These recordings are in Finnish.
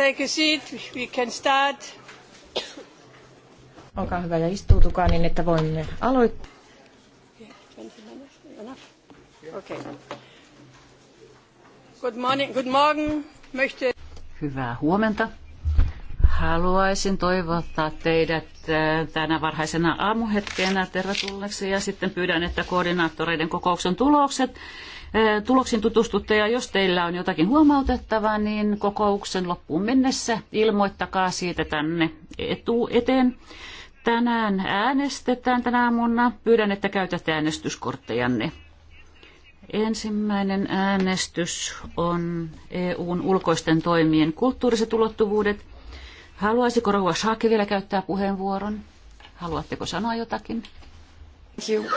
take a seat. We can start. Olkaa hyvä ja istuutukaa niin, että voimme aloittaa. Okay. Good morning, good morning. Möchte... Hyvää huomenta. Haluaisin toivottaa teidät äh, tänä varhaisena aamuhetkenä tervetulleeksi ja sitten pyydän, että koordinaattoreiden kokouksen tulokset tuloksiin tutustutte ja jos teillä on jotakin huomautettavaa, niin kokouksen loppuun mennessä ilmoittakaa siitä tänne etu eteen. Tänään äänestetään tänä aamuna. Pyydän, että käytätte äänestyskorttejanne. Ensimmäinen äänestys on EUn ulkoisten toimien kulttuuriset ulottuvuudet. Haluaisiko rauha Shaake vielä käyttää puheenvuoron? Haluatteko sanoa jotakin? Thank you.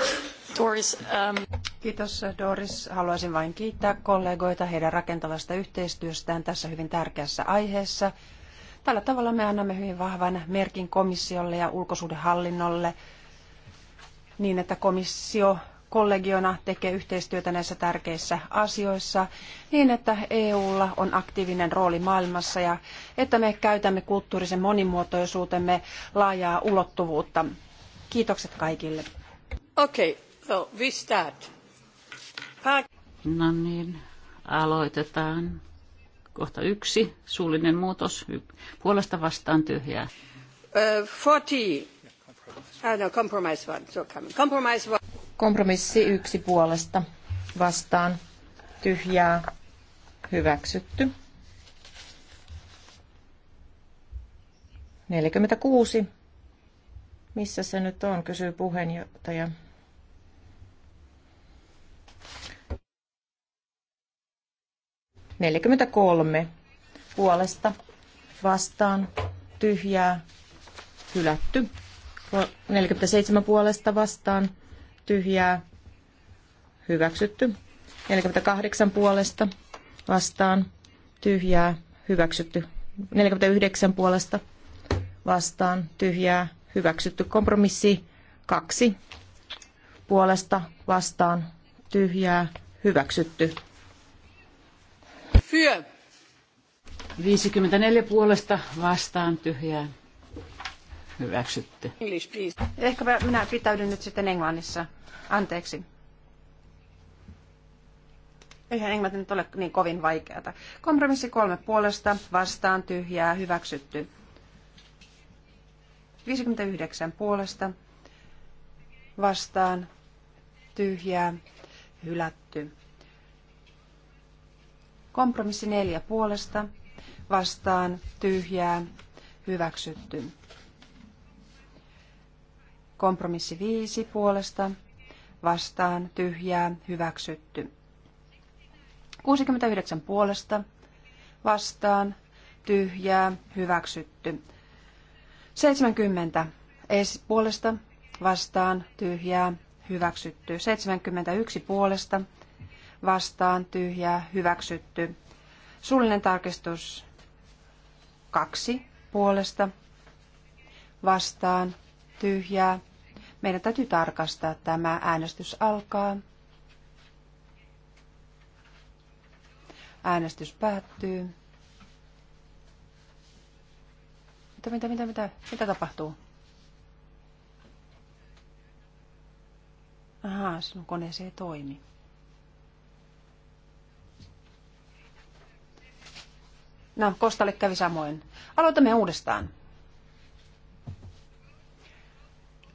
Doris, um, Kiitos Doris. Haluaisin vain kiittää kollegoita heidän rakentavasta yhteistyöstään tässä hyvin tärkeässä aiheessa. Tällä tavalla me annamme hyvin vahvan merkin komissiolle ja ulkosuhdehallinnolle niin, että komissio kollegiona tekee yhteistyötä näissä tärkeissä asioissa niin, että EUlla on aktiivinen rooli maailmassa ja että me käytämme kulttuurisen monimuotoisuutemme laajaa ulottuvuutta. Kiitokset kaikille. Okei, okay. So, No niin, aloitetaan. Kohta yksi, suullinen muutos, puolesta vastaan tyhjää. 40. Uh, ah, no, Kompromissi yksi puolesta vastaan tyhjää hyväksytty. 46. Missä se nyt on, kysyy puheenjohtaja. 43 puolesta vastaan tyhjää hylätty. 47 puolesta vastaan tyhjää hyväksytty. 48 puolesta vastaan tyhjää hyväksytty. 49 puolesta vastaan tyhjää hyväksytty. Kompromissi 2 puolesta vastaan tyhjää hyväksytty. Für. 54 puolesta vastaan tyhjää. Hyväksytty. English, please. Ehkä minä pitäydyn nyt sitten englannissa. Anteeksi. Eihän englanti nyt ole niin kovin vaikeata. Kompromissi kolme puolesta, vastaan tyhjää, hyväksytty. 59 puolesta, vastaan tyhjää, hylätty. Kompromissi neljä puolesta vastaan tyhjää hyväksytty. Kompromissi viisi puolesta vastaan tyhjää hyväksytty. 69 puolesta vastaan tyhjää hyväksytty. 70 puolesta vastaan tyhjää hyväksytty. 71 puolesta vastaan tyhjää hyväksytty. Suullinen tarkistus kaksi puolesta vastaan tyhjää. Meidän täytyy tarkastaa tämä. Äänestys alkaa. Äänestys päättyy. Mitä, mitä, mitä, mitä, mitä tapahtuu? Ahaa, sinun koneesi ei toimi. No, Kostalle kävi samoin. Aloitamme uudestaan.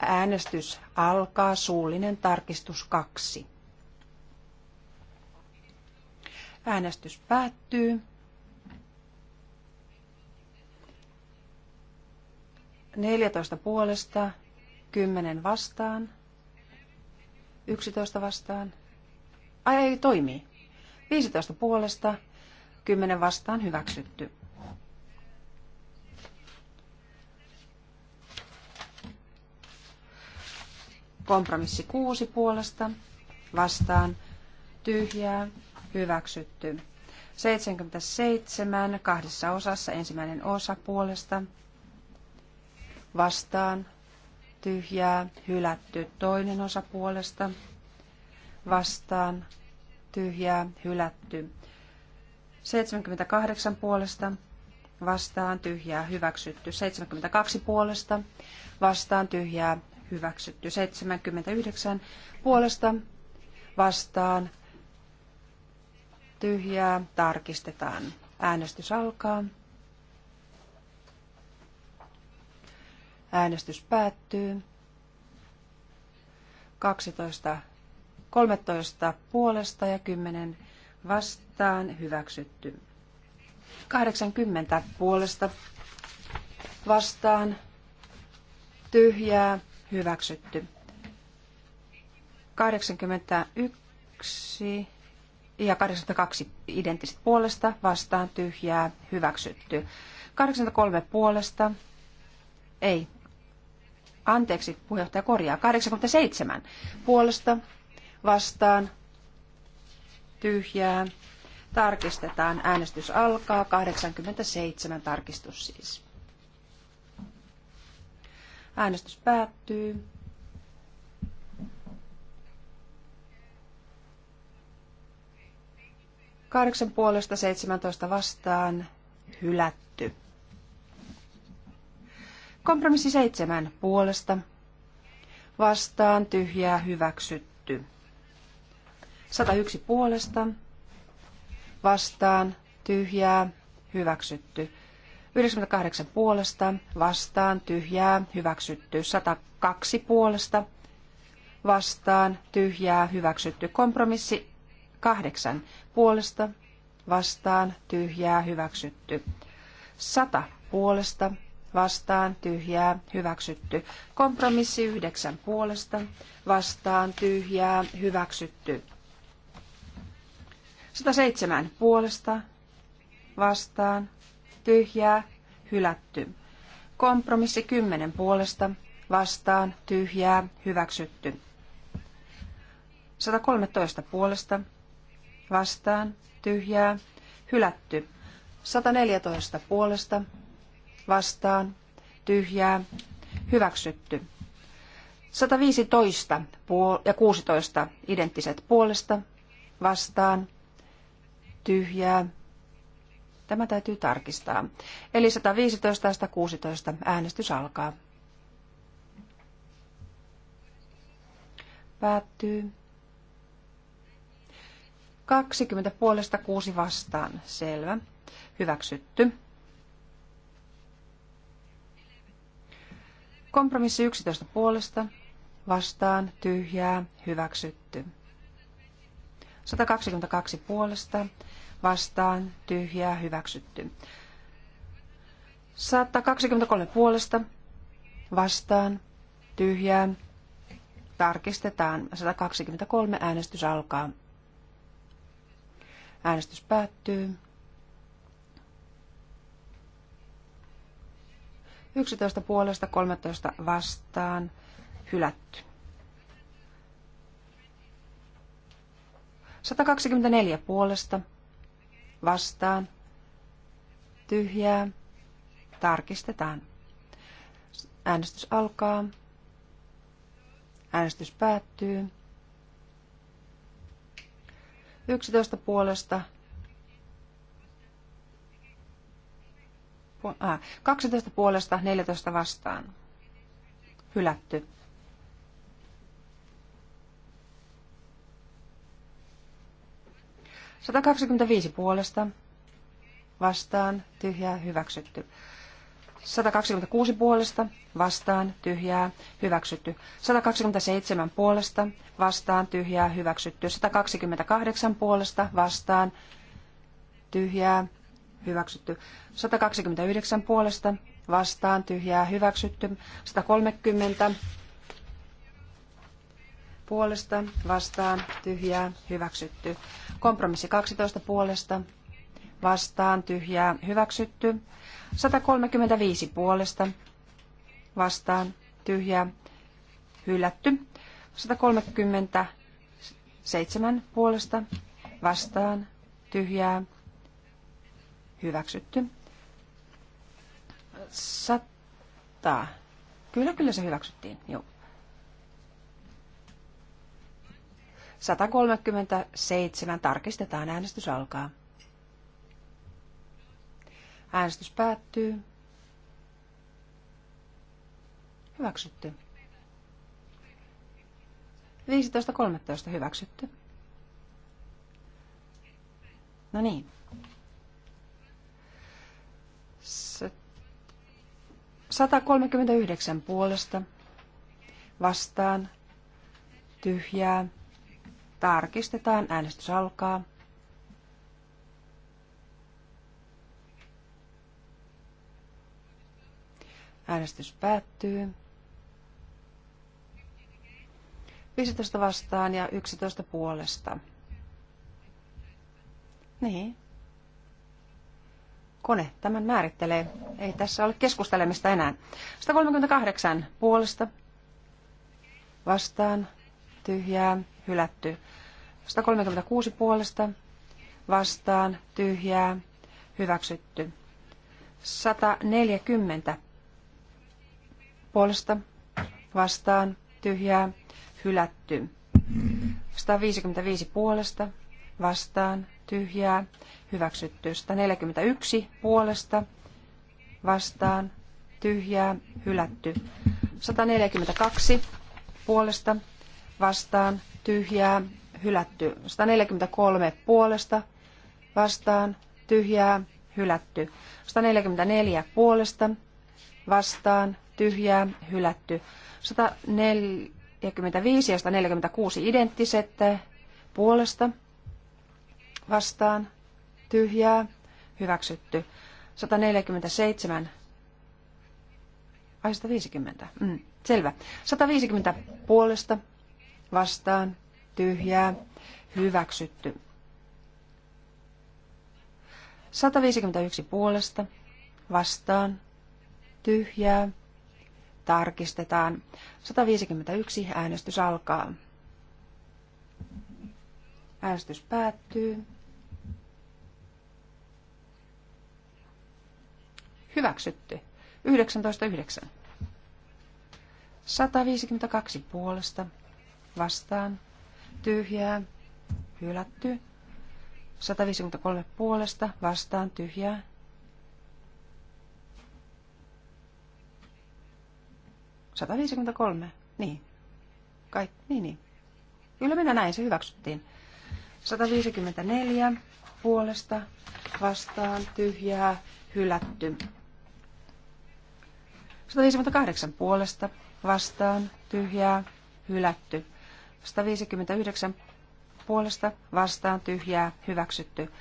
Äänestys alkaa suullinen tarkistus 2. Äänestys päättyy. Neljätoista puolesta, kymmenen vastaan, yksitoista vastaan. Ai ei, toimi. Viisitoista puolesta, kymmenen vastaan hyväksytty. Kompromissi kuusi puolesta vastaan tyhjää hyväksytty. 77 kahdessa osassa ensimmäinen osa puolesta vastaan tyhjää hylätty toinen osa puolesta vastaan tyhjää hylätty 78 puolesta vastaan tyhjää hyväksytty. 72 puolesta vastaan tyhjää hyväksytty. 79 puolesta vastaan tyhjää tarkistetaan. Äänestys alkaa. Äänestys päättyy. 12, 13 puolesta ja 10 vastaan hyväksytty. 80 puolesta vastaan tyhjää hyväksytty. 81 ja 82 identtiset puolesta vastaan tyhjää hyväksytty. 83 puolesta ei. Anteeksi, puheenjohtaja korjaa. 87 puolesta vastaan tyhjää. Tarkistetaan. Äänestys alkaa. 87 tarkistus siis. Äänestys päättyy. Kahdeksan puolesta 17 vastaan hylätty. Kompromissi seitsemän puolesta vastaan tyhjää hyväksytty. 101 puolesta vastaan tyhjää hyväksytty. 98 puolesta vastaan tyhjää hyväksytty. 102 puolesta vastaan tyhjää hyväksytty. Kompromissi 8 puolesta vastaan tyhjää hyväksytty. 100 puolesta vastaan tyhjää hyväksytty. Kompromissi 9 puolesta vastaan tyhjää hyväksytty. 107 puolesta vastaan tyhjää hylätty. Kompromissi 10 puolesta vastaan tyhjää hyväksytty. 113 puolesta vastaan tyhjää hylätty. 114 puolesta vastaan tyhjää hyväksytty. 115 ja 16 identtiset puolesta vastaan tyhjää. Tämä täytyy tarkistaa. Eli 115.16 äänestys alkaa. Päättyy. 20 puolesta 6 vastaan. Selvä. Hyväksytty. Kompromissi 11 puolesta vastaan tyhjää hyväksytty. 122 puolesta vastaan tyhjää hyväksytty. 123 puolesta vastaan tyhjää. Tarkistetaan. 123 äänestys alkaa. Äänestys päättyy. 11 puolesta 13 vastaan hylätty. 124 puolesta vastaan tyhjää tarkistetaan. Äänestys alkaa. Äänestys päättyy. 11 puolesta 12 äh, puolesta 14 vastaan. Hylätty. 125 puolesta vastaan tyhjää hyväksytty. 126 puolesta vastaan tyhjää hyväksytty. 127 puolesta vastaan tyhjää hyväksytty. 128 puolesta vastaan tyhjää hyväksytty. 129 puolesta vastaan tyhjää hyväksytty. 130 puolesta, vastaan, tyhjää, hyväksytty. Kompromissi 12 puolesta, vastaan, tyhjää, hyväksytty. 135 puolesta, vastaan, tyhjää, hylätty. 137 puolesta, vastaan, tyhjää, hyväksytty. 100. Kyllä, kyllä se hyväksyttiin, joo. 137. Tarkistetaan. Äänestys alkaa. Äänestys päättyy. Hyväksytty. 15.13. Hyväksytty. No niin. S 139 puolesta vastaan tyhjää Tarkistetaan. Äänestys alkaa. Äänestys päättyy. 15 vastaan ja 11 puolesta. Niin. Kone tämän määrittelee. Ei tässä ole keskustelemista enää. 138 puolesta vastaan tyhjää, hylätty. 136 puolesta vastaan, tyhjää, hyväksytty. 140 puolesta vastaan, tyhjää, hylätty. 155 puolesta vastaan, tyhjää, hyväksytty. 141 puolesta vastaan, tyhjää, hylätty. 142 puolesta vastaan tyhjää hylätty. 143 puolesta vastaan tyhjää hylätty. 144 puolesta vastaan tyhjää hylätty. 145 ja 146 identtiset puolesta vastaan tyhjää hyväksytty. 147 ai 150, mm, selvä. 150 puolesta vastaan, tyhjää, hyväksytty. 151 puolesta, vastaan, tyhjää, tarkistetaan. 151 äänestys alkaa. Äänestys päättyy. Hyväksytty. 19.9. 152 puolesta vastaan, tyhjää, hylätty. 153 puolesta vastaan, tyhjää. kolme niin. Kaik, niin, niin. Kyllä minä näin, se hyväksyttiin. 154 puolesta vastaan, tyhjää, hylätty. 158 puolesta vastaan, tyhjää, hylätty. 159 puolesta vastaan tyhjää hyväksytty.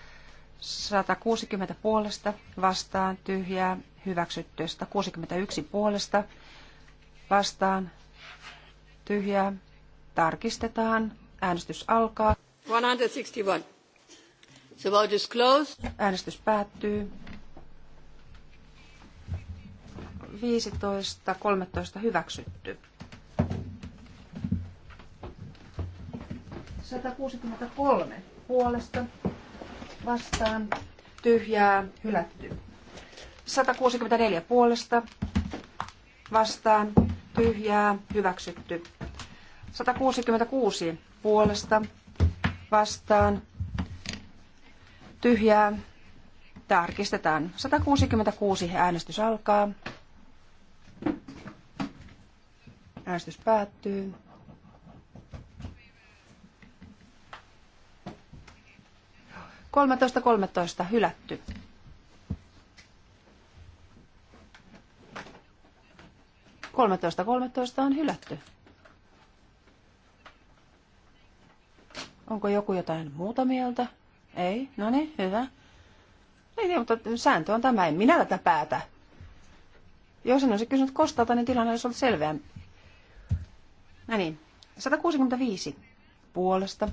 160 puolesta vastaan tyhjää hyväksytty. 161 puolesta vastaan tyhjää tarkistetaan. Äänestys alkaa. 161. The vote is closed. Äänestys päättyy. 15.13 hyväksytty. 163 puolesta vastaan tyhjää hylätty. 164 puolesta vastaan tyhjää hyväksytty. 166 puolesta vastaan tyhjää tarkistetaan. 166 äänestys alkaa. Äänestys päättyy. 13.13. hylätty. Kolmetoista kolmetoista on hylätty. Onko joku jotain muuta mieltä? Ei? No niin, hyvä. Ei niin, mutta sääntö on tämä. En minä tätä päätä. Jos en olisi kysynyt Kostalta, niin tilanne olisi ollut selveä. No niin, 165 puolesta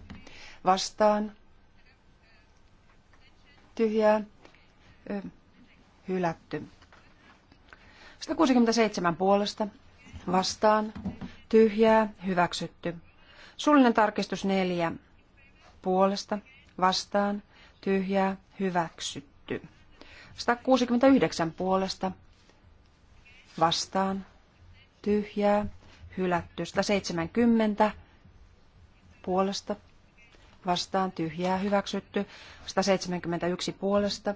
vastaan tyhjää hylätty. 167 puolesta vastaan tyhjää hyväksytty. Suullinen tarkistus 4 puolesta vastaan tyhjää hyväksytty. 169 puolesta vastaan tyhjää hylätty. 170 puolesta vastaan tyhjää hyväksytty. 171 puolesta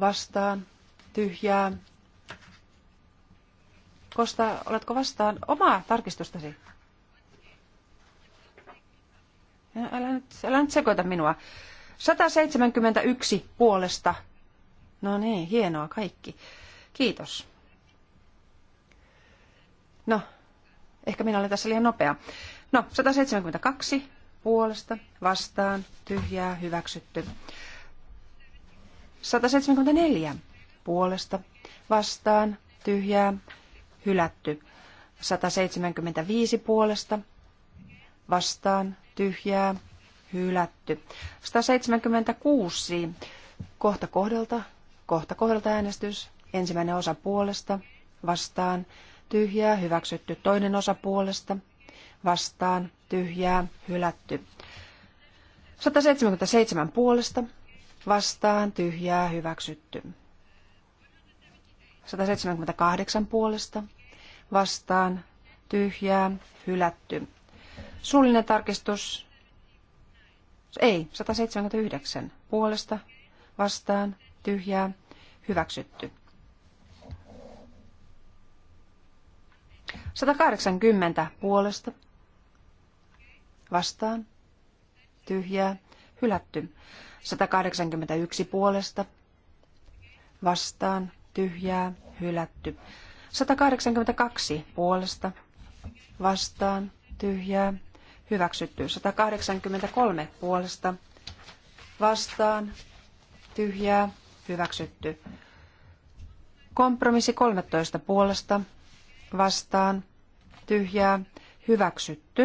vastaan tyhjää. Kosta, oletko vastaan omaa tarkistustasi? älä, nyt, älä nyt sekoita minua. 171 puolesta. No niin, hienoa kaikki. Kiitos. No, ehkä minä olen tässä liian nopea. No, 172 puolesta, vastaan, tyhjää, hyväksytty. 174 puolesta, vastaan, tyhjää, hylätty. 175 puolesta, vastaan, tyhjää, hylätty. 176, kohta kohdalta, kohta kohdalta äänestys, ensimmäinen osa puolesta, vastaan, tyhjää, hyväksytty, toinen osa puolesta, vastaan, tyhjää, hylätty. 177 puolesta, vastaan, tyhjää, hyväksytty. 178 puolesta, vastaan, tyhjää, hylätty. Suullinen tarkistus, ei, 179 puolesta, vastaan, tyhjää, hyväksytty. 180 puolesta, vastaan, tyhjää, hylätty. 181 puolesta, vastaan, tyhjää, hylätty. 182 puolesta, vastaan, tyhjää, hyväksytty. 183 puolesta, vastaan, tyhjää, hyväksytty. Kompromissi 13 puolesta, vastaan, tyhjää, hyväksytty.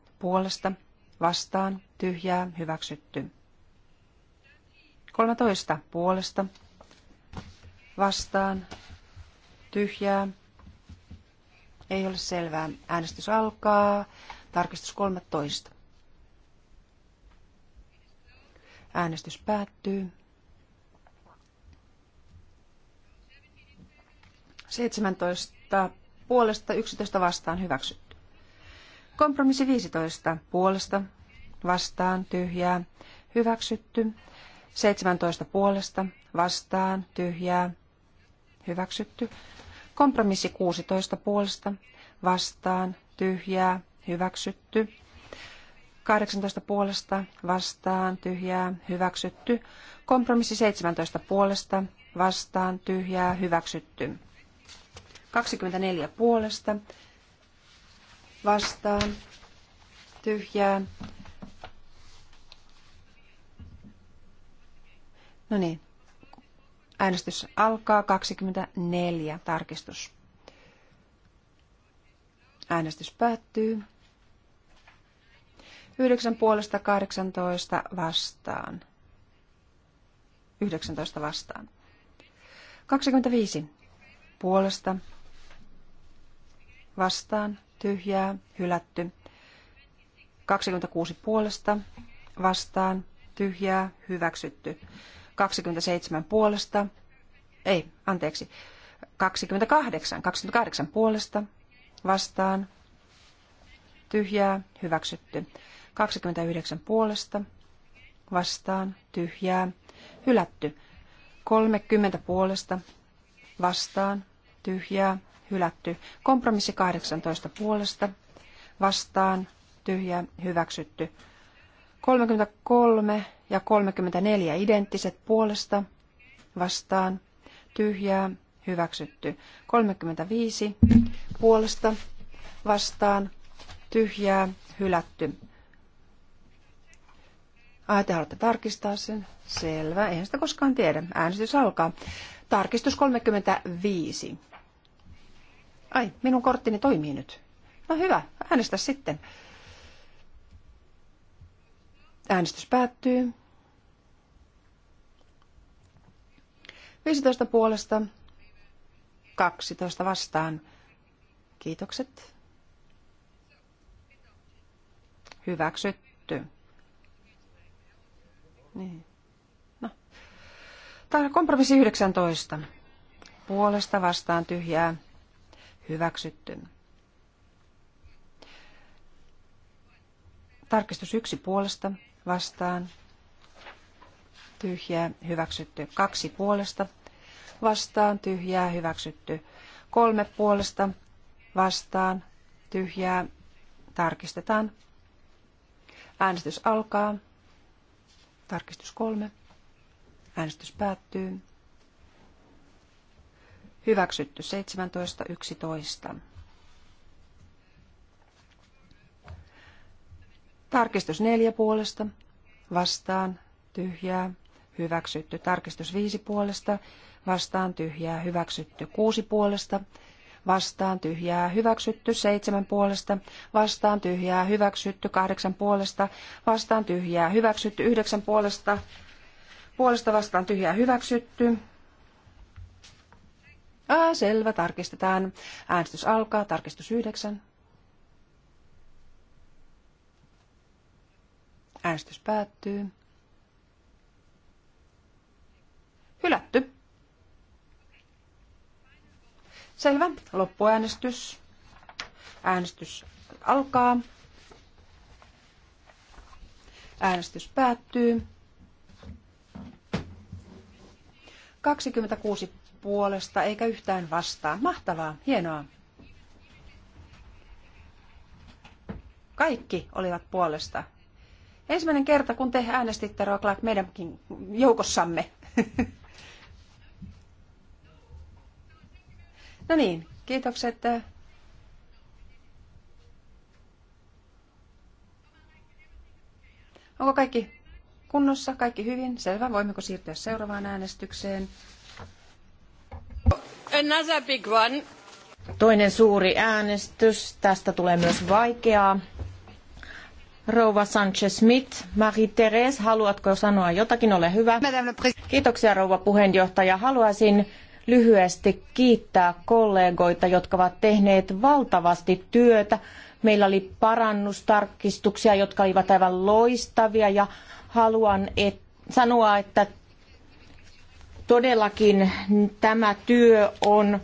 puolesta, vastaan, tyhjää, hyväksytty. 13 puolesta, vastaan, tyhjää, ei ole selvää. Äänestys alkaa. Tarkistus 13. Äänestys päättyy. 17 puolesta 11 vastaan hyväksytty. Kompromissi 15 puolesta, vastaan, tyhjää, hyväksytty. 17 puolesta, vastaan, tyhjää, hyväksytty. Kompromissi 16 puolesta, vastaan, tyhjää, hyväksytty. 18 puolesta, vastaan, tyhjää, hyväksytty. Kompromissi 17 puolesta, vastaan, tyhjää, hyväksytty. 24 puolesta, vastaan, tyhjään. No niin, äänestys alkaa 24 tarkistus. Äänestys päättyy. 9 puolesta 18 vastaan. 19 vastaan. 25 puolesta vastaan tyhjää, hylätty. 26 puolesta, vastaan, tyhjää, hyväksytty. 27 puolesta, ei, anteeksi, 28, 28 puolesta, vastaan, tyhjää, hyväksytty. 29 puolesta, vastaan, tyhjää, hylätty. 30 puolesta, vastaan, tyhjää, hylätty. Kompromissi 18 puolesta vastaan Tyhjä. hyväksytty. 33 ja 34 identtiset puolesta vastaan tyhjää hyväksytty. 35 puolesta vastaan tyhjää hylätty. Ai, te haluatte tarkistaa sen? Selvä, eihän sitä koskaan tiedä. Äänestys alkaa. Tarkistus 35. Ai, minun korttini toimii nyt. No hyvä, äänestä sitten. Äänestys päättyy. 15 puolesta, 12 vastaan. Kiitokset. Hyväksytty. Niin. No. on kompromissi 19. Puolesta vastaan tyhjää Hyväksytty. Tarkistus yksi puolesta vastaan. Tyhjää hyväksytty. Kaksi puolesta vastaan. Tyhjää hyväksytty. Kolme puolesta vastaan. Tyhjää tarkistetaan. Äänestys alkaa. Tarkistus kolme. Äänestys päättyy. Hyväksytty 17.11. Tarkistus neljä puolesta. Vastaan. Tyhjää. Hyväksytty. Tarkistus viisi puolesta. Vastaan. Tyhjää. Hyväksytty. Kuusi puolesta vastaan tyhjää hyväksytty seitsemän puolesta, vastaan tyhjää hyväksytty kahdeksan puolesta, vastaan tyhjää hyväksytty yhdeksän puolesta, puolesta vastaan tyhjää hyväksytty Ää, selvä, tarkistetaan. Äänestys alkaa, tarkistus yhdeksän. Äänestys päättyy. Hylätty. Selvä. Loppuäänestys. Äänestys alkaa. Äänestys päättyy. 26 puolesta eikä yhtään vastaan. Mahtavaa, hienoa. Kaikki olivat puolesta. Ensimmäinen kerta, kun te äänestitte Roa Clark meidänkin joukossamme. no niin, kiitokset. Onko kaikki kunnossa, kaikki hyvin? Selvä, voimmeko siirtyä seuraavaan äänestykseen? Another big one. Toinen suuri äänestys. Tästä tulee myös vaikeaa. Rouva Sanchez-Smith, Marie-Therese, haluatko sanoa jotakin? Ole hyvä. Kiitoksia rouva puheenjohtaja. Haluaisin lyhyesti kiittää kollegoita, jotka ovat tehneet valtavasti työtä. Meillä oli parannustarkistuksia, jotka olivat aivan loistavia ja haluan et, sanoa, että Todellakin tämä työ on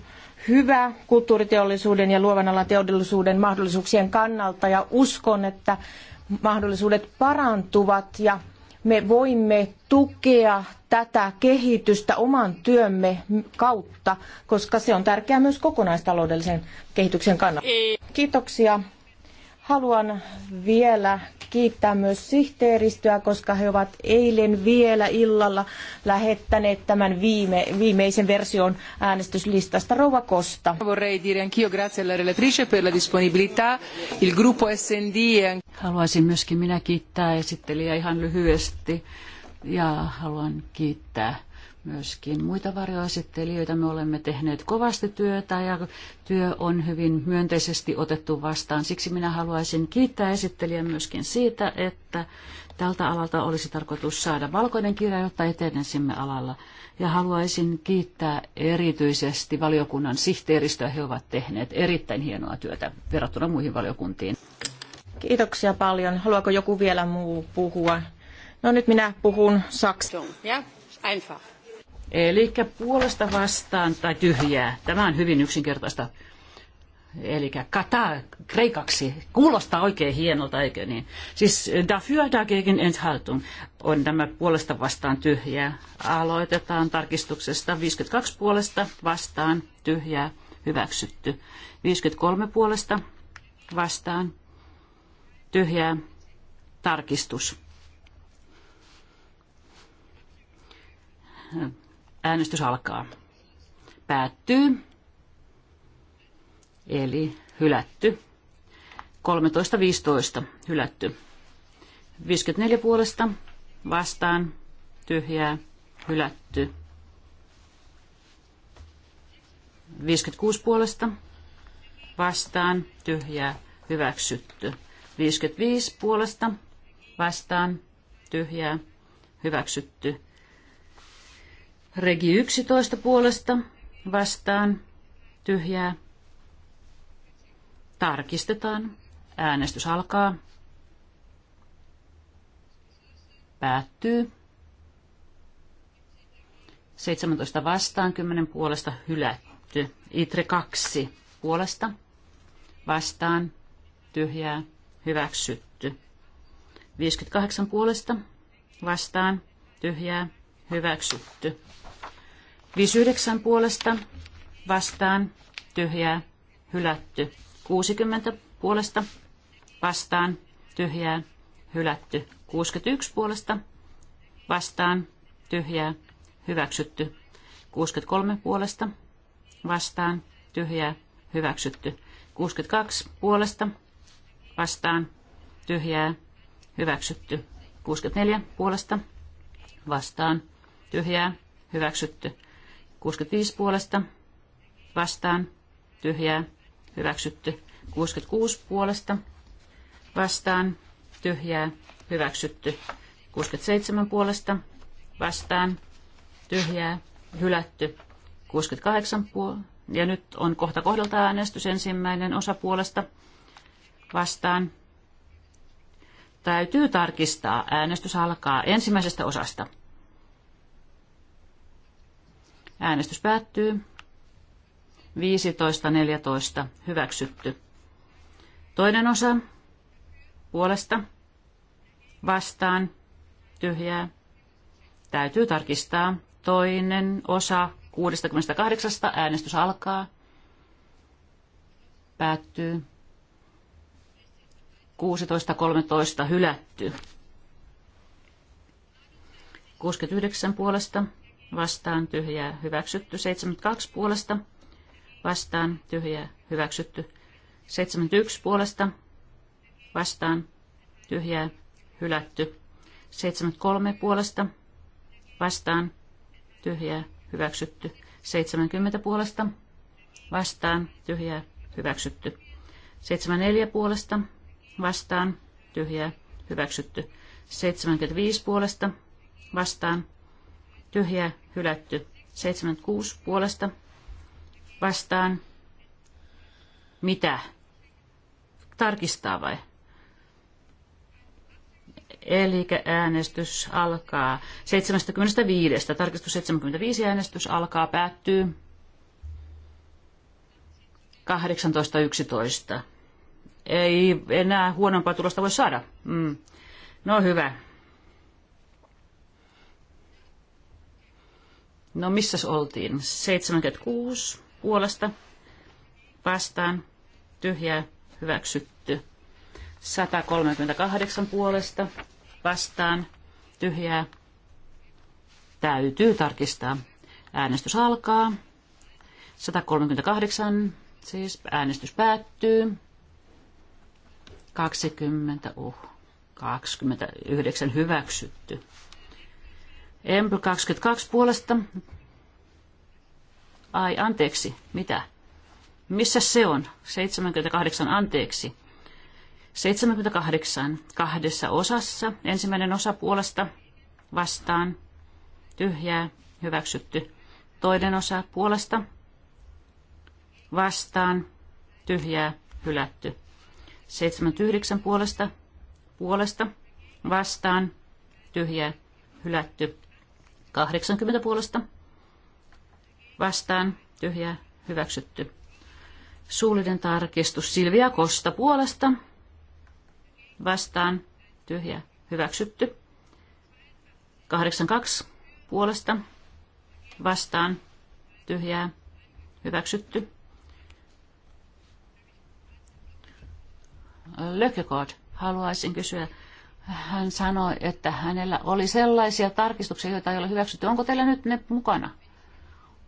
hyvä kulttuuriteollisuuden ja luovan alan teollisuuden mahdollisuuksien kannalta ja uskon, että mahdollisuudet parantuvat ja me voimme tukea tätä kehitystä oman työmme kautta, koska se on tärkeää myös kokonaistaloudellisen kehityksen kannalta. Kiitoksia Haluan vielä kiittää myös sihteeristöä, koska he ovat eilen vielä illalla lähettäneet tämän viime, viimeisen version äänestyslistasta Rova Costa. Vorrei dire grazie alla relatrice per la disponibilità. Il gruppo SND... Haluaisin myöskin minä kiittää esittelijä ihan lyhyesti ja haluan kiittää myöskin muita varjoesittelijöitä. Me olemme tehneet kovasti työtä ja työ on hyvin myönteisesti otettu vastaan. Siksi minä haluaisin kiittää esittelijä myöskin siitä, että tältä alalta olisi tarkoitus saada valkoinen kirja, jotta etenisimme alalla. Ja haluaisin kiittää erityisesti valiokunnan sihteeristöä. He ovat tehneet erittäin hienoa työtä verrattuna muihin valiokuntiin. Kiitoksia paljon. Haluaako joku vielä muu puhua? No nyt minä puhun saksaa. Ja, einfach. Eli puolesta vastaan tai tyhjää. Tämä on hyvin yksinkertaista. Eli kata kreikaksi. Kuulostaa oikein hienolta, eikö niin? Siis dafür dagegen enthaltung on tämä puolesta vastaan tyhjää. Aloitetaan tarkistuksesta 52 puolesta vastaan tyhjää hyväksytty. 53 puolesta vastaan tyhjää tarkistus. Äänestys alkaa. Päättyy. Eli hylätty. 13.15 hylätty. 54 puolesta vastaan tyhjää hylätty. 56 puolesta vastaan tyhjää hyväksytty. 55 puolesta vastaan tyhjää hyväksytty. Regi 11 puolesta vastaan tyhjää. Tarkistetaan. Äänestys alkaa. Päättyy. 17 vastaan, 10 puolesta hylätty. Itre 2 puolesta vastaan, tyhjää, hyväksytty. 58 puolesta vastaan, tyhjää, hyväksytty. 59 puolesta vastaan tyhjää hylätty. 60 puolesta vastaan tyhjää hylätty. 61 puolesta vastaan tyhjää hyväksytty. 63 puolesta vastaan tyhjää hyväksytty. 62 puolesta vastaan tyhjää hyväksytty. 64 puolesta vastaan tyhjää hyväksytty. 65 puolesta vastaan tyhjää hyväksytty. 66 puolesta vastaan tyhjää hyväksytty. 67 puolesta vastaan tyhjää hylätty. 68 puolesta. Ja nyt on kohta kohdalta äänestys ensimmäinen osa puolesta vastaan. Täytyy tarkistaa. Äänestys alkaa ensimmäisestä osasta. Äänestys päättyy. 15.14. Hyväksytty. Toinen osa. Puolesta. Vastaan. Tyhjää. Täytyy tarkistaa. Toinen osa 68. Äänestys alkaa. Päättyy. 16.13. Hylätty. 69 puolesta vastaan tyhjää hyväksytty. 72 puolesta vastaan tyhjää hyväksytty. 71 puolesta vastaan tyhjää hylätty. 73 puolesta vastaan tyhjää hyväksytty. 70 puolesta vastaan tyhjää hyväksytty. 74 puolesta vastaan tyhjää hyväksytty. 75 puolesta vastaan tyhjä, hylätty. 76 puolesta vastaan. Mitä? Tarkistaa vai? Eli äänestys alkaa 75. Tarkistus 75 äänestys alkaa, päättyy 18.11. Ei enää huonompaa tulosta voi saada. Mm. No hyvä. No missäs oltiin? 76 puolesta vastaan tyhjää hyväksytty. 138 puolesta vastaan tyhjää täytyy tarkistaa. Äänestys alkaa. 138, siis äänestys päättyy. 20, uh, 29 hyväksytty. Empl 22 puolesta. Ai, anteeksi, mitä? Missä se on? 78, anteeksi. 78 kahdessa osassa. Ensimmäinen osa puolesta vastaan. Tyhjää, hyväksytty. Toinen osa puolesta vastaan. Tyhjää, hylätty. 79 puolesta puolesta vastaan. Tyhjää, hylätty. 80 puolesta vastaan tyhjä hyväksytty. Suullinen tarkistus Silvia Kosta puolesta vastaan tyhjä hyväksytty. 82 puolesta vastaan tyhjää hyväksytty. Lökökod, haluaisin kysyä, hän sanoi, että hänellä oli sellaisia tarkistuksia, joita ei ole hyväksytty. Onko teillä nyt ne mukana?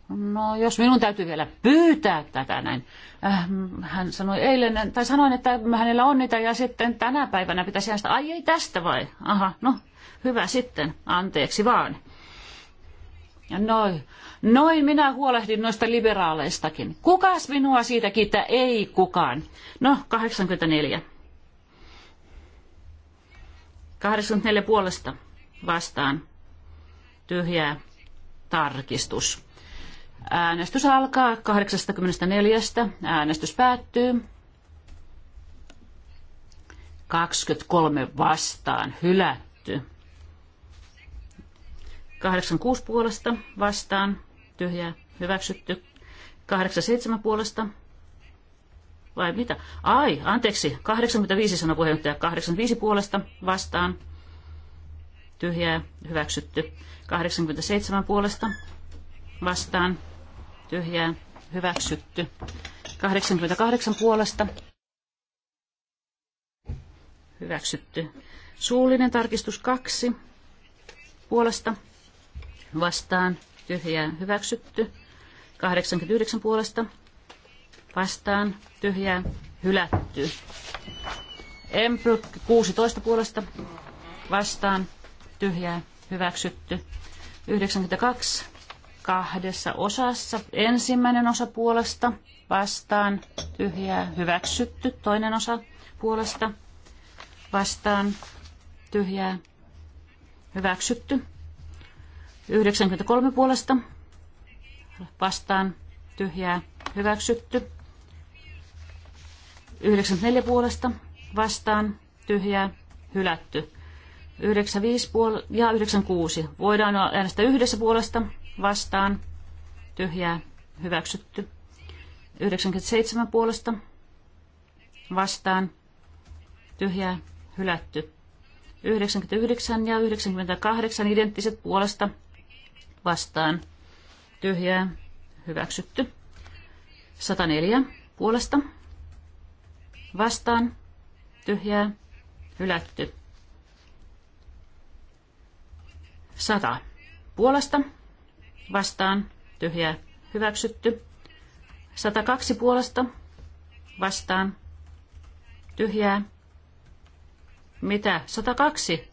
No, jos minun täytyy vielä pyytää tätä näin. Äh, hän sanoi eilen, tai sanoin, että hänellä on niitä ja sitten tänä päivänä pitäisi äänestää. Ai ei tästä vai? Aha, no hyvä sitten, anteeksi vaan. Ja noin. Noin minä huolehdin noista liberaaleistakin. Kukas minua siitä kiittää? Ei kukaan. No, 84. 84 puolesta vastaan tyhjää tarkistus. Äänestys alkaa 84. Äänestys päättyy. 23 vastaan hylätty. 86 puolesta vastaan tyhjää hyväksytty. 87 puolesta vai mitä? Ai, anteeksi, 85 sanoi puheenjohtaja, 85 puolesta vastaan, tyhjää, hyväksytty. 87 puolesta vastaan, tyhjää, hyväksytty. 88 puolesta hyväksytty. Suullinen tarkistus 2 puolesta vastaan, tyhjää, hyväksytty. 89 puolesta vastaan tyhjää hylätty. Empl 16 puolesta vastaan tyhjää hyväksytty. 92 kahdessa osassa. Ensimmäinen osa puolesta vastaan tyhjää hyväksytty. Toinen osa puolesta vastaan tyhjää hyväksytty. 93 puolesta vastaan tyhjää hyväksytty. 94 puolesta vastaan tyhjää hylätty. 95 puol- ja 96. Voidaan äänestää yhdessä puolesta vastaan tyhjää hyväksytty. 97 puolesta vastaan tyhjää hylätty. 99 ja 98 identtiset puolesta vastaan tyhjää hyväksytty. 104 puolesta vastaan, tyhjää, hylätty. Sata puolesta, vastaan, tyhjää, hyväksytty. kaksi puolesta, vastaan, tyhjää. Mitä? 102?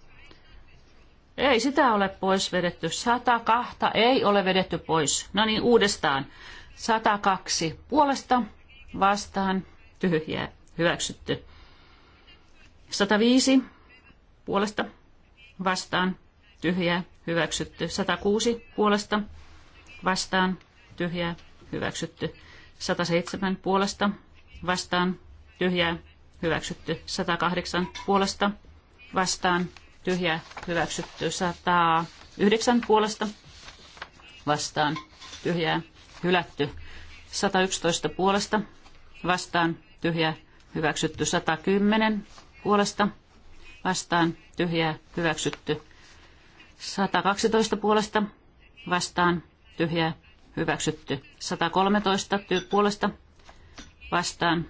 Ei sitä ole pois vedetty. 102 ei ole vedetty pois. No niin, uudestaan. 102 puolesta, vastaan, tyhjää, Hyväksytty. 105 puolesta vastaan tyhjää hyväksytty. 106 puolesta vastaan tyhjää hyväksytty. 107 puolesta vastaan tyhjää hyväksytty. 108 puolesta vastaan tyhjää hyväksytty. 109 puolesta vastaan tyhjää hylätty. 111 puolesta vastaan tyhjää hyväksytty 110 puolesta vastaan tyhjää hyväksytty 112 puolesta vastaan tyhjää hyväksytty 113 puolesta vastaan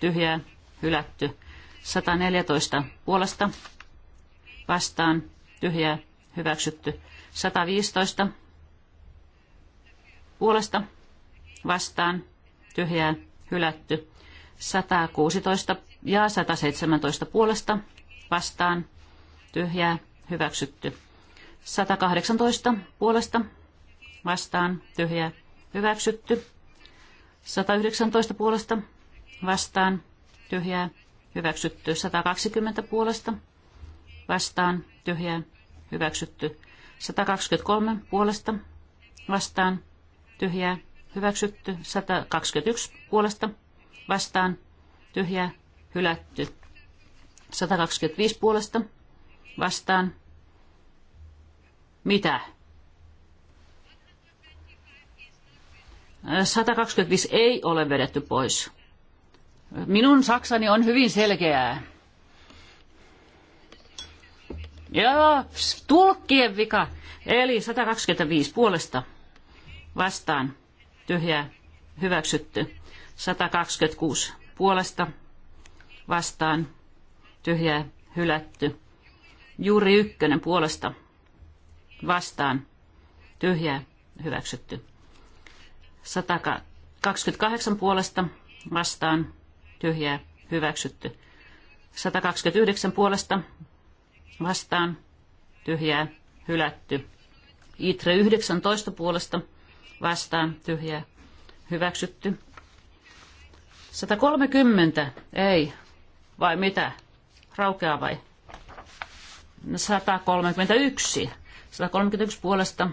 tyhjää hylätty 114 puolesta vastaan tyhjää hyväksytty 115 puolesta vastaan tyhjää hylätty 116 ja 117 puolesta vastaan tyhjää hyväksytty. 118 puolesta vastaan tyhjää hyväksytty. 119 puolesta vastaan tyhjää hyväksytty. 120 puolesta vastaan tyhjää hyväksytty. 123 puolesta vastaan tyhjää hyväksytty. 121 puolesta vastaan tyhjä, hylätty. 125 puolesta vastaan mitä? 125 ei ole vedetty pois. Minun saksani on hyvin selkeää. Ja tulkkien vika. Eli 125 puolesta vastaan tyhjää hyväksytty. 126 puolesta vastaan tyhjää hylätty. Juuri ykkönen puolesta vastaan tyhjää hyväksytty. 128 puolesta vastaan tyhjää hyväksytty. 129 puolesta vastaan tyhjää hylätty. Itre 19 puolesta vastaan tyhjää hyväksytty. 130, ei, vai mitä? Raukeaa vai? 131. 131 puolesta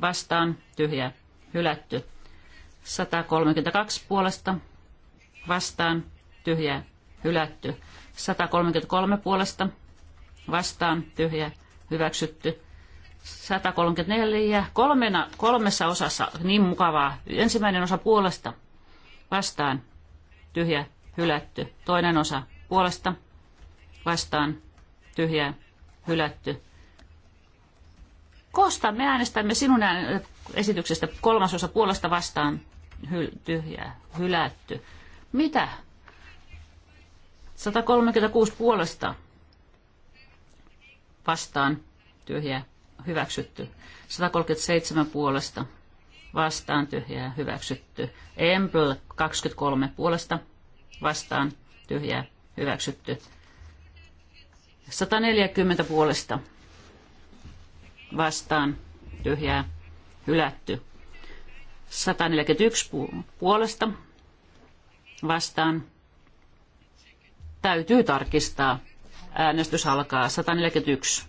vastaan tyhjä hylätty. 132 puolesta vastaan tyhjä hylätty. 133 puolesta vastaan tyhjä hyväksytty. 134 kolmena, kolmessa osassa niin mukavaa. Ensimmäinen osa puolesta vastaan tyhjä, hylätty. Toinen osa puolesta, vastaan, tyhjä, hylätty. Kosta, me äänestämme sinun esityksestä esityksestä kolmasosa puolesta vastaan, hyl, tyhjä, hylätty. Mitä? 136 puolesta vastaan, tyhjä, hyväksytty. 137 puolesta vastaan tyhjää hyväksytty. Empl 23 puolesta vastaan tyhjää hyväksytty. 140 puolesta vastaan tyhjää hylätty. 141 puolesta vastaan täytyy tarkistaa. Äänestys alkaa 141.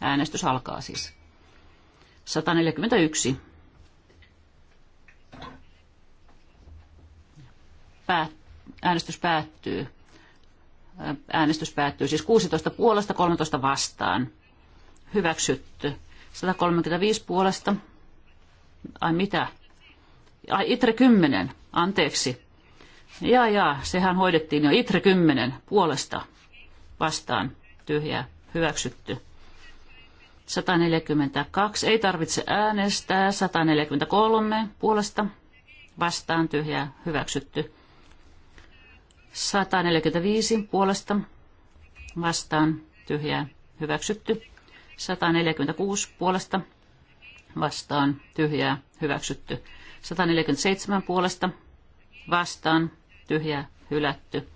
Äänestys alkaa siis. 141. päät, äänestys päättyy. Äänestys päättyy siis 16 puolesta 13 vastaan. Hyväksytty. 135 puolesta. Ai mitä? Ai itre 10. Anteeksi. Jaa, jaa, sehän hoidettiin jo. Itre 10 puolesta vastaan. Tyhjää. Hyväksytty. 142. Ei tarvitse äänestää. 143 puolesta vastaan tyhjää hyväksytty. 145 puolesta vastaan tyhjää hyväksytty. 146 puolesta vastaan tyhjää hyväksytty. 147 puolesta vastaan tyhjää hylätty.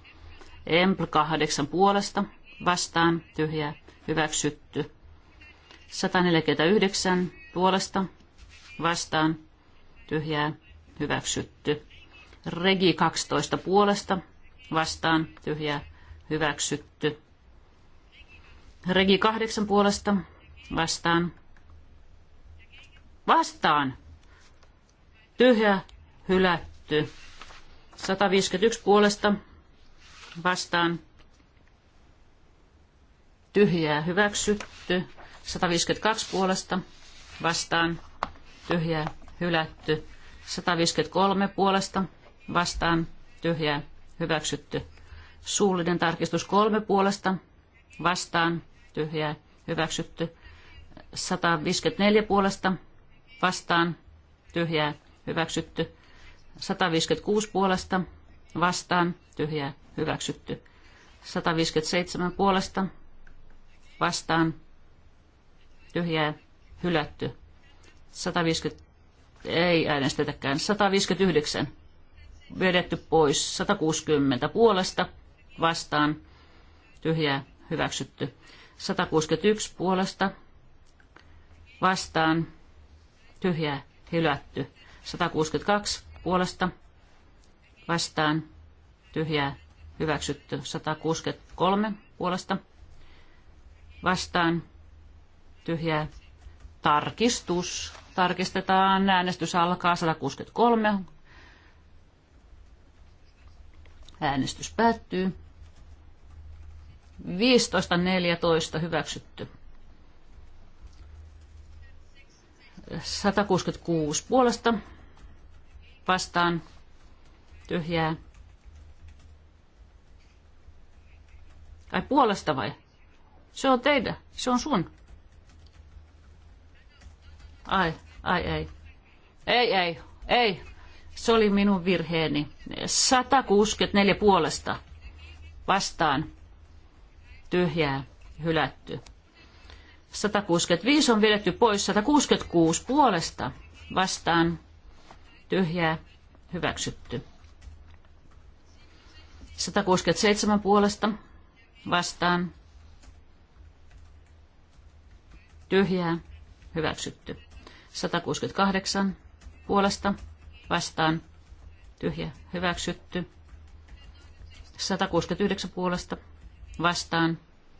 Empl 8 puolesta vastaan tyhjää hyväksytty. 149 puolesta vastaan tyhjää hyväksytty. Regi 12 puolesta vastaan tyhjä hyväksytty. Regi kahdeksan puolesta vastaan. Vastaan. Tyhjä hylätty. 151 puolesta vastaan. Tyhjää hyväksytty. 152 puolesta vastaan. Tyhjää hylätty. 153 puolesta vastaan. Tyhjää hyväksytty. Suullinen tarkistus kolme puolesta vastaan tyhjää hyväksytty. 154 puolesta vastaan tyhjää hyväksytty. 156 puolesta vastaan tyhjää hyväksytty. 157 puolesta vastaan tyhjää hylätty. 150 ei äänestetäkään. 159 vedetty pois 160 puolesta vastaan tyhjää hyväksytty. 161 puolesta vastaan tyhjää hylätty. 162 puolesta vastaan tyhjää hyväksytty. 163 puolesta vastaan tyhjää tarkistus. Tarkistetaan. Äänestys alkaa 163. Äänestys päättyy. 15.14 hyväksytty. 166 puolesta vastaan tyhjää. Ai puolesta vai? Se on teidän. Se on sun. Ai, ai, ei. Ei, ei, ei. Se oli minun virheeni. 164 puolesta vastaan tyhjää hylätty. 165 on vedetty pois, 166 puolesta vastaan tyhjää hyväksytty. 167 puolesta vastaan tyhjää hyväksytty. 168 puolesta vastaan tyhjä hyväksytty. 169 puolesta vastaan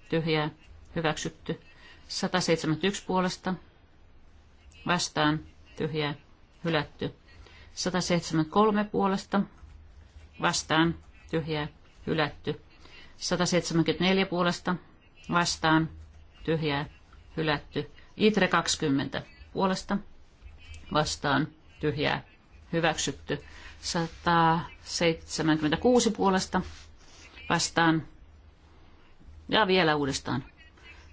Tyhjä hyväksytty. 171 puolesta vastaan Tyhjä hylätty. 173 puolesta vastaan Tyhjä hylätty. 174 puolesta vastaan tyhjä hylätty. Itre 20 puolesta vastaan tyhjää hyväksytty. 176 puolesta vastaan. Ja vielä uudestaan.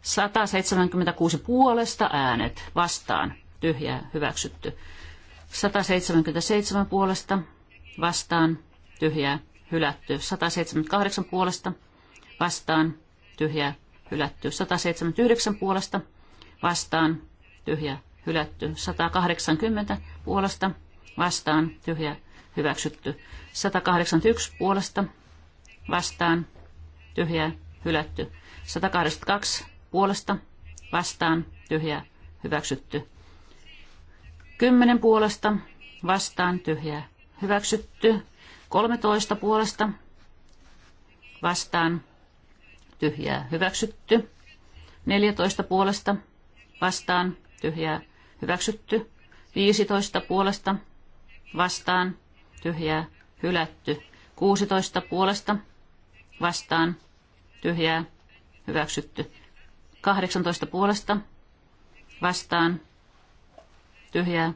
176 puolesta äänet vastaan. Tyhjää hyväksytty. 177 puolesta vastaan. Tyhjää hylätty. 178 puolesta vastaan. Tyhjää hylätty. 179 puolesta vastaan. Tyhjää hylätty. 180 puolesta vastaan tyhjä hyväksytty. 181 puolesta vastaan tyhjä hylätty. 182 puolesta vastaan tyhjä hyväksytty. 10 puolesta vastaan tyhjä hyväksytty. 13 puolesta vastaan tyhjää hyväksytty. 14 puolesta vastaan tyhjää hyväksytty. 15 puolesta vastaan, tyhjää, hylätty. 16 puolesta vastaan, tyhjää, hyväksytty. 18 puolesta vastaan, tyhjää,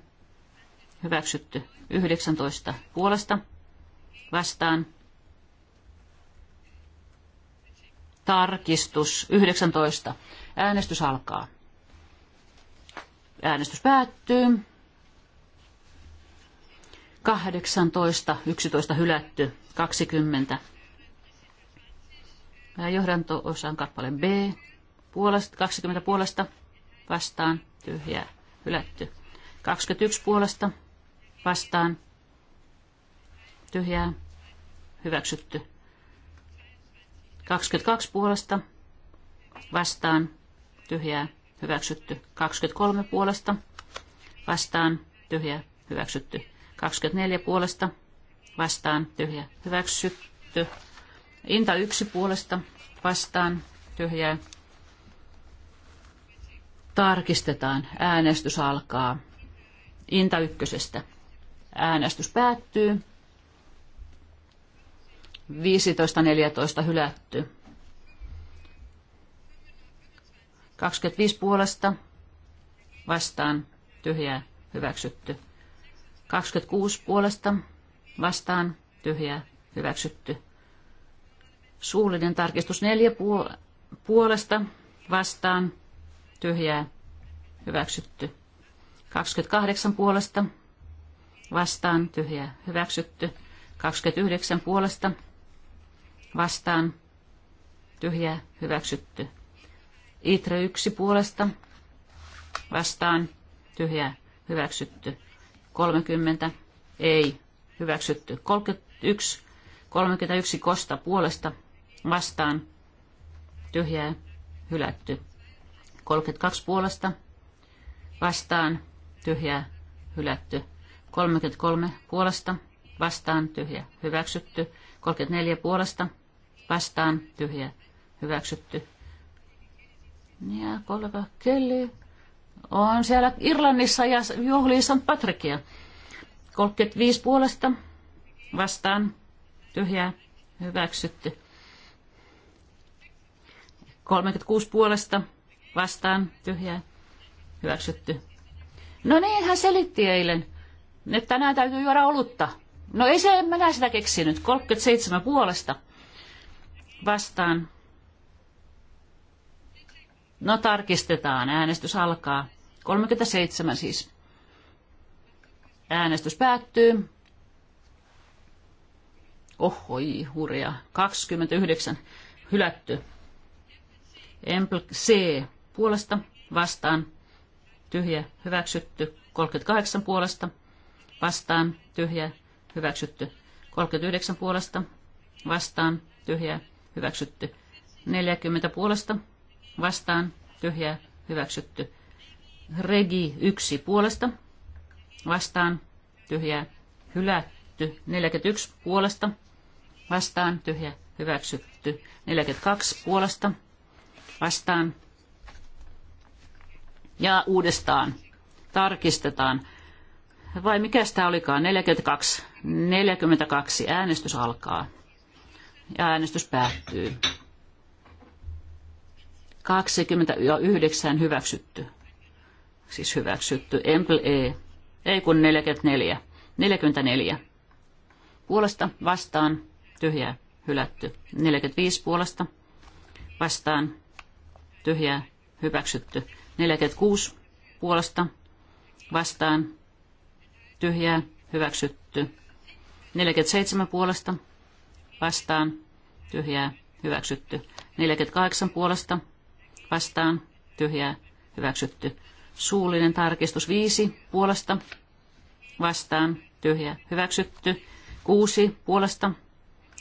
hyväksytty. 19 puolesta vastaan, tarkistus 19. Äänestys alkaa. Äänestys päättyy. 18, 11 hylätty, 20. Johdanto-osan kappaleen B, puolesta, 20 puolesta vastaan, tyhjää, hylätty. 21 puolesta vastaan, tyhjää, hyväksytty. 22 puolesta vastaan, tyhjää, hyväksytty. 23 puolesta vastaan, tyhjää, hyväksytty. 24 puolesta vastaan tyhjä hyväksytty. Inta 1 puolesta vastaan tyhjä Tarkistetaan. Äänestys alkaa. Inta ykkösestä. Äänestys päättyy. 15.14 hylätty. 25 puolesta vastaan tyhjää hyväksytty. 26 puolesta vastaan tyhjä hyväksytty. Suullinen tarkistus 4 puolesta vastaan tyhjää hyväksytty. 28 puolesta vastaan tyhjä hyväksytty. 29 puolesta vastaan tyhjä hyväksytty. Itre 1 puolesta vastaan tyhjä hyväksytty. 30 ei hyväksytty. 31, 31 kosta puolesta vastaan tyhjää hylätty. 32 puolesta vastaan tyhjää hylätty. 33 puolesta vastaan tyhjä hyväksytty. 34 puolesta vastaan tyhjä hyväksytty. Ja kolme Kelly on siellä Irlannissa ja juhlii St. Patrickia. 35 puolesta vastaan tyhjää hyväksytty. 36 puolesta vastaan tyhjää hyväksytty. No niin, hän selitti eilen, että tänään täytyy juoda olutta. No ei se, en minä sitä keksinyt. 37 puolesta vastaan No tarkistetaan. Äänestys alkaa. 37 siis. Äänestys päättyy. Ohoi, hurja. 29. Hylätty. Empl C. Puolesta. Vastaan. Tyhjä. Hyväksytty. 38 puolesta. Vastaan. Tyhjä. Hyväksytty. 39 puolesta. Vastaan. Tyhjä. Hyväksytty. 40 puolesta vastaan tyhjää hyväksytty. Regi 1 puolesta vastaan tyhjää hylätty. 41 puolesta vastaan tyhjä hyväksytty. 42 puolesta vastaan ja uudestaan tarkistetaan. Vai mikä tämä olikaan? 42. 42 äänestys alkaa ja äänestys päättyy. 29 hyväksytty. Siis hyväksytty. Emple E. Ei kun 44. 44. Puolesta vastaan tyhjää hylätty. 45 puolesta vastaan tyhjää hyväksytty. 46 puolesta vastaan tyhjää hyväksytty. 47 puolesta vastaan tyhjää hyväksytty. 48 puolesta vastaan tyhjää hyväksytty. Suullinen tarkistus viisi puolesta vastaan tyhjää hyväksytty. kuusi puolesta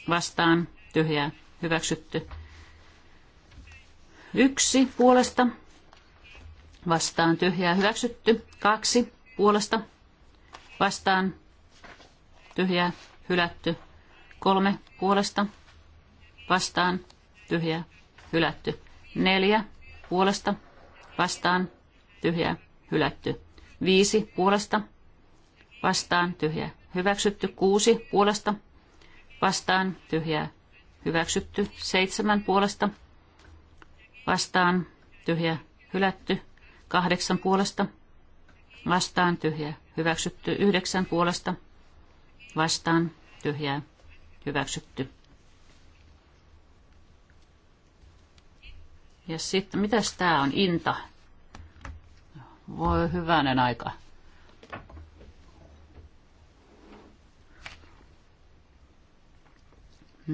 vastaan tyhjää hyväksytty. yksi puolesta vastaan tyhjää hyväksytty. kaksi puolesta vastaan tyhjää hylätty. kolme puolesta vastaan tyhjää hylätty. neljä puolesta, vastaan, tyhjä hylätty. Viisi puolesta, vastaan, tyhjä hyväksytty. Kuusi puolesta, vastaan, tyhjä hyväksytty. Seitsemän puolesta, vastaan, tyhjä hylätty. Kahdeksan puolesta, vastaan, tyhjä hyväksytty. Yhdeksän puolesta, vastaan, tyhjä hyväksytty. Ja sitten, mitäs tää on? Inta. Voi hyvänen aika.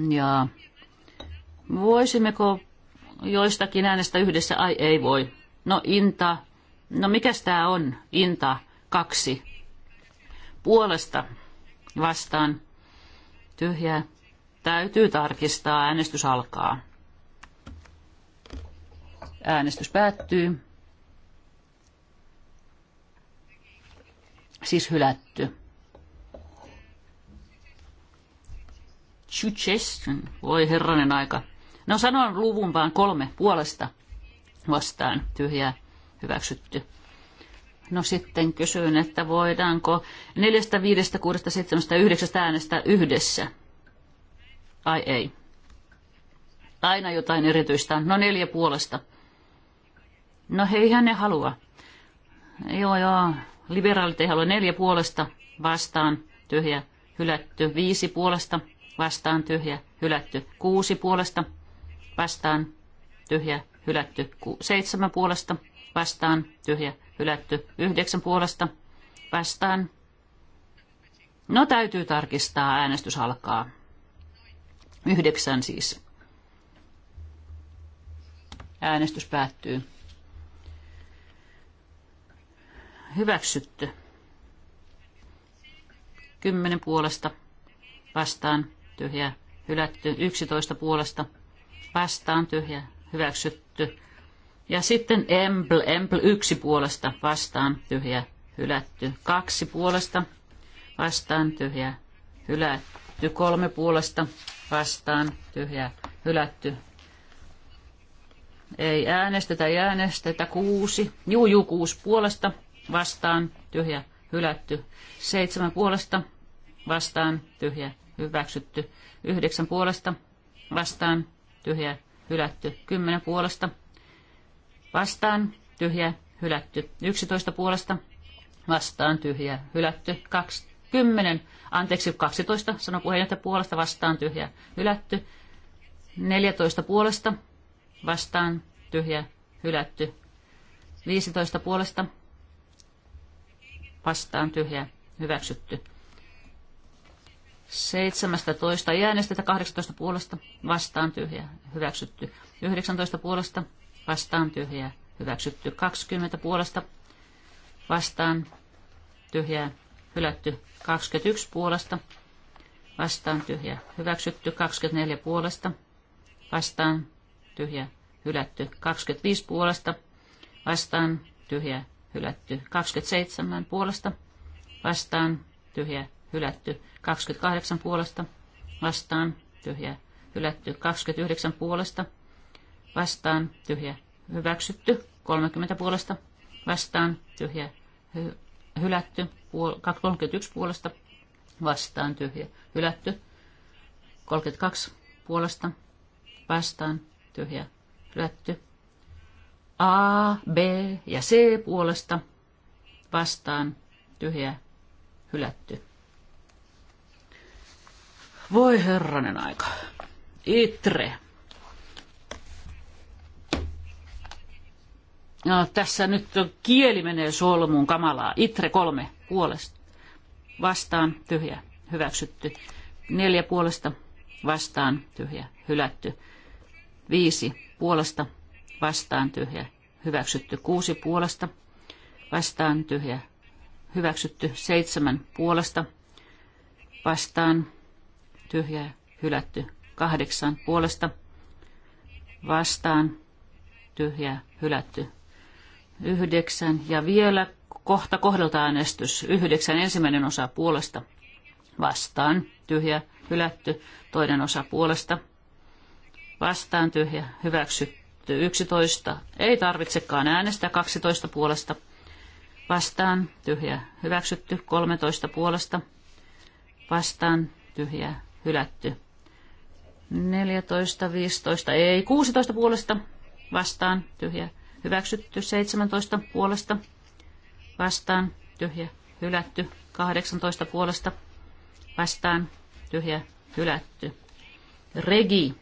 Ja voisimmeko joistakin äänestä yhdessä? Ai ei voi. No Inta. No mikäs tää on? Inta kaksi. Puolesta vastaan. Tyhjää. Täytyy tarkistaa. Äänestys alkaa. Äänestys päättyy. Siis hylätty. Chucheston. Voi herranen aika. No sanon luvun vaan kolme puolesta vastaan. Tyhjää hyväksytty. No sitten kysyin, että voidaanko neljästä, viidestä, kuudesta, seitsemästä, yhdeksästä äänestä yhdessä. Ai ei. Aina jotain erityistä. No neljä puolesta No heihän ne halua. Joo, joo. Liberaalit ei halua neljä puolesta vastaan tyhjä hylätty. Viisi puolesta vastaan tyhjä hylätty. Kuusi puolesta vastaan tyhjä hylätty. Ku- seitsemän puolesta vastaan tyhjä hylätty. Yhdeksän puolesta vastaan. No täytyy tarkistaa. Äänestys alkaa. Yhdeksän siis. Äänestys päättyy. hyväksytty. Kymmenen puolesta vastaan tyhjä, hylätty. Yksitoista puolesta vastaan tyhjä, hyväksytty. Ja sitten empl, empl yksi puolesta vastaan tyhjä hylätty. Kaksi puolesta vastaan tyhjä hylätty. Kolme puolesta vastaan tyhjä hylätty. Ei äänestetä, ei äänestetä. Kuusi. Juu, juu, kuusi puolesta vastaan, tyhjä, hylätty. Seitsemän puolesta, vastaan, tyhjä, hyväksytty. Yhdeksän puolesta, vastaan, tyhjä, hylätty. Kymmenen puolesta, vastaan, tyhjä, hylätty. Yksitoista puolesta, vastaan, tyhjä, hylätty. Kaksi, kymmenen, anteeksi, kaksitoista, sano puheenjohtaja puolesta, vastaan, tyhjä, hylätty. Neljätoista puolesta, vastaan, tyhjä, hylätty. Viisitoista puolesta, vastaan tyhjä hyväksytty. 17 ei äänestetä, 18 puolesta vastaan tyhjä hyväksytty. 19 puolesta vastaan tyhjä hyväksytty. 20 puolesta vastaan tyhjää hylätty. 21 puolesta vastaan tyhjä hyväksytty. 24 puolesta vastaan tyhjä hylätty. 25 puolesta vastaan tyhjä hylätty. 27 puolesta vastaan tyhjä hylätty. 28 puolesta vastaan tyhjä hylätty. 29 puolesta vastaan tyhjä hyväksytty. 30 puolesta vastaan tyhjä hy- hylätty. 31 puolesta vastaan tyhjä hylätty. 32 puolesta vastaan tyhjä hylätty. A, B ja C puolesta vastaan tyhjä hylätty. Voi herranen aika. Itre. No, tässä nyt kieli menee solmuun kamalaa. Itre kolme puolesta. Vastaan tyhjä hyväksytty. Neljä puolesta vastaan tyhjä hylätty. Viisi puolesta vastaan tyhjä hyväksytty. Kuusi puolesta vastaan tyhjä hyväksytty. Seitsemän puolesta vastaan tyhjä hylätty. Kahdeksan puolesta vastaan tyhjä hylätty. Yhdeksän ja vielä kohta kohdalta äänestys. Yhdeksän ensimmäinen osa puolesta vastaan tyhjä hylätty. Toinen osa puolesta vastaan tyhjä hyväksytty hylätty 11, ei tarvitsekaan äänestä 12 puolesta, vastaan tyhjä hyväksytty 13 puolesta, vastaan tyhjä hylätty 14, 15, ei 16 puolesta, vastaan tyhjä hyväksytty 17 puolesta, vastaan tyhjä hylätty 18 puolesta, vastaan tyhjä hylätty. Regi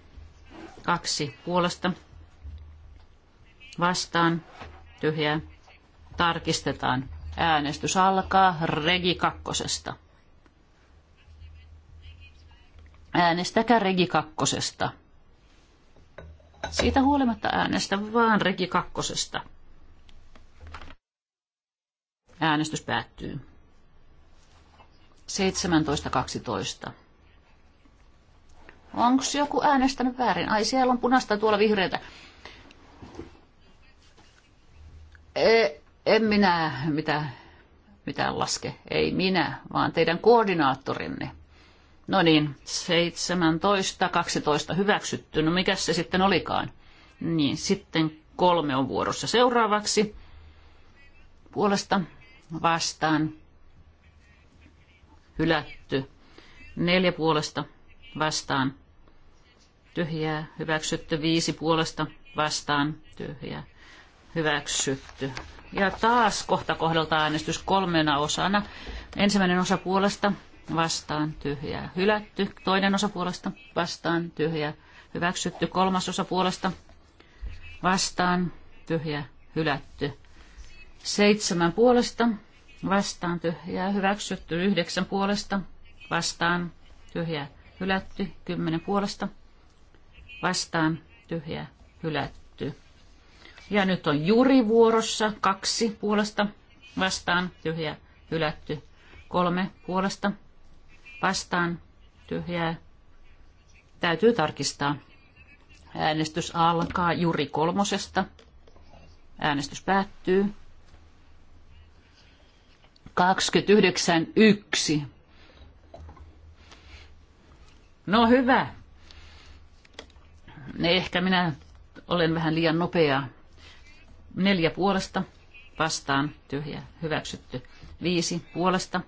kaksi puolesta vastaan, tyhjää, tarkistetaan. Äänestys alkaa Regi kakkosesta. Äänestäkää Regi kakkosesta. Siitä huolimatta äänestä vaan Regi kakkosesta. Äänestys päättyy. 17.12. Onko joku äänestänyt väärin? Ai siellä on punaista tuolla vihreätä. E, en minä mitä, mitään laske, ei minä, vaan teidän koordinaattorinne. No niin, 17, 12 hyväksytty. No mikä se sitten olikaan? Niin, sitten kolme on vuorossa seuraavaksi. Puolesta vastaan hylätty. Neljä puolesta vastaan tyhjää. Hyväksytty viisi puolesta vastaan tyhjää hyväksytty. Ja taas kohta kohdalta äänestys kolmena osana. Ensimmäinen osa puolesta vastaan tyhjää hylätty. Toinen osa puolesta vastaan tyhjää hyväksytty. Kolmas osa puolesta vastaan tyhjää hylätty. Seitsemän puolesta vastaan tyhjää hyväksytty. Yhdeksän puolesta vastaan tyhjää hylätty. Kymmenen puolesta vastaan tyhjää hylätty. Ja nyt on juri vuorossa. Kaksi puolesta vastaan. Tyhjä hylätty. Kolme puolesta vastaan. Tyhjää. Täytyy tarkistaa. Äänestys alkaa juri kolmosesta. Äänestys päättyy. 29.1. No hyvä. Ehkä minä olen vähän liian nopeaa. Neljä puolesta vastaan tyhjä hyväksytty. Viisi puolesta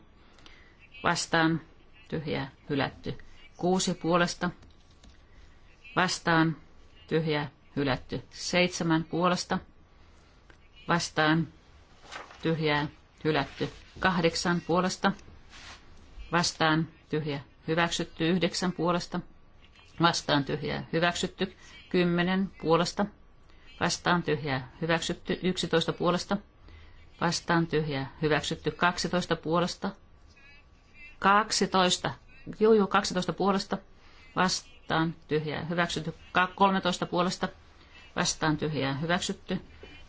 vastaan tyhjä hylätty. Kuusi puolesta vastaan tyhjä hylätty. Seitsemän puolesta vastaan tyhjä hylätty. Kahdeksan puolesta vastaan tyhjä hyväksytty. Yhdeksän puolesta vastaan tyhjä hyväksytty. Kymmenen puolesta vastaan tyhjää hyväksytty 11 puolesta, vastaan tyhjää hyväksytty 12 puolesta, 12, juu juu 12 puolesta, vastaan tyhjää hyväksytty 13 puolesta, vastaan tyhjää hyväksytty.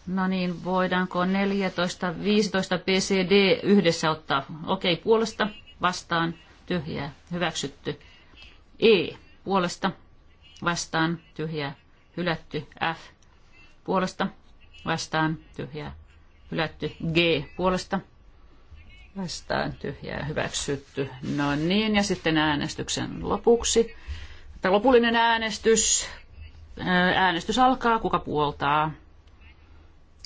No niin, voidaanko 14, 15 PCD yhdessä ottaa? Okei, okay, puolesta, vastaan, tyhjää, hyväksytty. E, puolesta, vastaan, tyhjää, hylätty. F, puolesta vastaan tyhjää hylätty. G puolesta vastaan tyhjää hyväksytty. No niin, ja sitten äänestyksen lopuksi. Tämä lopullinen äänestys. Äänestys alkaa, kuka puoltaa.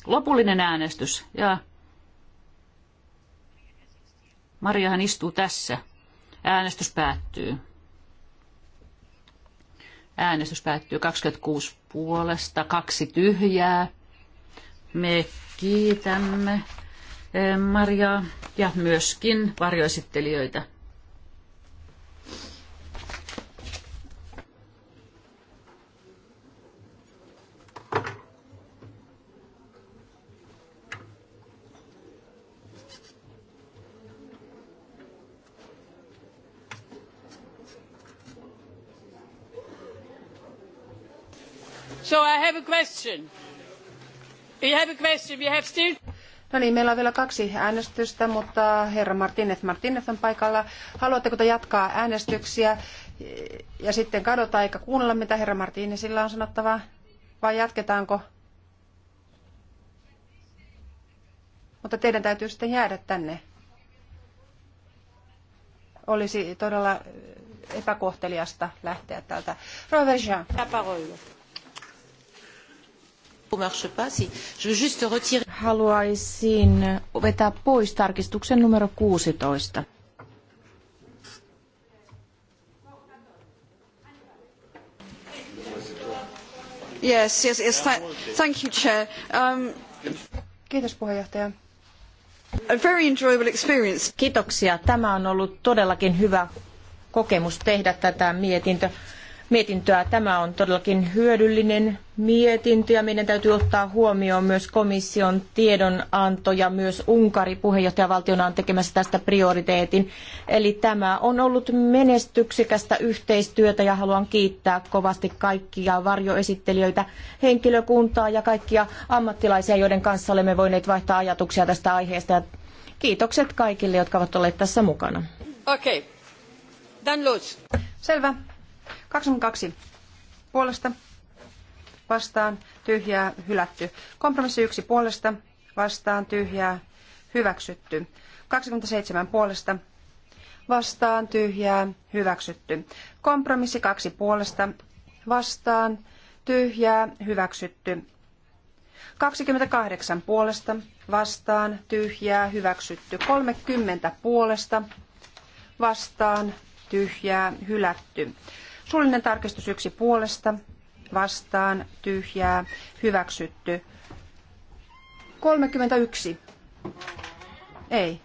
Lopullinen äänestys. Ja Mariahan istuu tässä. Äänestys päättyy. Äänestys päättyy 26 puolesta, kaksi tyhjää. Me kiitämme eh, Maria ja myöskin varjoesittelijöitä. No niin, meillä on vielä kaksi äänestystä, mutta herra Martinez, Martinez on paikalla. Haluatteko te jatkaa äänestyksiä ja sitten kadota eikä kuunnella, mitä herra Martinezilla on sanottavaa? Vai jatketaanko? Mutta teidän täytyy sitten jäädä tänne. Olisi todella epäkohteliasta lähteä täältä. Rover Jean. Haluaisin vetää pois tarkistuksen numero 16. Yes, yes, yes. Thank you, Chair. Um, Kiitos puheenjohtaja. A very enjoyable experience. Kiitoksia. Tämä on ollut todellakin hyvä kokemus tehdä tätä mietintöä mietintöä. Tämä on todellakin hyödyllinen mietintö ja meidän täytyy ottaa huomioon myös komission tiedonanto ja myös Unkari puheenjohtajavaltiona on tekemässä tästä prioriteetin. Eli tämä on ollut menestyksekästä yhteistyötä ja haluan kiittää kovasti kaikkia varjoesittelijöitä, henkilökuntaa ja kaikkia ammattilaisia, joiden kanssa olemme voineet vaihtaa ajatuksia tästä aiheesta. Ja kiitokset kaikille, jotka ovat olleet tässä mukana. Okei. Okay. Dan Selvä. 22 puolesta vastaan tyhjää hylätty. Kompromissi 1 puolesta vastaan tyhjää hyväksytty. 27 puolesta vastaan tyhjää hyväksytty. Kompromissi 2 puolesta vastaan tyhjää hyväksytty. 28 puolesta vastaan tyhjää hyväksytty. 30 puolesta vastaan tyhjää hylätty. Suullinen tarkistus yksi puolesta, vastaan, tyhjää, hyväksytty. 31. Ei.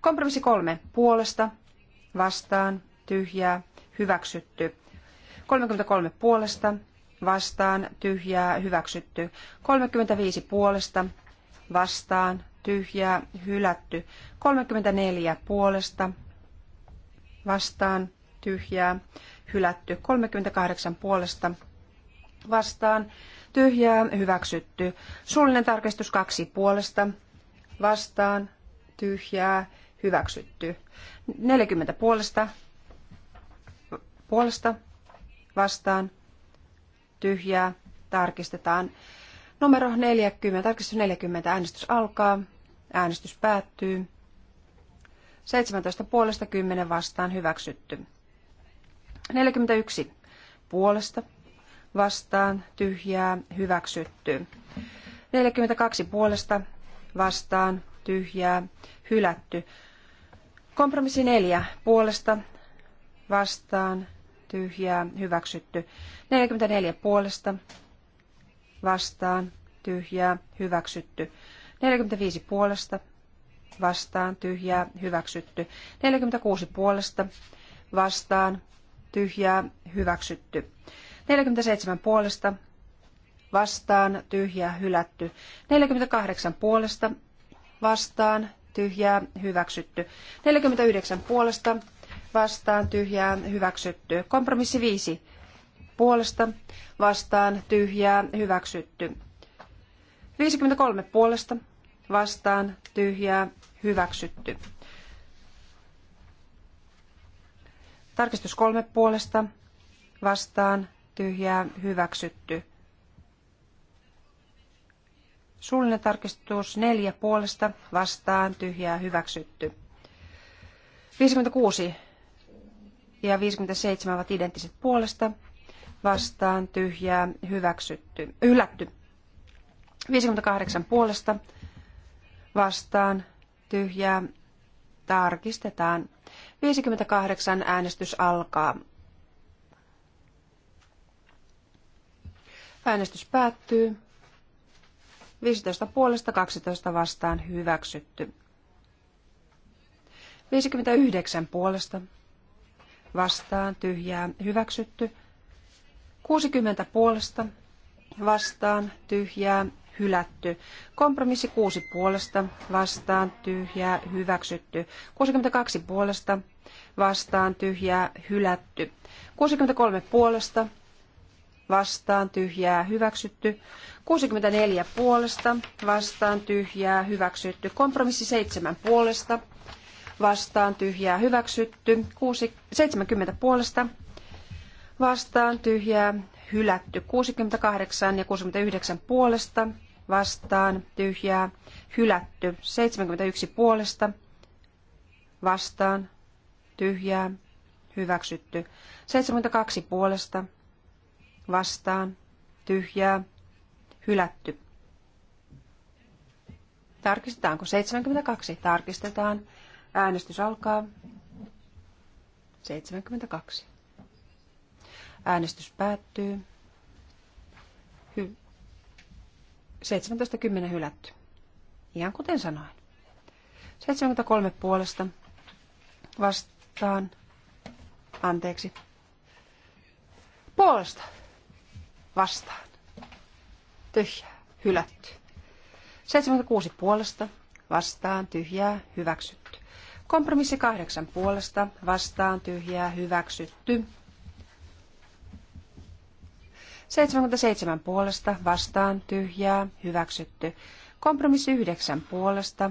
Kompromissi kolme puolesta, vastaan, tyhjää, hyväksytty. 33 puolesta, vastaan, tyhjää, hyväksytty. 35 puolesta, vastaan, tyhjää, hylätty. 34 puolesta, vastaan, tyhjää, hylätty. 38 puolesta vastaan tyhjää hyväksytty. Suullinen tarkistus 2 puolesta vastaan tyhjää hyväksytty. 40 puolesta puolesta vastaan tyhjää tarkistetaan. Numero 40, tarkistus 40, äänestys alkaa, äänestys päättyy. 17 puolesta 10 vastaan hyväksytty. 41 puolesta vastaan tyhjää hyväksytty. 42 puolesta vastaan tyhjää hylätty. Kompromissi 4 puolesta vastaan tyhjää hyväksytty. 44 puolesta vastaan tyhjää hyväksytty. 45 puolesta vastaan tyhjää hyväksytty. 46 puolesta vastaan tyhjää, hyväksytty. 47 puolesta, vastaan, tyhjää, hylätty. 48 puolesta, vastaan, tyhjää, hyväksytty. 49 puolesta, vastaan, tyhjää, hyväksytty. Kompromissi 5 puolesta, vastaan, tyhjää, hyväksytty. 53 puolesta, vastaan, tyhjää, hyväksytty. Tarkistus kolme puolesta vastaan tyhjää hyväksytty. Suullinen tarkistus neljä puolesta vastaan tyhjää hyväksytty. 56 ja 57 ovat identtiset puolesta vastaan tyhjää hyväksytty, hylätty. 58 puolesta vastaan tyhjää tarkistetaan 58 äänestys alkaa. Äänestys päättyy. 15 puolesta 12 vastaan hyväksytty. 59 puolesta vastaan tyhjää hyväksytty. 60 puolesta vastaan tyhjää hylätty. Kompromissi 6 puolesta vastaan tyhjää hyväksytty. 62 puolesta vastaan tyhjää hylätty. 63 puolesta vastaan tyhjää hyväksytty. 64 puolesta vastaan tyhjää hyväksytty. Kompromissi 7 puolesta vastaan tyhjää hyväksytty. 6, 70 puolesta vastaan tyhjää hylätty. 68 ja 69 puolesta vastaan, tyhjää, hylätty. 71 puolesta, vastaan, tyhjää, hyväksytty. 72 puolesta, vastaan, tyhjää, hylätty. Tarkistetaanko 72? Tarkistetaan. Äänestys alkaa. 72. Äänestys päättyy. Hy- 17.10 hylätty. Ihan kuten sanoin. 73 puolesta vastaan. Anteeksi. Puolesta vastaan. Tyhjää. Hylätty. 76 puolesta vastaan. Tyhjää. Hyväksytty. Kompromissi 8 puolesta vastaan. Tyhjää. Hyväksytty. 77 puolesta vastaan tyhjää hyväksytty. Kompromissi 9 puolesta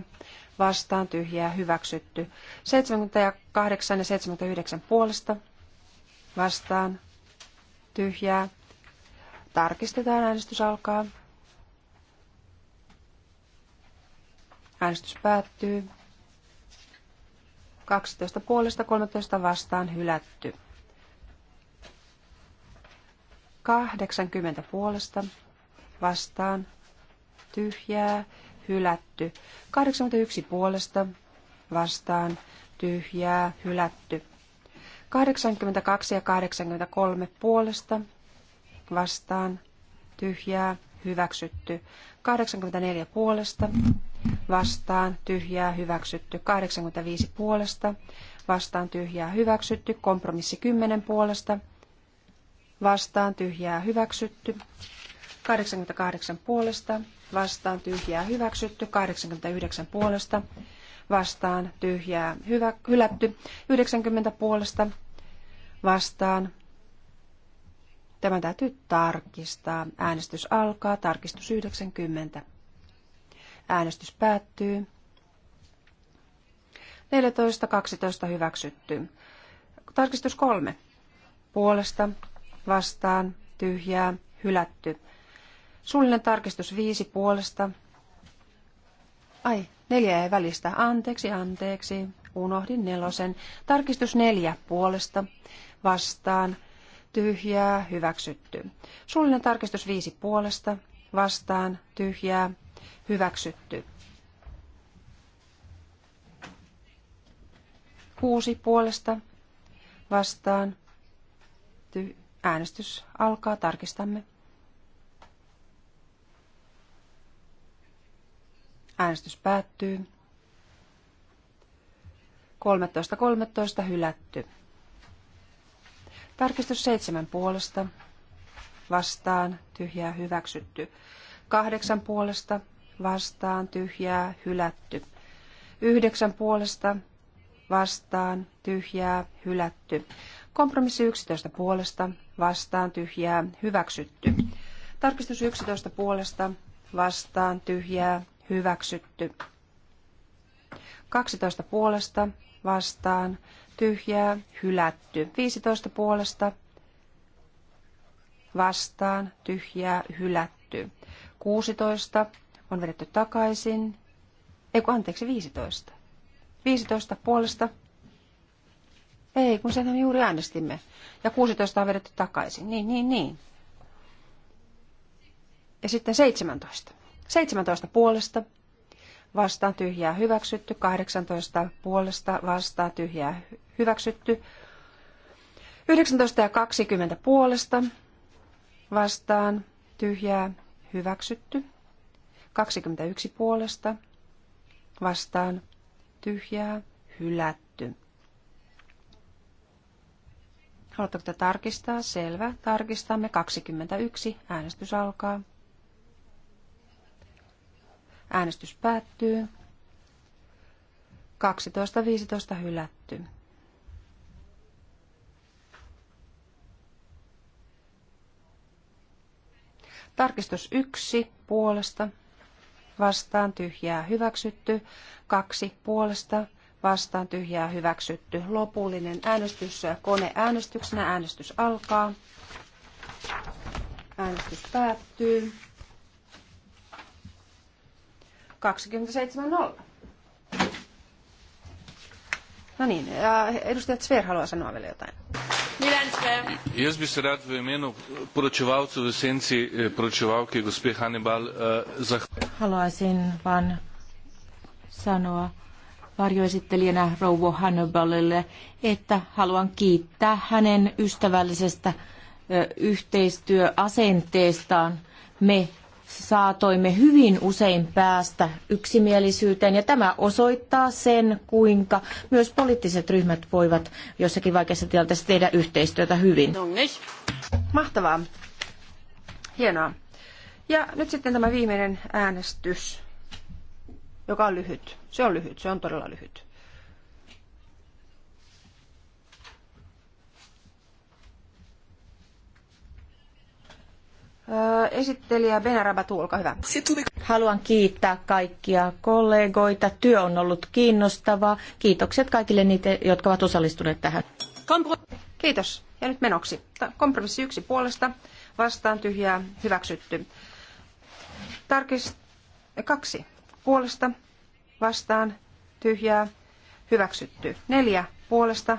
vastaan tyhjää hyväksytty. 78 ja 79 puolesta vastaan tyhjää. Tarkistetaan äänestys alkaa. Äänestys päättyy. 12 puolesta 13 vastaan hylätty. 80 puolesta vastaan tyhjää hylätty. 81 puolesta vastaan tyhjää hylätty. 82 ja 83 puolesta vastaan tyhjää hyväksytty. 84 puolesta vastaan tyhjää hyväksytty. 85 puolesta vastaan tyhjää hyväksytty. Kompromissi 10 puolesta vastaan tyhjää hyväksytty. 88 puolesta vastaan tyhjää hyväksytty. 89 puolesta vastaan tyhjää hyvä, hylätty. 90 puolesta vastaan. Tämä täytyy tarkistaa. Äänestys alkaa. Tarkistus 90. Äänestys päättyy. 14.12 hyväksytty. Tarkistus 3. Puolesta vastaan, tyhjää, hylätty. Suullinen tarkistus viisi puolesta. Ai, neljä ei välistä. Anteeksi, anteeksi. Unohdin nelosen. Tarkistus neljä puolesta. Vastaan. Tyhjää. Hyväksytty. Suullinen tarkistus viisi puolesta. Vastaan. Tyhjää. Hyväksytty. Kuusi puolesta. Vastaan. Ty- Äänestys alkaa, tarkistamme. Äänestys päättyy. 13.13 hylätty. Tarkistus seitsemän puolesta. Vastaan tyhjää hyväksytty. Kahdeksan puolesta. Vastaan tyhjää hylätty. Yhdeksän puolesta. Vastaan tyhjää hylätty. Kompromissi 11 puolesta, vastaan tyhjää, hyväksytty. Tarkistus 11 puolesta, vastaan tyhjää, hyväksytty. 12 puolesta, vastaan tyhjää, hylätty. 15 puolesta, vastaan tyhjää, hylätty. 16 on vedetty takaisin, ei kun anteeksi 15. 15 puolesta, ei, kun senhän juuri äänestimme. Ja 16 on vedetty takaisin. Niin, niin, niin. Ja sitten 17. 17 puolesta vastaan tyhjää hyväksytty. 18 puolesta vastaan tyhjää hyväksytty. 19 ja 20 puolesta vastaan tyhjää hyväksytty. 21 puolesta vastaan tyhjää hylätty. Haluatteko te tarkistaa? Selvä. Tarkistamme. 21. Äänestys alkaa. Äänestys päättyy. 12.15 hylätty. Tarkistus 1 puolesta. Vastaan tyhjää hyväksytty. 2 puolesta vastaan tyhjää hyväksytty. Lopullinen äänestys koneäänestyksenä. Äänestys alkaa. Äänestys päättyy. 27.0. No niin, ja edustaja Zver haluaa sanoa vielä jotain. Jaz bi se rad v imenu poročevalcev v senci eh, poročevalke gospe Hannibal eh, zahvalil. Haluaisin vain sanoa varjoesittelijänä Rouvo Hannibalille, että haluan kiittää hänen ystävällisestä yhteistyöasenteestaan. Me saatoimme hyvin usein päästä yksimielisyyteen ja tämä osoittaa sen, kuinka myös poliittiset ryhmät voivat jossakin vaikeassa tilanteessa tehdä yhteistyötä hyvin. Mahtavaa. Hienoa. Ja nyt sitten tämä viimeinen äänestys joka on lyhyt. Se on lyhyt, se on todella lyhyt. Esittelijä Rabatu, olkaa hyvä. Haluan kiittää kaikkia kollegoita. Työ on ollut kiinnostavaa. Kiitokset kaikille niitä, jotka ovat osallistuneet tähän. Kiitos. Ja nyt menoksi. Kompromissi yksi puolesta. Vastaan tyhjää. Hyväksytty. Tarkist... Kaksi puolesta vastaan tyhjää hyväksytty. Neljä puolesta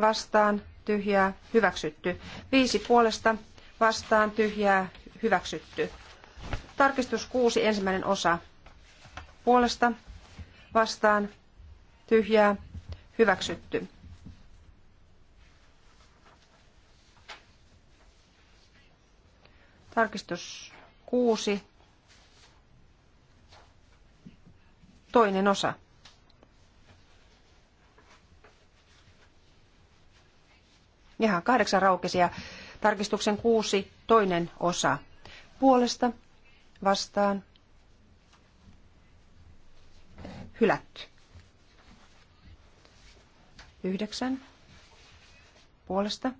vastaan tyhjää hyväksytty. Viisi puolesta vastaan tyhjää hyväksytty. Tarkistus kuusi ensimmäinen osa puolesta vastaan tyhjää hyväksytty. Tarkistus kuusi toinen osa. Jaha, kahdeksan raukesia. Tarkistuksen kuusi, toinen osa. Puolesta, vastaan, hylätty. Yhdeksän, puolesta.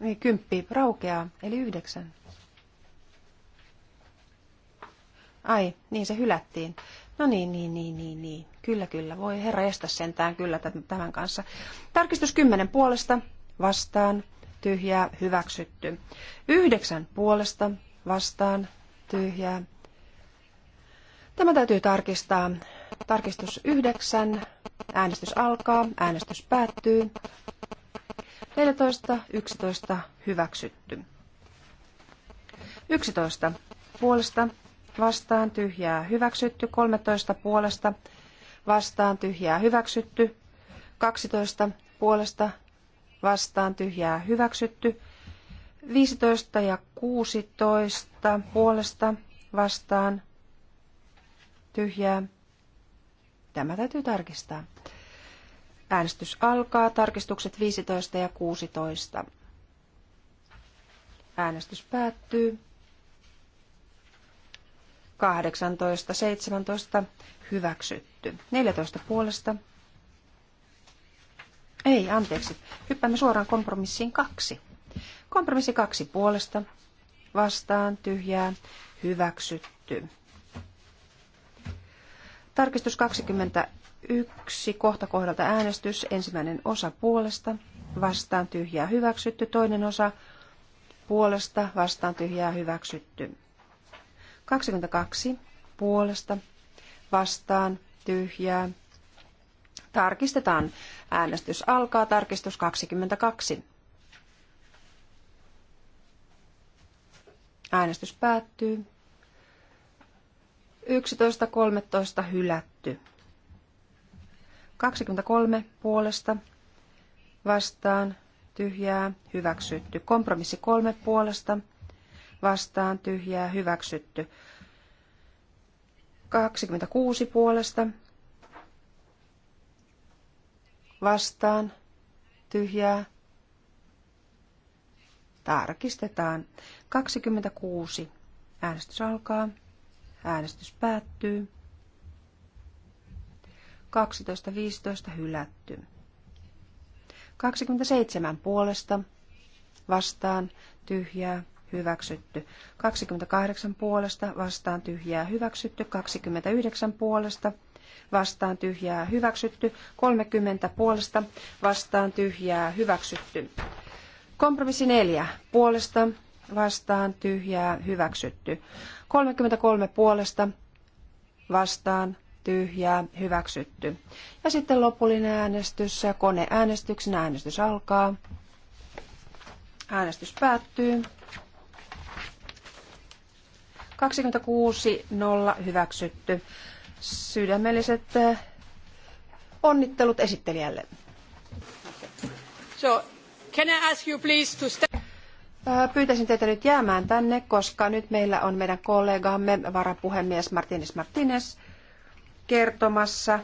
Niin, kymppi raukeaa, eli yhdeksän. Ai, niin se hylättiin. No niin, niin, niin, niin, niin. Kyllä, kyllä. Voi herra estä sentään kyllä tämän kanssa. Tarkistus kymmenen puolesta vastaan tyhjää hyväksytty. Yhdeksän puolesta vastaan tyhjää. Tämä täytyy tarkistaa. Tarkistus yhdeksän Äänestys alkaa. Äänestys päättyy. 14, 11 hyväksytty. 11 puolesta vastaan tyhjää hyväksytty, 13 puolesta vastaan tyhjää hyväksytty, 12 puolesta vastaan tyhjää hyväksytty, 15 ja 16 puolesta vastaan tyhjää. Tämä täytyy tarkistaa. Äänestys alkaa. Tarkistukset 15 ja 16. Äänestys päättyy. 18, 17 hyväksytty. 14 puolesta. Ei, anteeksi. Hyppäämme suoraan kompromissiin kaksi. Kompromissi kaksi puolesta. Vastaan tyhjää hyväksytty. Tarkistus 21, kohta kohdalta äänestys, ensimmäinen osa puolesta, vastaan tyhjää hyväksytty, toinen osa puolesta, vastaan tyhjää hyväksytty. 22 puolesta vastaan tyhjää. Tarkistetaan. Äänestys alkaa. Tarkistus 22. Äänestys päättyy. 11.13 hylätty. 23 puolesta vastaan tyhjää hyväksytty. Kompromissi 3 puolesta vastaan tyhjää hyväksytty. 26 puolesta vastaan tyhjää tarkistetaan. 26. Äänestys alkaa. Äänestys päättyy. 12.15 hylätty. 27 puolesta vastaan tyhjää hyväksytty. 28 puolesta vastaan tyhjää hyväksytty. 29 puolesta vastaan tyhjää hyväksytty. 30 puolesta vastaan tyhjää hyväksytty. Kompromissi 4 puolesta vastaan tyhjää hyväksytty. 33 puolesta vastaan tyhjää hyväksytty. Ja sitten lopullinen äänestys ja koneäänestyksen äänestys alkaa. Äänestys päättyy. 26.0 hyväksytty. Sydämelliset eh, onnittelut esittelijälle. So, can I ask you please to stay? Eh, pyytäisin teitä nyt jäämään tänne, koska nyt meillä on meidän kollegamme varapuhemies Martínez Martínez kertomassa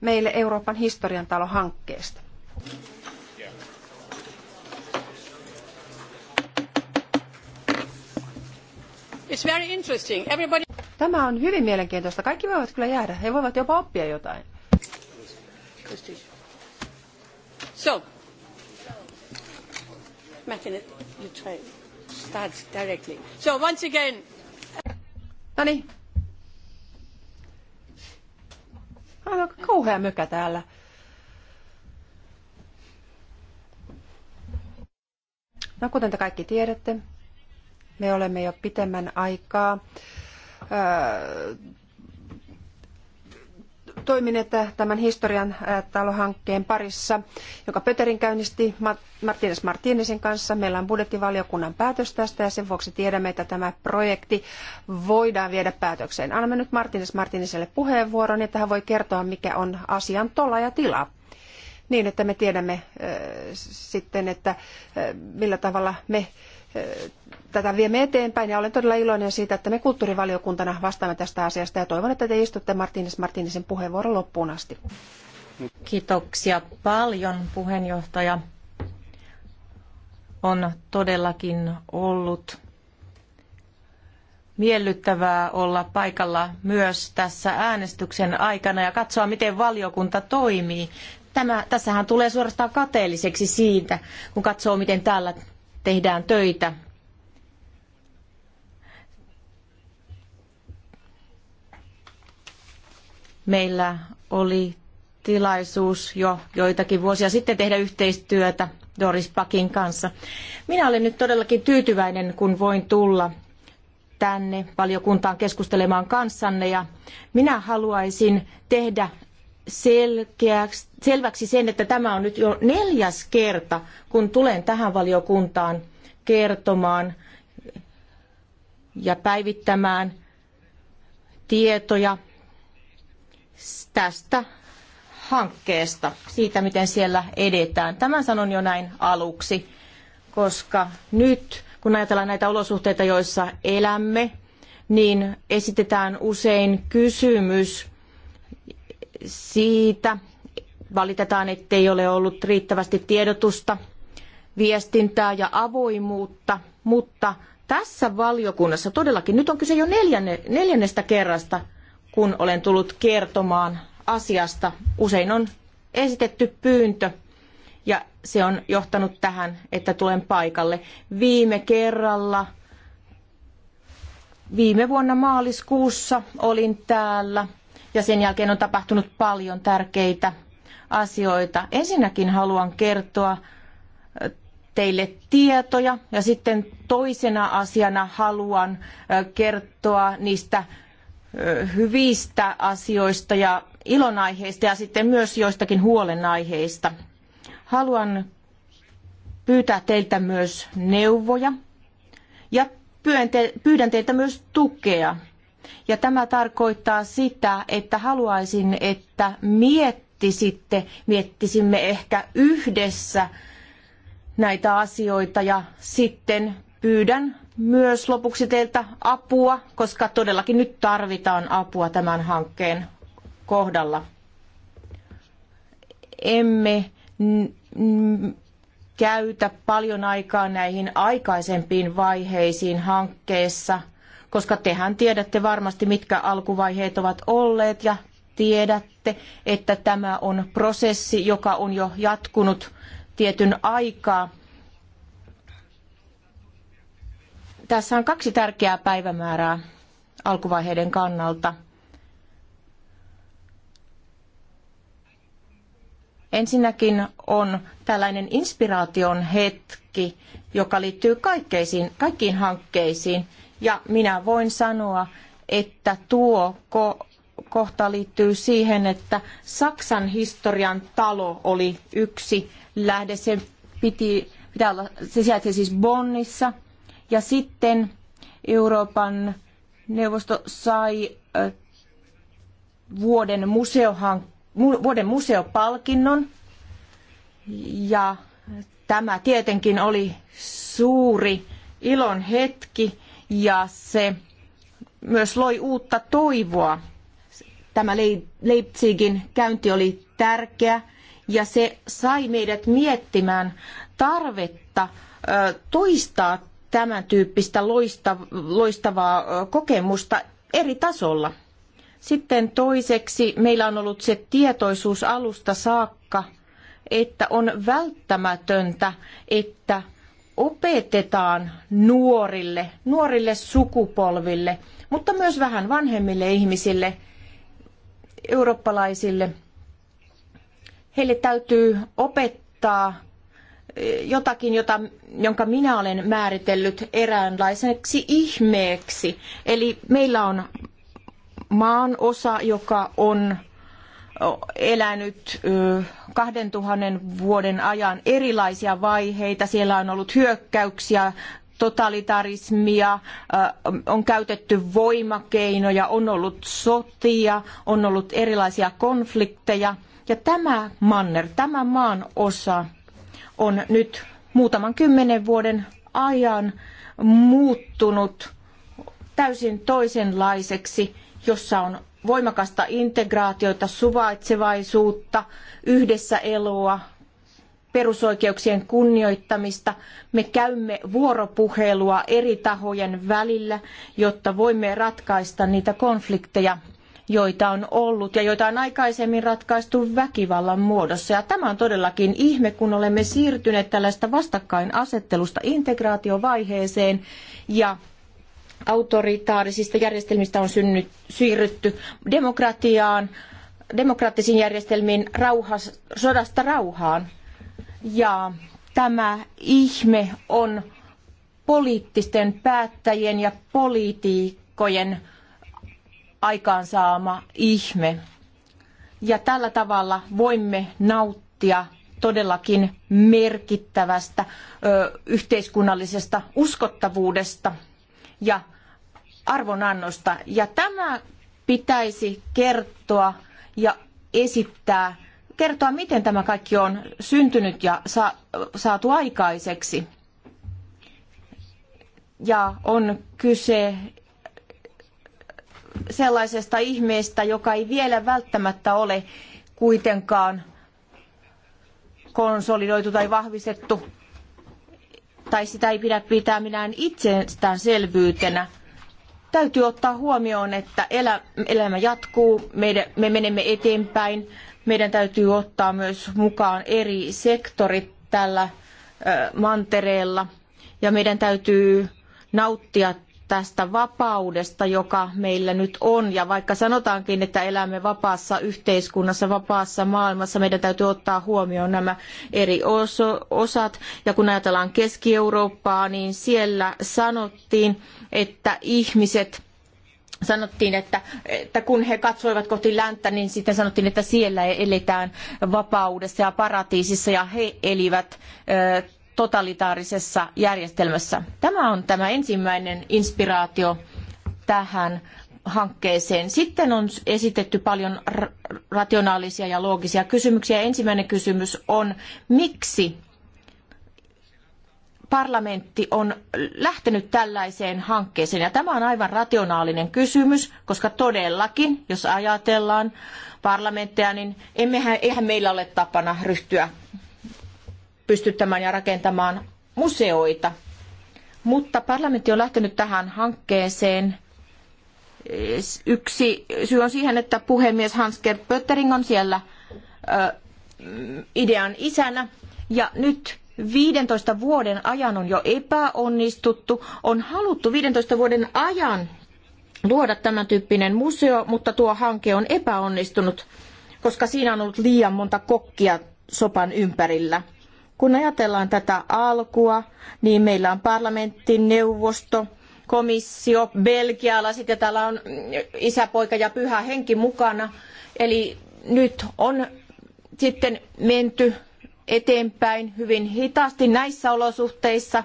meille Euroopan historian talo hankkeesta. Tämä on hyvin mielenkiintoista. Kaikki voivat kyllä jäädä. He voivat jopa oppia jotain. So, directly. So once again. No niin. Aika kauhea mykä täällä. No kuten te kaikki tiedätte, me olemme jo pitemmän aikaa äh, toimineet tämän historian äh, talohankkeen parissa, joka Pöterin käynnisti Martínez Martínezin kanssa. Meillä on budjettivaliokunnan päätös tästä ja sen vuoksi tiedämme, että tämä projekti voidaan viedä päätökseen. Annamme nyt Martínez Martínezille puheenvuoron, että hän voi kertoa, mikä on asian tola ja tila. Niin, että me tiedämme äh, sitten, että millä tavalla me tätä viemme eteenpäin ja olen todella iloinen siitä, että me kulttuurivaliokuntana vastaamme tästä asiasta ja toivon, että te istutte Martínez Martínezin puheenvuoron loppuun asti. Kiitoksia paljon puheenjohtaja. On todellakin ollut miellyttävää olla paikalla myös tässä äänestyksen aikana ja katsoa, miten valiokunta toimii. Tämä, tässähän tulee suorastaan kateelliseksi siitä, kun katsoo, miten täällä tehdään töitä. Meillä oli tilaisuus jo joitakin vuosia sitten tehdä yhteistyötä Doris Pakin kanssa. Minä olen nyt todellakin tyytyväinen, kun voin tulla tänne valiokuntaan keskustelemaan kanssanne ja minä haluaisin tehdä selkeäksi, selväksi sen, että tämä on nyt jo neljäs kerta, kun tulen tähän valiokuntaan kertomaan ja päivittämään tietoja tästä hankkeesta, siitä miten siellä edetään. Tämän sanon jo näin aluksi, koska nyt kun ajatellaan näitä olosuhteita, joissa elämme, niin esitetään usein kysymys, siitä valitetaan, ettei ole ollut riittävästi tiedotusta, viestintää ja avoimuutta, mutta tässä valiokunnassa todellakin, nyt on kyse jo neljänne, neljännestä kerrasta, kun olen tullut kertomaan asiasta. Usein on esitetty pyyntö ja se on johtanut tähän, että tulen paikalle. Viime kerralla, viime vuonna maaliskuussa olin täällä ja sen jälkeen on tapahtunut paljon tärkeitä asioita. Ensinnäkin haluan kertoa äh, teille tietoja ja sitten toisena asiana haluan äh, kertoa niistä äh, hyvistä asioista ja ilonaiheista ja sitten myös joistakin huolenaiheista. Haluan pyytää teiltä myös neuvoja ja pyydän teiltä myös tukea ja tämä tarkoittaa sitä, että haluaisin, että miettisitte, miettisimme ehkä yhdessä näitä asioita ja sitten pyydän myös lopuksi teiltä apua, koska todellakin nyt tarvitaan apua tämän hankkeen kohdalla. Emme käytä paljon aikaa näihin aikaisempiin vaiheisiin hankkeessa – koska tehän tiedätte varmasti, mitkä alkuvaiheet ovat olleet ja tiedätte, että tämä on prosessi, joka on jo jatkunut tietyn aikaa. Tässä on kaksi tärkeää päivämäärää alkuvaiheiden kannalta. Ensinnäkin on tällainen inspiraation hetki, joka liittyy kaikkeisiin, kaikkiin hankkeisiin, ja minä voin sanoa, että tuo ko- kohta liittyy siihen, että Saksan historian talo oli yksi lähde. Se, piti, pitää olla, se sijaitsi siis Bonnissa. Ja sitten Euroopan neuvosto sai vuoden, museohan, vuoden museopalkinnon. Ja tämä tietenkin oli suuri ilon hetki ja se myös loi uutta toivoa. Tämä Leipzigin käynti oli tärkeä ja se sai meidät miettimään tarvetta toistaa tämän tyyppistä loistavaa kokemusta eri tasolla. Sitten toiseksi meillä on ollut se tietoisuus alusta saakka, että on välttämätöntä, että opetetaan nuorille, nuorille sukupolville, mutta myös vähän vanhemmille ihmisille, eurooppalaisille. Heille täytyy opettaa eh, jotakin, jota, jonka minä olen määritellyt eräänlaiseksi ihmeeksi. Eli meillä on maan osa, joka on elänyt 2000 vuoden ajan erilaisia vaiheita. Siellä on ollut hyökkäyksiä, totalitarismia, on käytetty voimakeinoja, on ollut sotia, on ollut erilaisia konflikteja. Ja tämä manner, tämä maan osa on nyt muutaman kymmenen vuoden ajan muuttunut täysin toisenlaiseksi, jossa on voimakasta integraatiota, suvaitsevaisuutta, yhdessä eloa, perusoikeuksien kunnioittamista. Me käymme vuoropuhelua eri tahojen välillä, jotta voimme ratkaista niitä konflikteja, joita on ollut ja joita on aikaisemmin ratkaistu väkivallan muodossa. Ja tämä on todellakin ihme, kun olemme siirtyneet tällaista vastakkainasettelusta integraatiovaiheeseen ja autoritaarisista järjestelmistä on synnyt, siirrytty demokratiaan, demokraattisiin järjestelmiin rauhas, sodasta rauhaan. Ja tämä ihme on poliittisten päättäjien ja poliitikkojen aikaansaama ihme. Ja tällä tavalla voimme nauttia todellakin merkittävästä ö, yhteiskunnallisesta uskottavuudesta – ja arvonannosta. Ja tämä pitäisi kertoa ja esittää, kertoa miten tämä kaikki on syntynyt ja saatu aikaiseksi. Ja on kyse sellaisesta ihmeestä, joka ei vielä välttämättä ole kuitenkaan konsolidoitu tai vahvistettu tai sitä ei pidä pitää minään itsestäänselvyytenä. Täytyy ottaa huomioon, että elä, elämä jatkuu, meidän, me menemme eteenpäin. Meidän täytyy ottaa myös mukaan eri sektorit tällä ö, mantereella ja meidän täytyy nauttia tästä vapaudesta, joka meillä nyt on. Ja vaikka sanotaankin, että elämme vapaassa yhteiskunnassa, vapaassa maailmassa, meidän täytyy ottaa huomioon nämä eri osat. Ja kun ajatellaan Keski-Eurooppaa, niin siellä sanottiin, että ihmiset sanottiin, että, että, kun he katsoivat kohti länttä, niin sitten sanottiin, että siellä eletään vapaudessa ja paratiisissa ja he elivät totalitaarisessa järjestelmässä. Tämä on tämä ensimmäinen inspiraatio tähän hankkeeseen. Sitten on esitetty paljon rationaalisia ja loogisia kysymyksiä. Ensimmäinen kysymys on, miksi parlamentti on lähtenyt tällaiseen hankkeeseen. Ja tämä on aivan rationaalinen kysymys, koska todellakin, jos ajatellaan parlamentteja, niin emmehän, eihän meillä ole tapana ryhtyä pystyttämään ja rakentamaan museoita. Mutta parlamentti on lähtenyt tähän hankkeeseen. Yksi syy on siihen, että puhemies hans Pöttering on siellä idean isänä. Ja nyt 15 vuoden ajan on jo epäonnistuttu. On haluttu 15 vuoden ajan luoda tämän tyyppinen museo, mutta tuo hanke on epäonnistunut, koska siinä on ollut liian monta kokkia sopan ympärillä. Kun ajatellaan tätä alkua, niin meillä on parlamentti, neuvosto, komissio, belgialaiset ja täällä on isä, poika ja pyhä henki mukana. Eli nyt on sitten menty eteenpäin hyvin hitaasti näissä olosuhteissa,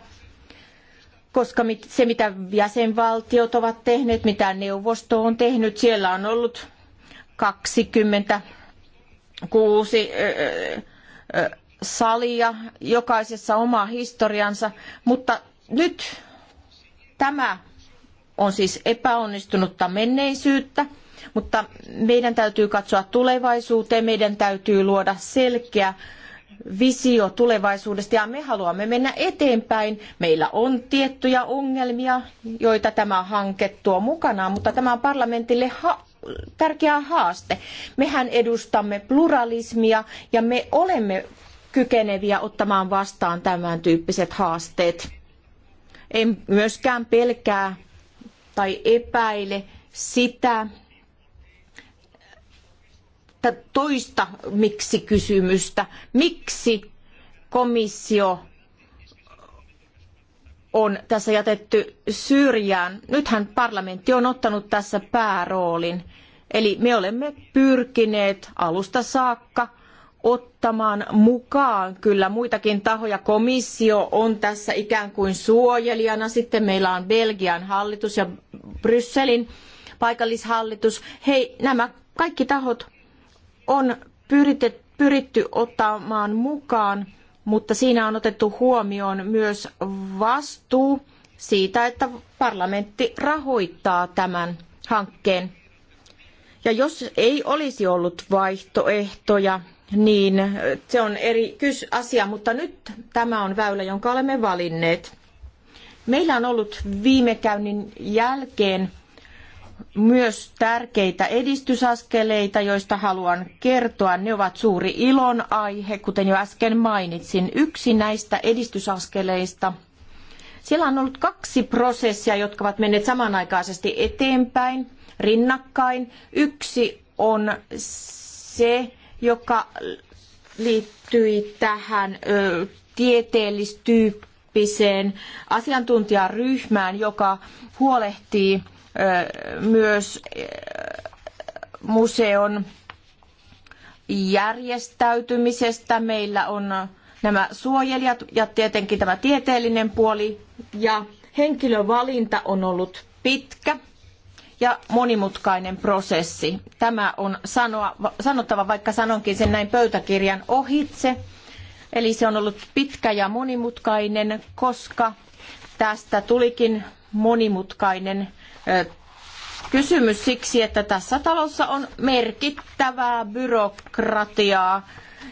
koska se mitä jäsenvaltiot ovat tehneet, mitä neuvosto on tehnyt, siellä on ollut 26 öö, öö, salia, jokaisessa oma historiansa, mutta nyt tämä on siis epäonnistunutta menneisyyttä, mutta meidän täytyy katsoa tulevaisuuteen, meidän täytyy luoda selkeä visio tulevaisuudesta ja me haluamme mennä eteenpäin. Meillä on tiettyjä ongelmia, joita tämä hanke tuo mukanaan, mutta tämä on parlamentille ha- tärkeä haaste. Mehän edustamme pluralismia ja me olemme kykeneviä ottamaan vastaan tämän tyyppiset haasteet. En myöskään pelkää tai epäile sitä toista miksi kysymystä. Miksi komissio on tässä jätetty syrjään. Nythän parlamentti on ottanut tässä pääroolin. Eli me olemme pyrkineet alusta saakka ottamaan mukaan kyllä muitakin tahoja. Komissio on tässä ikään kuin suojelijana. Sitten meillä on Belgian hallitus ja Brysselin paikallishallitus. Hei, nämä kaikki tahot on pyritet, pyritty ottamaan mukaan, mutta siinä on otettu huomioon myös vastuu siitä, että parlamentti rahoittaa tämän hankkeen. Ja jos ei olisi ollut vaihtoehtoja, niin se on eri asia, mutta nyt tämä on väylä, jonka olemme valinneet. Meillä on ollut viime käynnin jälkeen myös tärkeitä edistysaskeleita, joista haluan kertoa. Ne ovat suuri ilon aihe, kuten jo äsken mainitsin. Yksi näistä edistysaskeleista. Siellä on ollut kaksi prosessia, jotka ovat menneet samanaikaisesti eteenpäin, rinnakkain. Yksi on se, joka liittyi tähän ö, tieteellistyyppiseen asiantuntijaryhmään, joka huolehtii myös museon järjestäytymisestä. Meillä on nämä suojelijat ja tietenkin tämä tieteellinen puoli ja henkilövalinta on ollut pitkä ja monimutkainen prosessi. Tämä on sanoa, sanottava, vaikka sanonkin sen näin pöytäkirjan ohitse. Eli se on ollut pitkä ja monimutkainen, koska tästä tulikin monimutkainen kysymys siksi, että tässä talossa on merkittävää byrokratiaa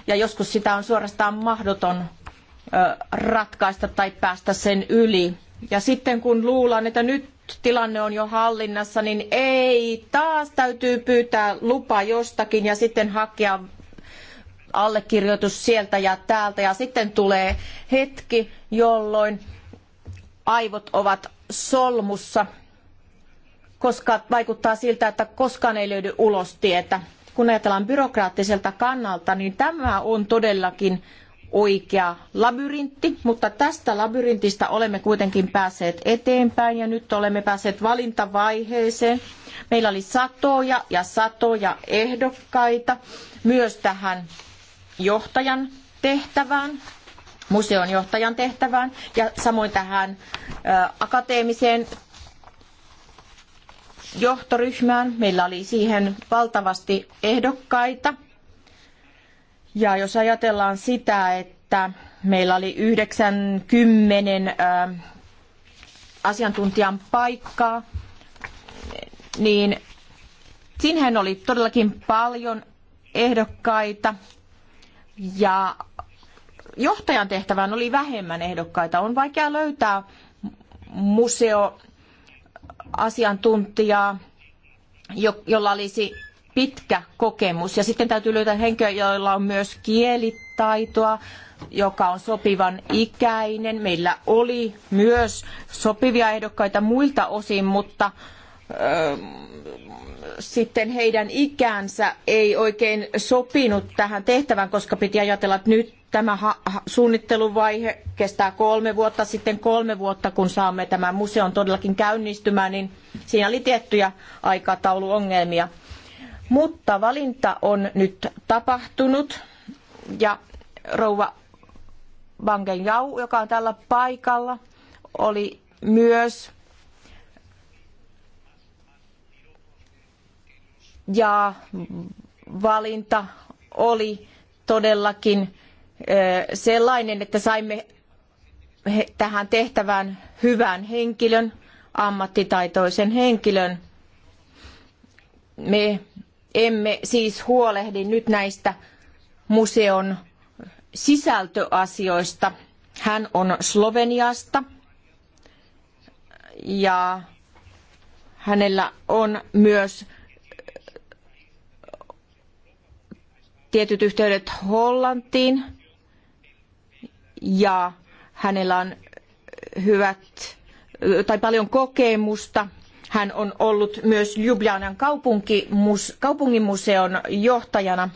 ja joskus sitä on suorastaan mahdoton ratkaista tai päästä sen yli. Ja sitten kun luullaan, että nyt tilanne on jo hallinnassa, niin ei, taas täytyy pyytää lupa jostakin ja sitten hakea allekirjoitus sieltä ja täältä. Ja sitten tulee hetki, jolloin aivot ovat solmussa, koska vaikuttaa siltä, että koskaan ei löydy ulostietä. Kun ajatellaan byrokraattiselta kannalta, niin tämä on todellakin oikea labyrintti, mutta tästä labyrintistä olemme kuitenkin päässeet eteenpäin ja nyt olemme päässeet valintavaiheeseen. Meillä oli satoja ja satoja ehdokkaita myös tähän johtajan tehtävään, museon johtajan tehtävään ja samoin tähän akateemiseen johtoryhmään. Meillä oli siihen valtavasti ehdokkaita ja jos ajatellaan sitä, että meillä oli 90 asiantuntijan paikkaa, niin sinnehän oli todellakin paljon ehdokkaita ja johtajan tehtävään oli vähemmän ehdokkaita. On vaikea löytää museoasiantuntijaa, jolla olisi pitkä kokemus. Ja sitten täytyy löytää henkilö, jolla on myös kielitaitoa, joka on sopivan ikäinen. Meillä oli myös sopivia ehdokkaita muilta osin, mutta sitten heidän ikänsä ei oikein sopinut tähän tehtävään, koska piti ajatella, että nyt tämä suunnitteluvaihe kestää kolme vuotta, sitten kolme vuotta, kun saamme tämän museon todellakin käynnistymään, niin siinä oli tiettyjä aikatauluongelmia. Mutta valinta on nyt tapahtunut ja rouva Bangen Jau, joka on tällä paikalla, oli myös ja valinta oli todellakin sellainen, että saimme tähän tehtävään hyvän henkilön, ammattitaitoisen henkilön. Me emme siis huolehdi nyt näistä museon sisältöasioista. Hän on Sloveniasta ja hänellä on myös äh, tietyt yhteydet Hollantiin ja hänellä on äh, hyvät äh, tai paljon kokemusta – hän on ollut myös Ljubljanan kaupunginmuseon johtajana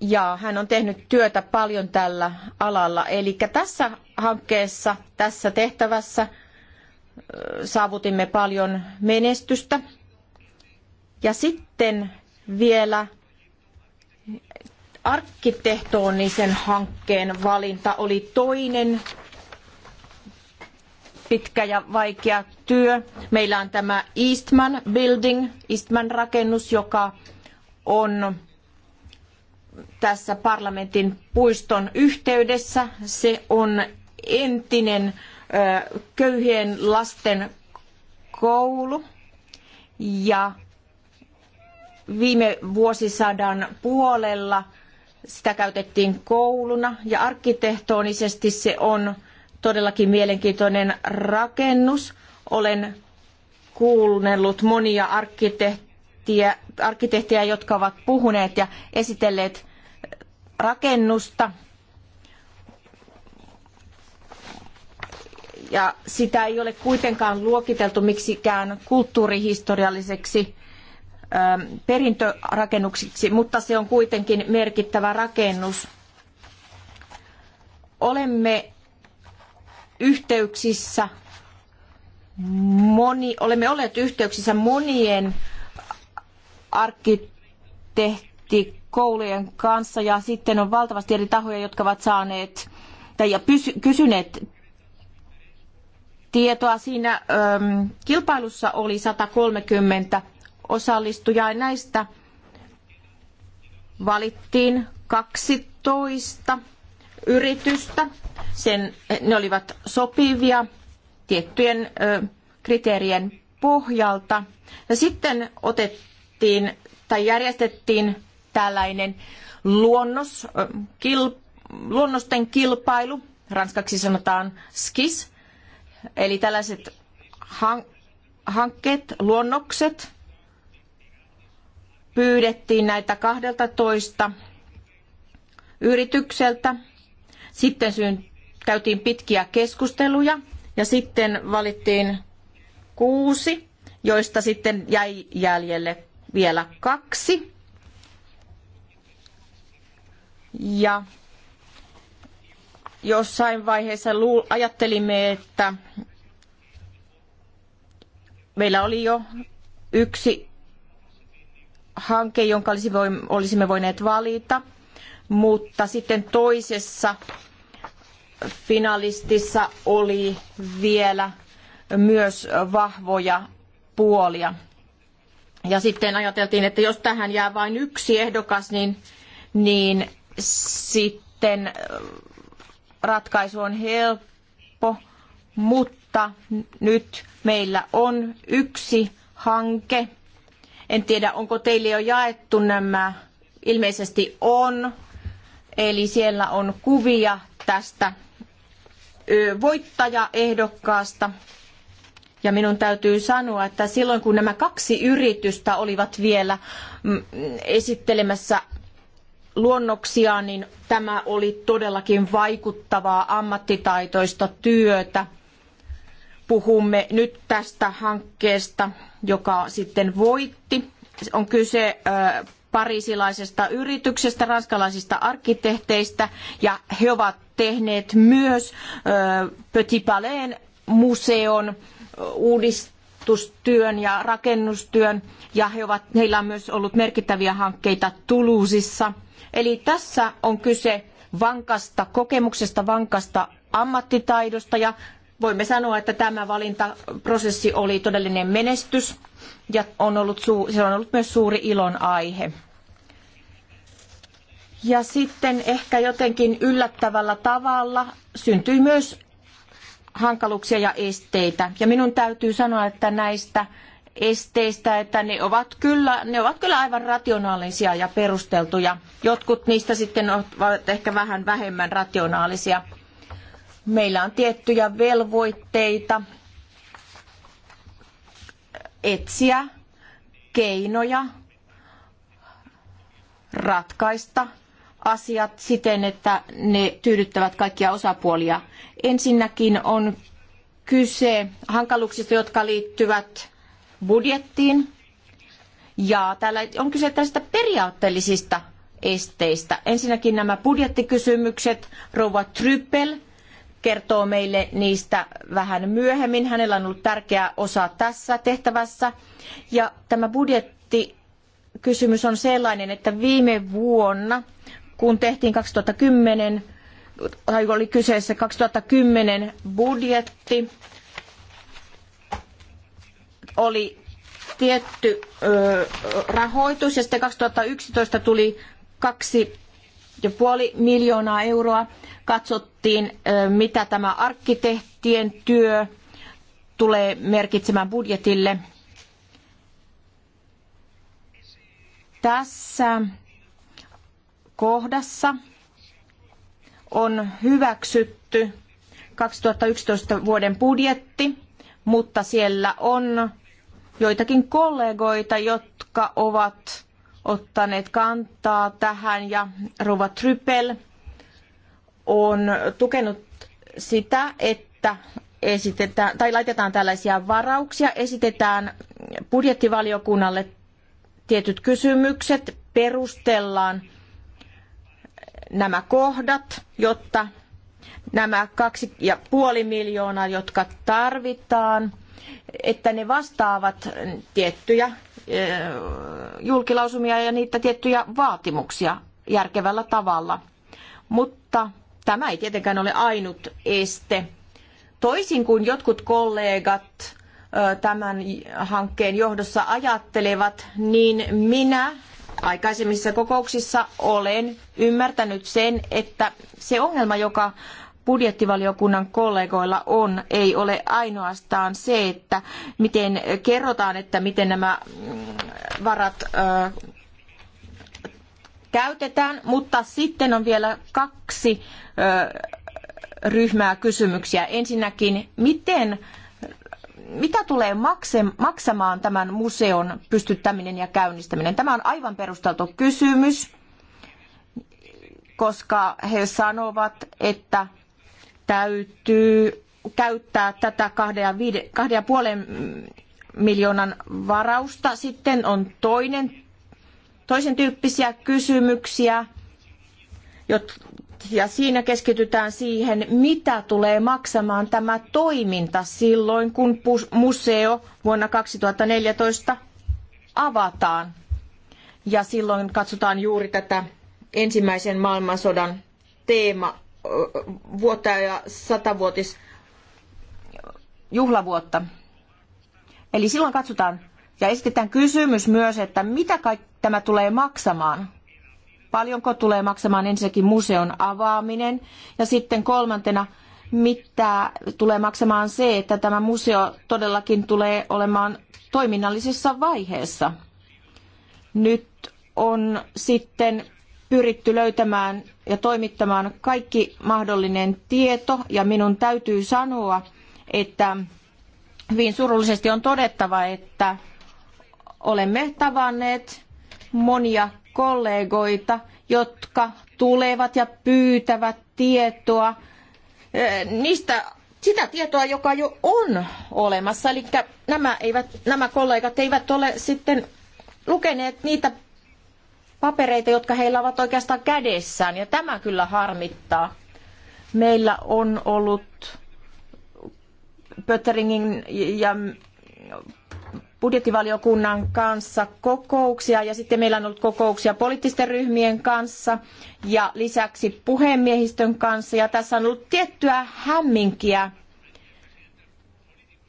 ja hän on tehnyt työtä paljon tällä alalla. Eli tässä hankkeessa, tässä tehtävässä saavutimme paljon menestystä. Ja sitten vielä arkkitehtonisen hankkeen valinta oli toinen pitkä ja vaikea työ. Meillä on tämä Eastman Building, Eastman rakennus, joka on tässä parlamentin puiston yhteydessä. Se on entinen köyhien lasten koulu ja viime vuosisadan puolella sitä käytettiin kouluna ja arkkitehtonisesti se on todellakin mielenkiintoinen rakennus. Olen kuunnellut monia arkkitehtiä, arkkitehtiä, jotka ovat puhuneet ja esitelleet rakennusta. Ja sitä ei ole kuitenkaan luokiteltu miksikään kulttuurihistorialliseksi ähm, perintörakennuksiksi, mutta se on kuitenkin merkittävä rakennus. Olemme yhteyksissä moni, olemme olleet yhteyksissä monien arkkitehtikoulujen kanssa ja sitten on valtavasti eri tahoja, jotka ovat saaneet tai ja pysy, kysyneet tietoa. Siinä äm, kilpailussa oli 130 osallistujaa ja näistä valittiin 12 yritystä. Sen, ne olivat sopivia tiettyjen ö, kriteerien pohjalta. Ja sitten otettiin tai järjestettiin tällainen luonnos, kil, luonnosten kilpailu, ranskaksi sanotaan skis, eli tällaiset hankkeet, luonnokset, pyydettiin näitä 12 yritykseltä sitten syyn, käytiin pitkiä keskusteluja ja sitten valittiin kuusi, joista sitten jäi jäljelle vielä kaksi. Ja jossain vaiheessa ajattelimme, että meillä oli jo yksi hanke, jonka olisimme voineet valita – mutta sitten toisessa finalistissa oli vielä myös vahvoja puolia. Ja sitten ajateltiin, että jos tähän jää vain yksi ehdokas, niin, niin sitten ratkaisu on helppo, mutta nyt meillä on yksi hanke. En tiedä, onko teille jo jaettu nämä, ilmeisesti on, Eli siellä on kuvia tästä voittajaehdokkaasta. Ja minun täytyy sanoa, että silloin kun nämä kaksi yritystä olivat vielä mm, esittelemässä luonnoksia, niin tämä oli todellakin vaikuttavaa ammattitaitoista työtä. Puhumme nyt tästä hankkeesta, joka sitten voitti. On kyse parisilaisesta yrityksestä, ranskalaisista arkkitehteistä ja he ovat tehneet myös Petit Palais museon uudistustyön ja rakennustyön ja he ovat, heillä on myös ollut merkittäviä hankkeita Tuluusissa. Eli tässä on kyse vankasta kokemuksesta, vankasta ammattitaidosta ja voimme sanoa, että tämä valintaprosessi oli todellinen menestys ja on ollut, se on ollut myös suuri ilon aihe. Ja sitten ehkä jotenkin yllättävällä tavalla syntyi myös hankaluuksia ja esteitä. Ja minun täytyy sanoa, että näistä esteistä, että ne ovat kyllä, ne ovat kyllä aivan rationaalisia ja perusteltuja. Jotkut niistä sitten ovat ehkä vähän vähemmän rationaalisia. Meillä on tiettyjä velvoitteita etsiä keinoja ratkaista asiat siten, että ne tyydyttävät kaikkia osapuolia. Ensinnäkin on kyse hankaluuksista, jotka liittyvät budjettiin. Ja täällä on kyse tästä periaatteellisista esteistä. Ensinnäkin nämä budjettikysymykset. Rouva Tryppel kertoo meille niistä vähän myöhemmin. Hänellä on ollut tärkeä osa tässä tehtävässä. Ja tämä budjettikysymys on sellainen, että viime vuonna – kun tehtiin 2010, tai oli kyseessä 2010 budjetti, oli tietty rahoitus ja sitten 2011 tuli kaksi ja puoli miljoonaa euroa. Katsottiin, mitä tämä arkkitehtien työ tulee merkitsemään budjetille. Tässä kohdassa on hyväksytty 2011 vuoden budjetti, mutta siellä on joitakin kollegoita, jotka ovat ottaneet kantaa tähän ja Rova Trypel on tukenut sitä, että esitetään, tai laitetaan tällaisia varauksia, esitetään budjettivaliokunnalle tietyt kysymykset, perustellaan nämä kohdat, jotta nämä kaksi ja puoli miljoonaa, jotka tarvitaan, että ne vastaavat tiettyjä julkilausumia ja niitä tiettyjä vaatimuksia järkevällä tavalla. Mutta tämä ei tietenkään ole ainut este. Toisin kuin jotkut kollegat tämän hankkeen johdossa ajattelevat, niin minä aikaisemmissa kokouksissa olen ymmärtänyt sen, että se ongelma, joka budjettivaliokunnan kollegoilla on, ei ole ainoastaan se, että miten kerrotaan, että miten nämä mm, varat käytetään, mutta sitten on vielä kaksi ryhmää kysymyksiä. Ensinnäkin, miten mitä tulee maksamaan tämän museon pystyttäminen ja käynnistäminen? Tämä on aivan perusteltu kysymys, koska he sanovat, että täytyy käyttää tätä 2,5 miljoonan varausta. Sitten on toinen, toisen tyyppisiä kysymyksiä ja siinä keskitytään siihen, mitä tulee maksamaan tämä toiminta silloin, kun museo vuonna 2014 avataan. Ja silloin katsotaan juuri tätä ensimmäisen maailmansodan teema vuotta ja satavuotis juhlavuotta. Eli silloin katsotaan ja esitetään kysymys myös, että mitä kaikki tämä tulee maksamaan paljonko tulee maksamaan ensinnäkin museon avaaminen ja sitten kolmantena, mitä tulee maksamaan se, että tämä museo todellakin tulee olemaan toiminnallisessa vaiheessa. Nyt on sitten pyritty löytämään ja toimittamaan kaikki mahdollinen tieto ja minun täytyy sanoa, että hyvin surullisesti on todettava, että olemme tavanneet monia kollegoita, jotka tulevat ja pyytävät tietoa eh, niistä sitä tietoa, joka jo on olemassa. Eli nämä, eivät, nämä kollegat eivät ole sitten lukeneet niitä papereita, jotka heillä ovat oikeastaan kädessään. Ja tämä kyllä harmittaa. Meillä on ollut Pötteringin ja budjettivaliokunnan kanssa kokouksia ja sitten meillä on ollut kokouksia poliittisten ryhmien kanssa ja lisäksi puhemiehistön kanssa ja tässä on ollut tiettyä hämminkiä,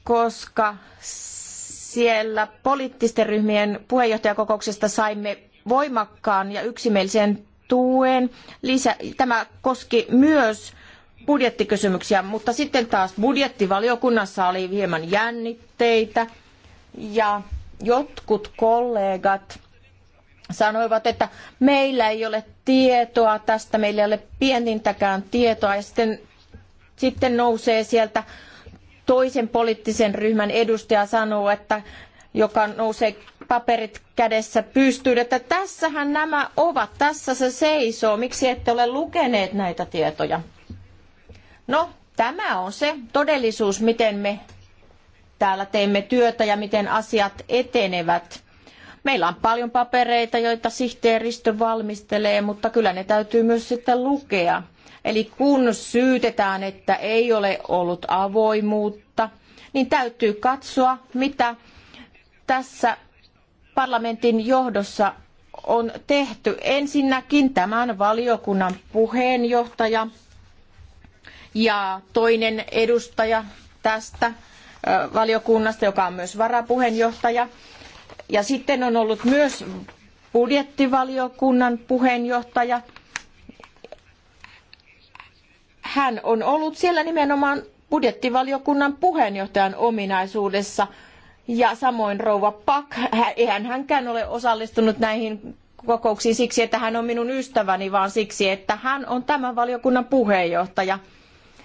koska siellä poliittisten ryhmien puheenjohtajakokouksesta saimme voimakkaan ja yksimielisen tuen. Lisä, tämä koski myös budjettikysymyksiä, mutta sitten taas budjettivaliokunnassa oli hieman jännitteitä ja jotkut kollegat sanoivat, että meillä ei ole tietoa tästä, meillä ei ole pienintäkään tietoa. Ja sitten, sitten nousee sieltä toisen poliittisen ryhmän edustaja sanoo, että joka nousee paperit kädessä pystyyn, että tässähän nämä ovat, tässä se seisoo, miksi ette ole lukeneet näitä tietoja? No, tämä on se todellisuus, miten me täällä teemme työtä ja miten asiat etenevät. Meillä on paljon papereita, joita sihteeristö valmistelee, mutta kyllä ne täytyy myös sitten lukea. Eli kun syytetään, että ei ole ollut avoimuutta, niin täytyy katsoa, mitä tässä parlamentin johdossa on tehty. Ensinnäkin tämän valiokunnan puheenjohtaja ja toinen edustaja tästä valiokunnasta, joka on myös varapuheenjohtaja. Ja sitten on ollut myös budjettivaliokunnan puheenjohtaja. Hän on ollut siellä nimenomaan budjettivaliokunnan puheenjohtajan ominaisuudessa ja samoin rouva Pak, eihän hänkään ole osallistunut näihin kokouksiin siksi, että hän on minun ystäväni, vaan siksi, että hän on tämän valiokunnan puheenjohtaja.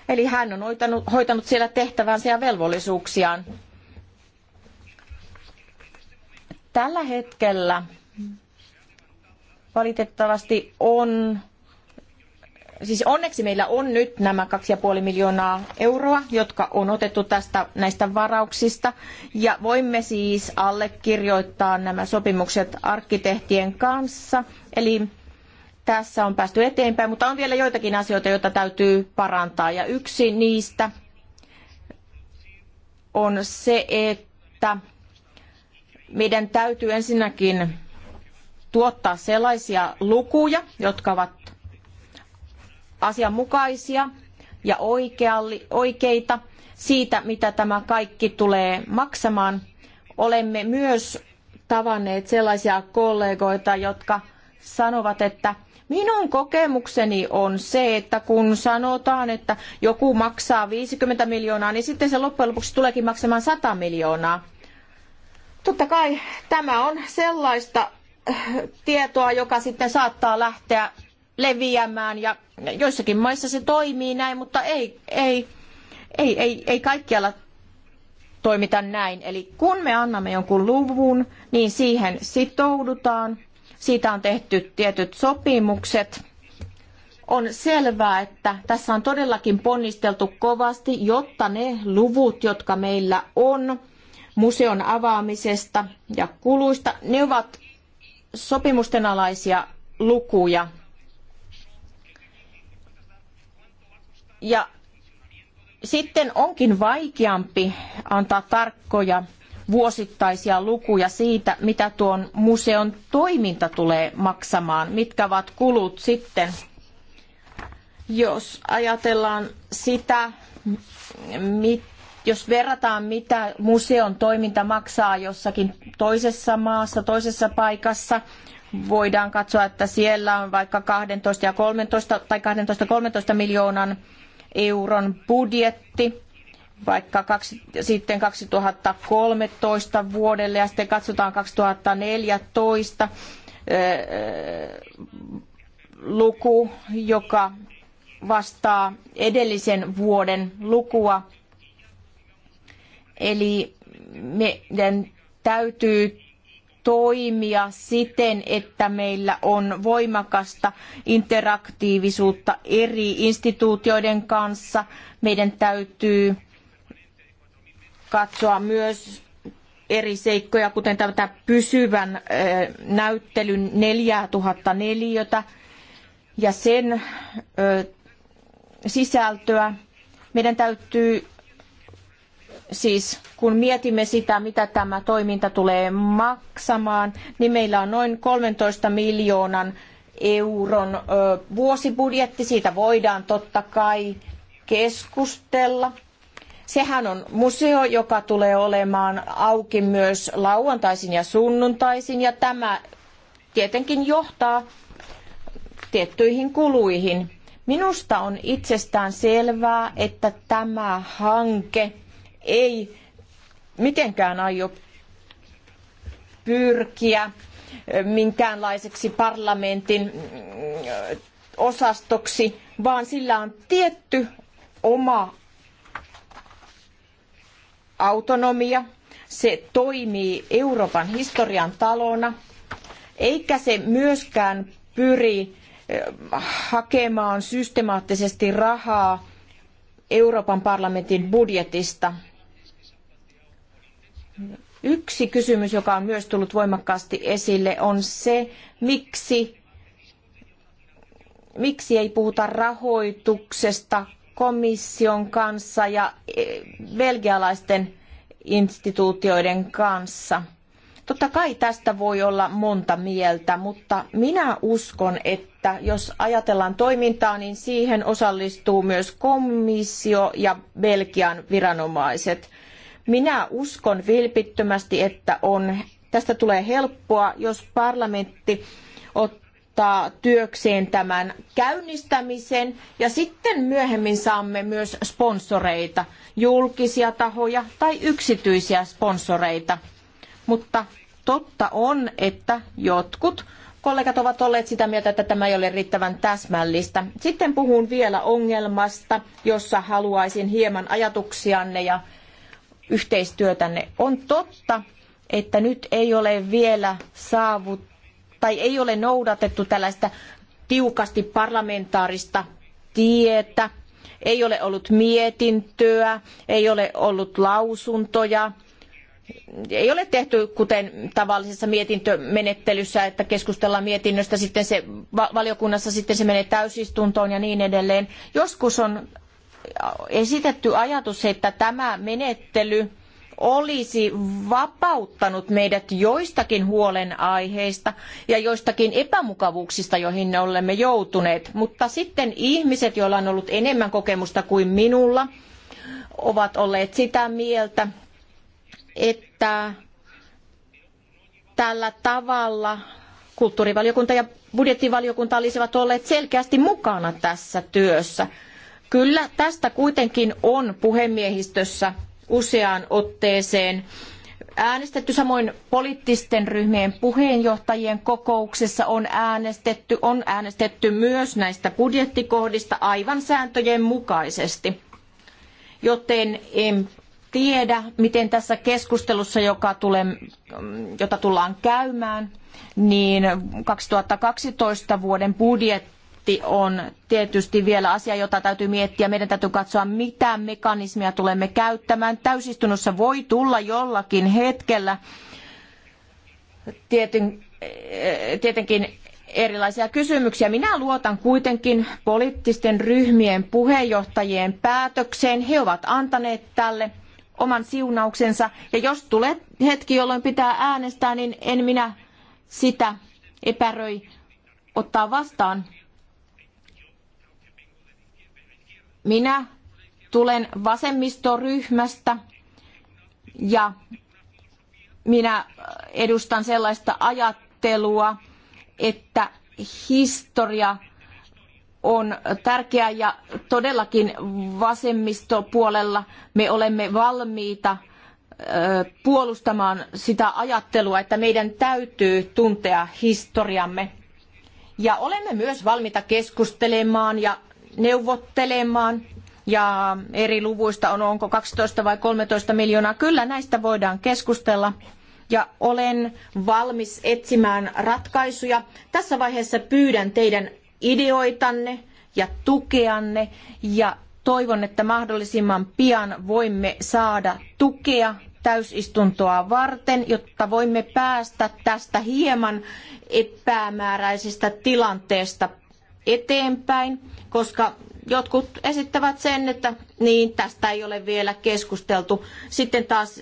Eli hän on hoitanut, hoitanut siellä tehtävänsä ja velvollisuuksiaan. Tällä hetkellä valitettavasti on, siis onneksi meillä on nyt nämä 2,5 miljoonaa euroa, jotka on otettu tästä näistä varauksista. Ja voimme siis allekirjoittaa nämä sopimukset arkkitehtien kanssa. Eli tässä on päästy eteenpäin, mutta on vielä joitakin asioita, joita täytyy parantaa. Ja yksi niistä on se, että meidän täytyy ensinnäkin tuottaa sellaisia lukuja, jotka ovat asianmukaisia ja oikeita siitä, mitä tämä kaikki tulee maksamaan. Olemme myös tavanneet sellaisia kollegoita, jotka sanovat, että Minun kokemukseni on se, että kun sanotaan, että joku maksaa 50 miljoonaa, niin sitten se loppujen lopuksi tuleekin maksamaan 100 miljoonaa. Totta kai tämä on sellaista äh, tietoa, joka sitten saattaa lähteä leviämään ja joissakin maissa se toimii näin, mutta ei, ei, ei, ei, ei kaikkialla toimita näin. Eli kun me annamme jonkun luvun, niin siihen sitoudutaan siitä on tehty tietyt sopimukset. On selvää, että tässä on todellakin ponnisteltu kovasti, jotta ne luvut, jotka meillä on museon avaamisesta ja kuluista, ne ovat sopimusten alaisia lukuja. Ja sitten onkin vaikeampi antaa tarkkoja vuosittaisia lukuja siitä, mitä tuon museon toiminta tulee maksamaan, mitkä ovat kulut sitten. Jos ajatellaan sitä, mit, jos verrataan, mitä museon toiminta maksaa jossakin toisessa maassa, toisessa paikassa, voidaan katsoa, että siellä on vaikka 12 ja 13 tai 12-13 miljoonan euron budjetti vaikka kaksi, sitten 2013 vuodelle ja sitten katsotaan 2014 luku, joka vastaa edellisen vuoden lukua. Eli meidän täytyy toimia siten, että meillä on voimakasta interaktiivisuutta eri instituutioiden kanssa. Meidän täytyy katsoa myös eri seikkoja, kuten tätä pysyvän näyttelyn 4004 ja sen sisältöä. Meidän täytyy siis kun mietimme sitä, mitä tämä toiminta tulee maksamaan, niin meillä on noin 13 miljoonan euron vuosibudjetti. Siitä voidaan totta kai keskustella Sehän on museo, joka tulee olemaan auki myös lauantaisin ja sunnuntaisin ja tämä tietenkin johtaa tiettyihin kuluihin. Minusta on itsestään selvää, että tämä hanke ei mitenkään aio pyrkiä minkäänlaiseksi parlamentin mm, osastoksi, vaan sillä on tietty oma autonomia, se toimii Euroopan historian talona, eikä se myöskään pyri eh, hakemaan systemaattisesti rahaa Euroopan parlamentin budjetista. Yksi kysymys, joka on myös tullut voimakkaasti esille, on se, miksi, miksi ei puhuta rahoituksesta komission kanssa ja e, belgialaisten instituutioiden kanssa. Totta kai tästä voi olla monta mieltä, mutta minä uskon, että jos ajatellaan toimintaa, niin siihen osallistuu myös komissio ja Belgian viranomaiset. Minä uskon vilpittömästi, että on, tästä tulee helppoa, jos parlamentti ottaa ottaa työkseen tämän käynnistämisen ja sitten myöhemmin saamme myös sponsoreita, julkisia tahoja tai yksityisiä sponsoreita. Mutta totta on, että jotkut kollegat ovat olleet sitä mieltä, että tämä ei ole riittävän täsmällistä. Sitten puhun vielä ongelmasta, jossa haluaisin hieman ajatuksianne ja yhteistyötänne. On totta, että nyt ei ole vielä saavut tai ei ole noudatettu tällaista tiukasti parlamentaarista tietä, ei ole ollut mietintöä, ei ole ollut lausuntoja, ei ole tehty kuten tavallisessa mietintömenettelyssä, että keskustellaan mietinnöstä, sitten se valiokunnassa sitten se menee täysistuntoon ja niin edelleen. Joskus on esitetty ajatus, että tämä menettely olisi vapauttanut meidät joistakin huolenaiheista ja joistakin epämukavuuksista, joihin ne olemme joutuneet. Mutta sitten ihmiset, joilla on ollut enemmän kokemusta kuin minulla, ovat olleet sitä mieltä, että tällä tavalla kulttuurivaliokunta ja budjettivaliokunta olisivat olleet selkeästi mukana tässä työssä. Kyllä tästä kuitenkin on puhemiehistössä useaan otteeseen äänestetty, samoin poliittisten ryhmien puheenjohtajien kokouksessa on äänestetty, on äänestetty myös näistä budjettikohdista aivan sääntöjen mukaisesti. Joten en tiedä, miten tässä keskustelussa, joka jota tullaan käymään, niin 2012 vuoden budjetti mandaatti on tietysti vielä asia, jota täytyy miettiä. Meidän täytyy katsoa, mitä mekanismia tulemme käyttämään. Täysistunnossa voi tulla jollakin hetkellä tieten, tietenkin erilaisia kysymyksiä. Minä luotan kuitenkin poliittisten ryhmien puheenjohtajien päätökseen. He ovat antaneet tälle oman siunauksensa. Ja jos tulee hetki, jolloin pitää äänestää, niin en minä sitä epäröi ottaa vastaan. Minä tulen vasemmistoryhmästä ja minä edustan sellaista ajattelua, että historia on tärkeää ja todellakin vasemmistopuolella me olemme valmiita puolustamaan sitä ajattelua, että meidän täytyy tuntea historiamme. Ja olemme myös valmiita keskustelemaan ja neuvottelemaan ja eri luvuista on onko 12 vai 13 miljoonaa. Kyllä näistä voidaan keskustella ja olen valmis etsimään ratkaisuja. Tässä vaiheessa pyydän teidän ideoitanne ja tukeanne ja toivon, että mahdollisimman pian voimme saada tukea täysistuntoa varten, jotta voimme päästä tästä hieman epämääräisestä tilanteesta eteenpäin, koska jotkut esittävät sen, että niin, tästä ei ole vielä keskusteltu. Sitten taas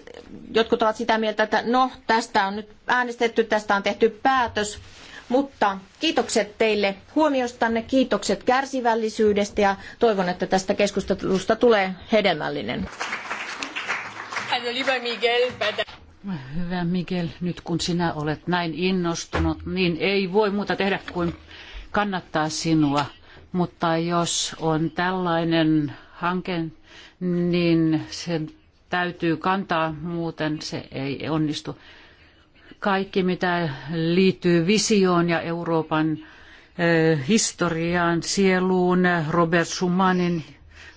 jotkut ovat sitä mieltä, että no, tästä on nyt äänestetty, tästä on tehty päätös. Mutta kiitokset teille huomiostanne, kiitokset kärsivällisyydestä ja toivon, että tästä keskustelusta tulee hedelmällinen. Hyvä Miguel, nyt kun sinä olet näin innostunut, niin ei voi muuta tehdä kuin kannattaa sinua, mutta jos on tällainen hanke, niin sen täytyy kantaa, muuten se ei onnistu. Kaikki, mitä liittyy visioon ja Euroopan historiaan, sieluun, Robert Schumannin,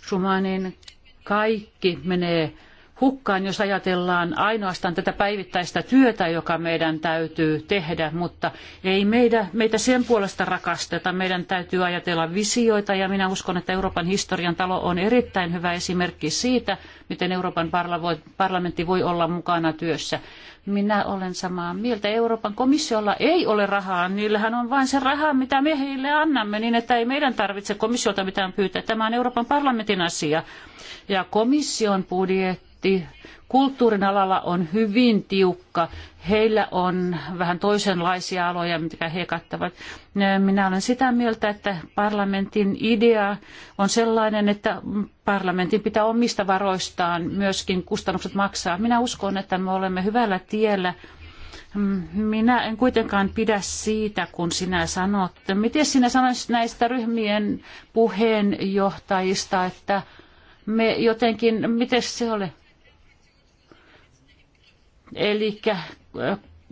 Schumannin kaikki menee hukkaan, jos ajatellaan ainoastaan tätä päivittäistä työtä, joka meidän täytyy tehdä, mutta ei meitä, meitä sen puolesta rakasteta. Meidän täytyy ajatella visioita ja minä uskon, että Euroopan historian talo on erittäin hyvä esimerkki siitä, miten Euroopan parlamentti voi olla mukana työssä. Minä olen samaa mieltä. Euroopan komissiolla ei ole rahaa. Niillähän on vain se raha, mitä me heille annamme, niin että ei meidän tarvitse komissiolta mitään pyytää. Tämä on Euroopan parlamentin asia. Ja komission budjetti budjetti kulttuurin alalla on hyvin tiukka. Heillä on vähän toisenlaisia aloja, mitkä he kattavat. Minä olen sitä mieltä, että parlamentin idea on sellainen, että parlamentin pitää omista varoistaan myöskin kustannukset maksaa. Minä uskon, että me olemme hyvällä tiellä. Mm, minä en kuitenkaan pidä siitä, kun sinä sanot, miten sinä sanoisit näistä ryhmien puheenjohtajista, että me jotenkin, miten se oli? Eli äh,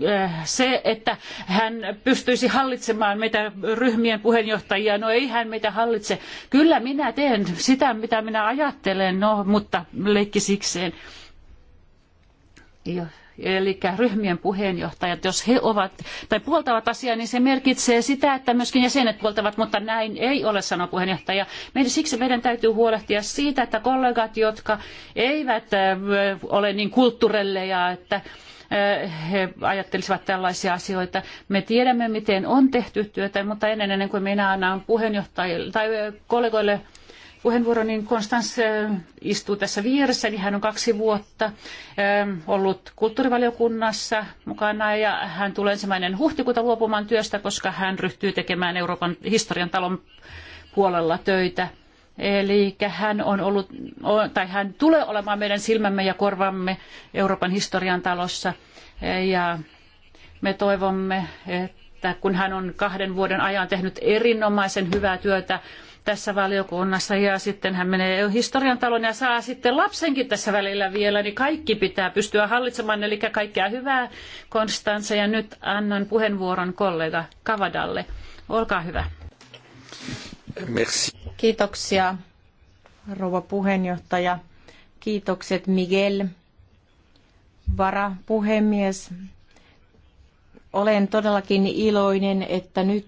äh, se, että hän pystyisi hallitsemaan meitä ryhmien puheenjohtajia, no ei hän meitä hallitse. Kyllä minä teen sitä, mitä minä ajattelen, no mutta leikki sikseen. joo eli ryhmien puheenjohtajat, jos he ovat tai puoltavat asiaa, niin se merkitsee sitä, että myöskin jäsenet puoltavat, mutta näin ei ole, sanoi puheenjohtaja. Meidän, siksi meidän täytyy huolehtia siitä, että kollegat, jotka eivät ole niin kulttuurelleja, että he ajattelisivat tällaisia asioita. Me tiedämme, miten on tehty työtä, mutta ennen, ennen kuin minä annan puheenjohtajille tai kollegoille puheenvuoro, niin Konstans äh, istuu tässä vieressä, niin hän on kaksi vuotta äh, ollut kulttuurivaliokunnassa mukana ja hän tulee ensimmäinen huhtikuuta luopumaan työstä, koska hän ryhtyy tekemään Euroopan historian talon puolella töitä. Eli hän on ollut, tai hän tulee olemaan meidän silmämme ja korvamme Euroopan historian talossa. Ja me toivomme, että kun hän on kahden vuoden ajan tehnyt erinomaisen hyvää työtä tässä valiokunnassa ja sitten hän menee historian talon ja saa sitten lapsenkin tässä välillä vielä, niin kaikki pitää pystyä hallitsemaan, eli kaikkea hyvää Konstansa ja nyt annan puheenvuoron kollega Kavadalle. Olkaa hyvä. Merci. Kiitoksia rouva puheenjohtaja. Kiitokset Miguel, varapuhemies. Olen todellakin iloinen, että nyt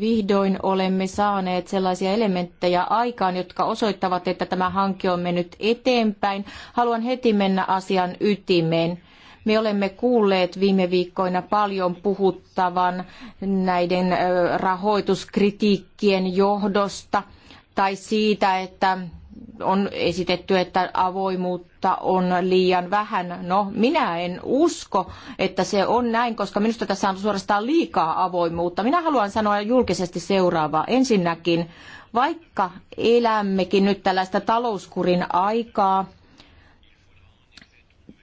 vihdoin olemme saaneet sellaisia elementtejä aikaan, jotka osoittavat, että tämä hanke on mennyt eteenpäin. Haluan heti mennä asian ytimeen. Me olemme kuulleet viime viikkoina paljon puhuttavan näiden rahoituskritiikkien johdosta tai siitä, että on esitetty, että avoimuutta on liian vähän. No, minä en usko, että se on näin, koska minusta tässä on suorastaan liikaa avoimuutta. Minä haluan sanoa julkisesti seuraavaa. Ensinnäkin, vaikka elämmekin nyt tällaista talouskurin aikaa,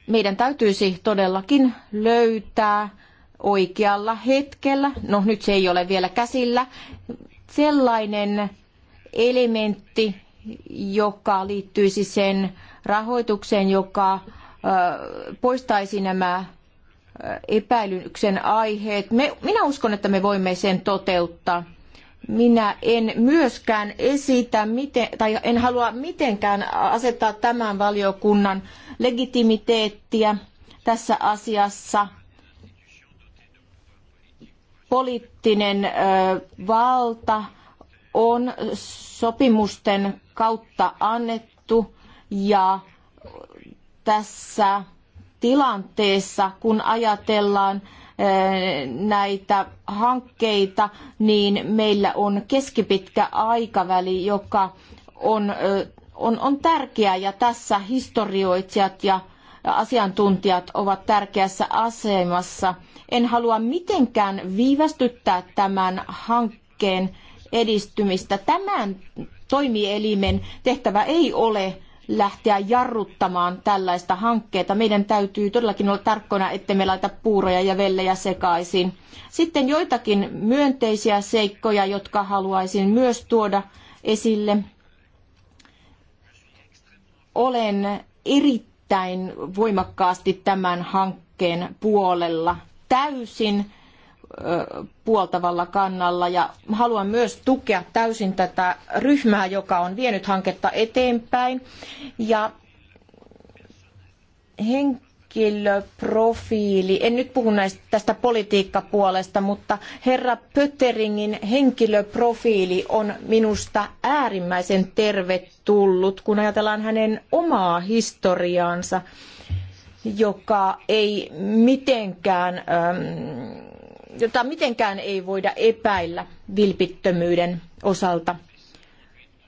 meidän täytyisi todellakin löytää oikealla hetkellä, no nyt se ei ole vielä käsillä, sellainen elementti, joka liittyisi sen rahoitukseen, joka poistaisi nämä epäilyksen aiheet. Me, minä uskon, että me voimme sen toteuttaa. Minä en myöskään esitä, miten, tai en halua mitenkään asettaa tämän valiokunnan legitimiteettiä tässä asiassa. Poliittinen ö, valta on sopimusten kautta annettu ja tässä tilanteessa, kun ajatellaan eh, näitä hankkeita, niin meillä on keskipitkä aikaväli, joka on, eh, on, on tärkeä ja tässä historioitsijat ja asiantuntijat ovat tärkeässä asemassa. En halua mitenkään viivästyttää tämän hankkeen edistymistä. Tämän toimielimen tehtävä ei ole lähteä jarruttamaan tällaista hankkeita. Meidän täytyy todellakin olla tarkkoina, ettei me laita puuroja ja vellejä sekaisin. Sitten joitakin myönteisiä seikkoja, jotka haluaisin myös tuoda esille. Olen erittäin voimakkaasti tämän hankkeen puolella. Täysin puoltavalla kannalla ja haluan myös tukea täysin tätä ryhmää, joka on vienyt hanketta eteenpäin. Ja henkilöprofiili, en nyt puhu näistä, tästä politiikkapuolesta, mutta herra Pötteringin henkilöprofiili on minusta äärimmäisen tervetullut, kun ajatellaan hänen omaa historiaansa joka ei mitenkään ähm, jota mitenkään ei voida epäillä vilpittömyyden osalta.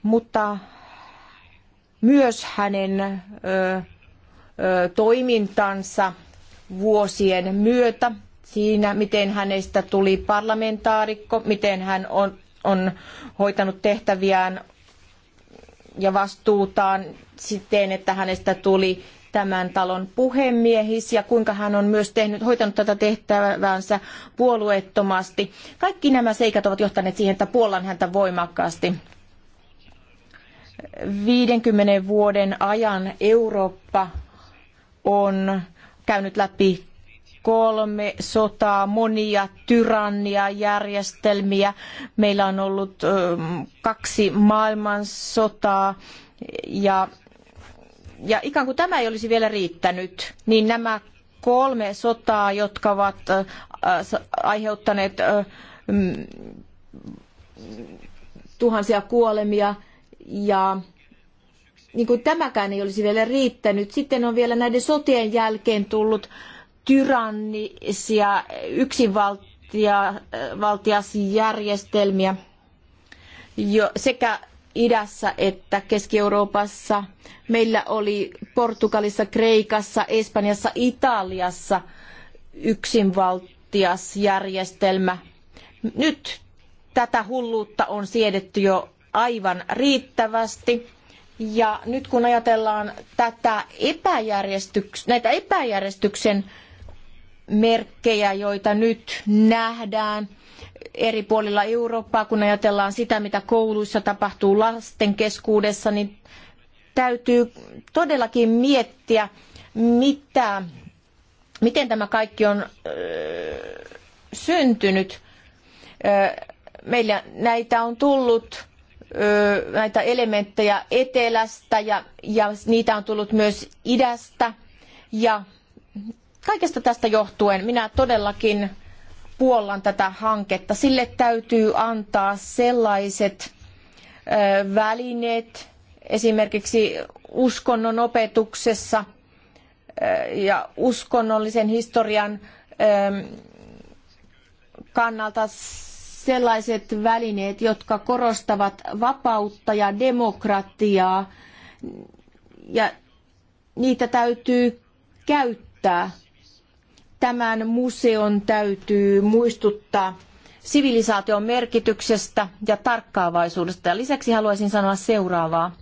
Mutta myös hänen toimintansa vuosien myötä siinä, miten hänestä tuli parlamentaarikko, miten hän on, on hoitanut tehtäviään ja vastuutaan siten, että hänestä tuli tämän talon puhemiehis ja kuinka hän on myös tehnyt, hoitanut tätä tehtäväänsä puolueettomasti. Kaikki nämä seikat ovat johtaneet siihen, että puollan häntä voimakkaasti. 50 vuoden ajan Eurooppa on käynyt läpi kolme sotaa, monia tyrannia, järjestelmiä. Meillä on ollut kaksi maailmansotaa ja ja ikään kuin tämä ei olisi vielä riittänyt, niin nämä kolme sotaa, jotka ovat aiheuttaneet tuhansia kuolemia ja niin kuin tämäkään ei olisi vielä riittänyt. Sitten on vielä näiden sotien jälkeen tullut tyrannisia yksinvaltiasjärjestelmiä sekä idässä että Keski-Euroopassa. Meillä oli Portugalissa, Kreikassa, Espanjassa, Italiassa yksinvaltias järjestelmä. Nyt tätä hulluutta on siedetty jo aivan riittävästi. Ja nyt kun ajatellaan tätä epäjärjestyks- näitä epäjärjestyksen merkkejä, joita nyt nähdään eri puolilla Eurooppaa, kun ajatellaan sitä, mitä kouluissa tapahtuu lasten keskuudessa, niin täytyy todellakin miettiä, mitä, miten tämä kaikki on syntynyt. Öö, meillä näitä on tullut näitä elementtejä etelästä ja, ja niitä on tullut myös idästä ja Kaikesta tästä johtuen minä todellakin puollan tätä hanketta. Sille täytyy antaa sellaiset välineet esimerkiksi uskonnon opetuksessa ja uskonnollisen historian kannalta sellaiset välineet, jotka korostavat vapautta ja demokratiaa ja niitä täytyy käyttää tämän museon täytyy muistuttaa sivilisaation merkityksestä ja tarkkaavaisuudesta. Ja lisäksi haluaisin sanoa seuraavaa.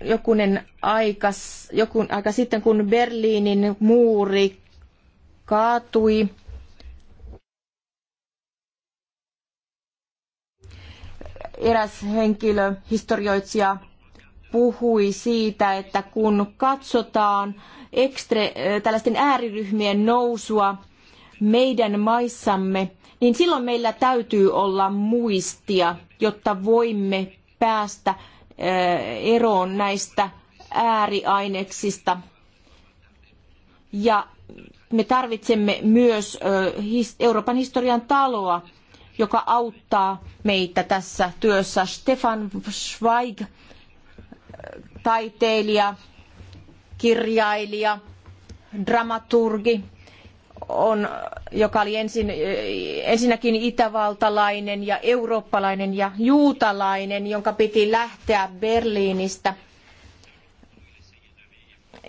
jokunen aikas jokun aika sitten, kun Berliinin muuri kaatui, eräs henkilö, historioitsija, puhui siitä, että kun katsotaan ekstre, tällaisten ääriryhmien nousua meidän maissamme, niin silloin meillä täytyy olla muistia, jotta voimme päästä eh, eroon näistä ääriaineksista. Ja me tarvitsemme myös eh, Euroopan historian taloa, joka auttaa meitä tässä työssä. Stefan Zweig, äh, taiteilija, kirjailija, dramaturgi, on, joka oli ensin, äh, ensinnäkin itävaltalainen ja eurooppalainen ja juutalainen, jonka piti lähteä Berliinistä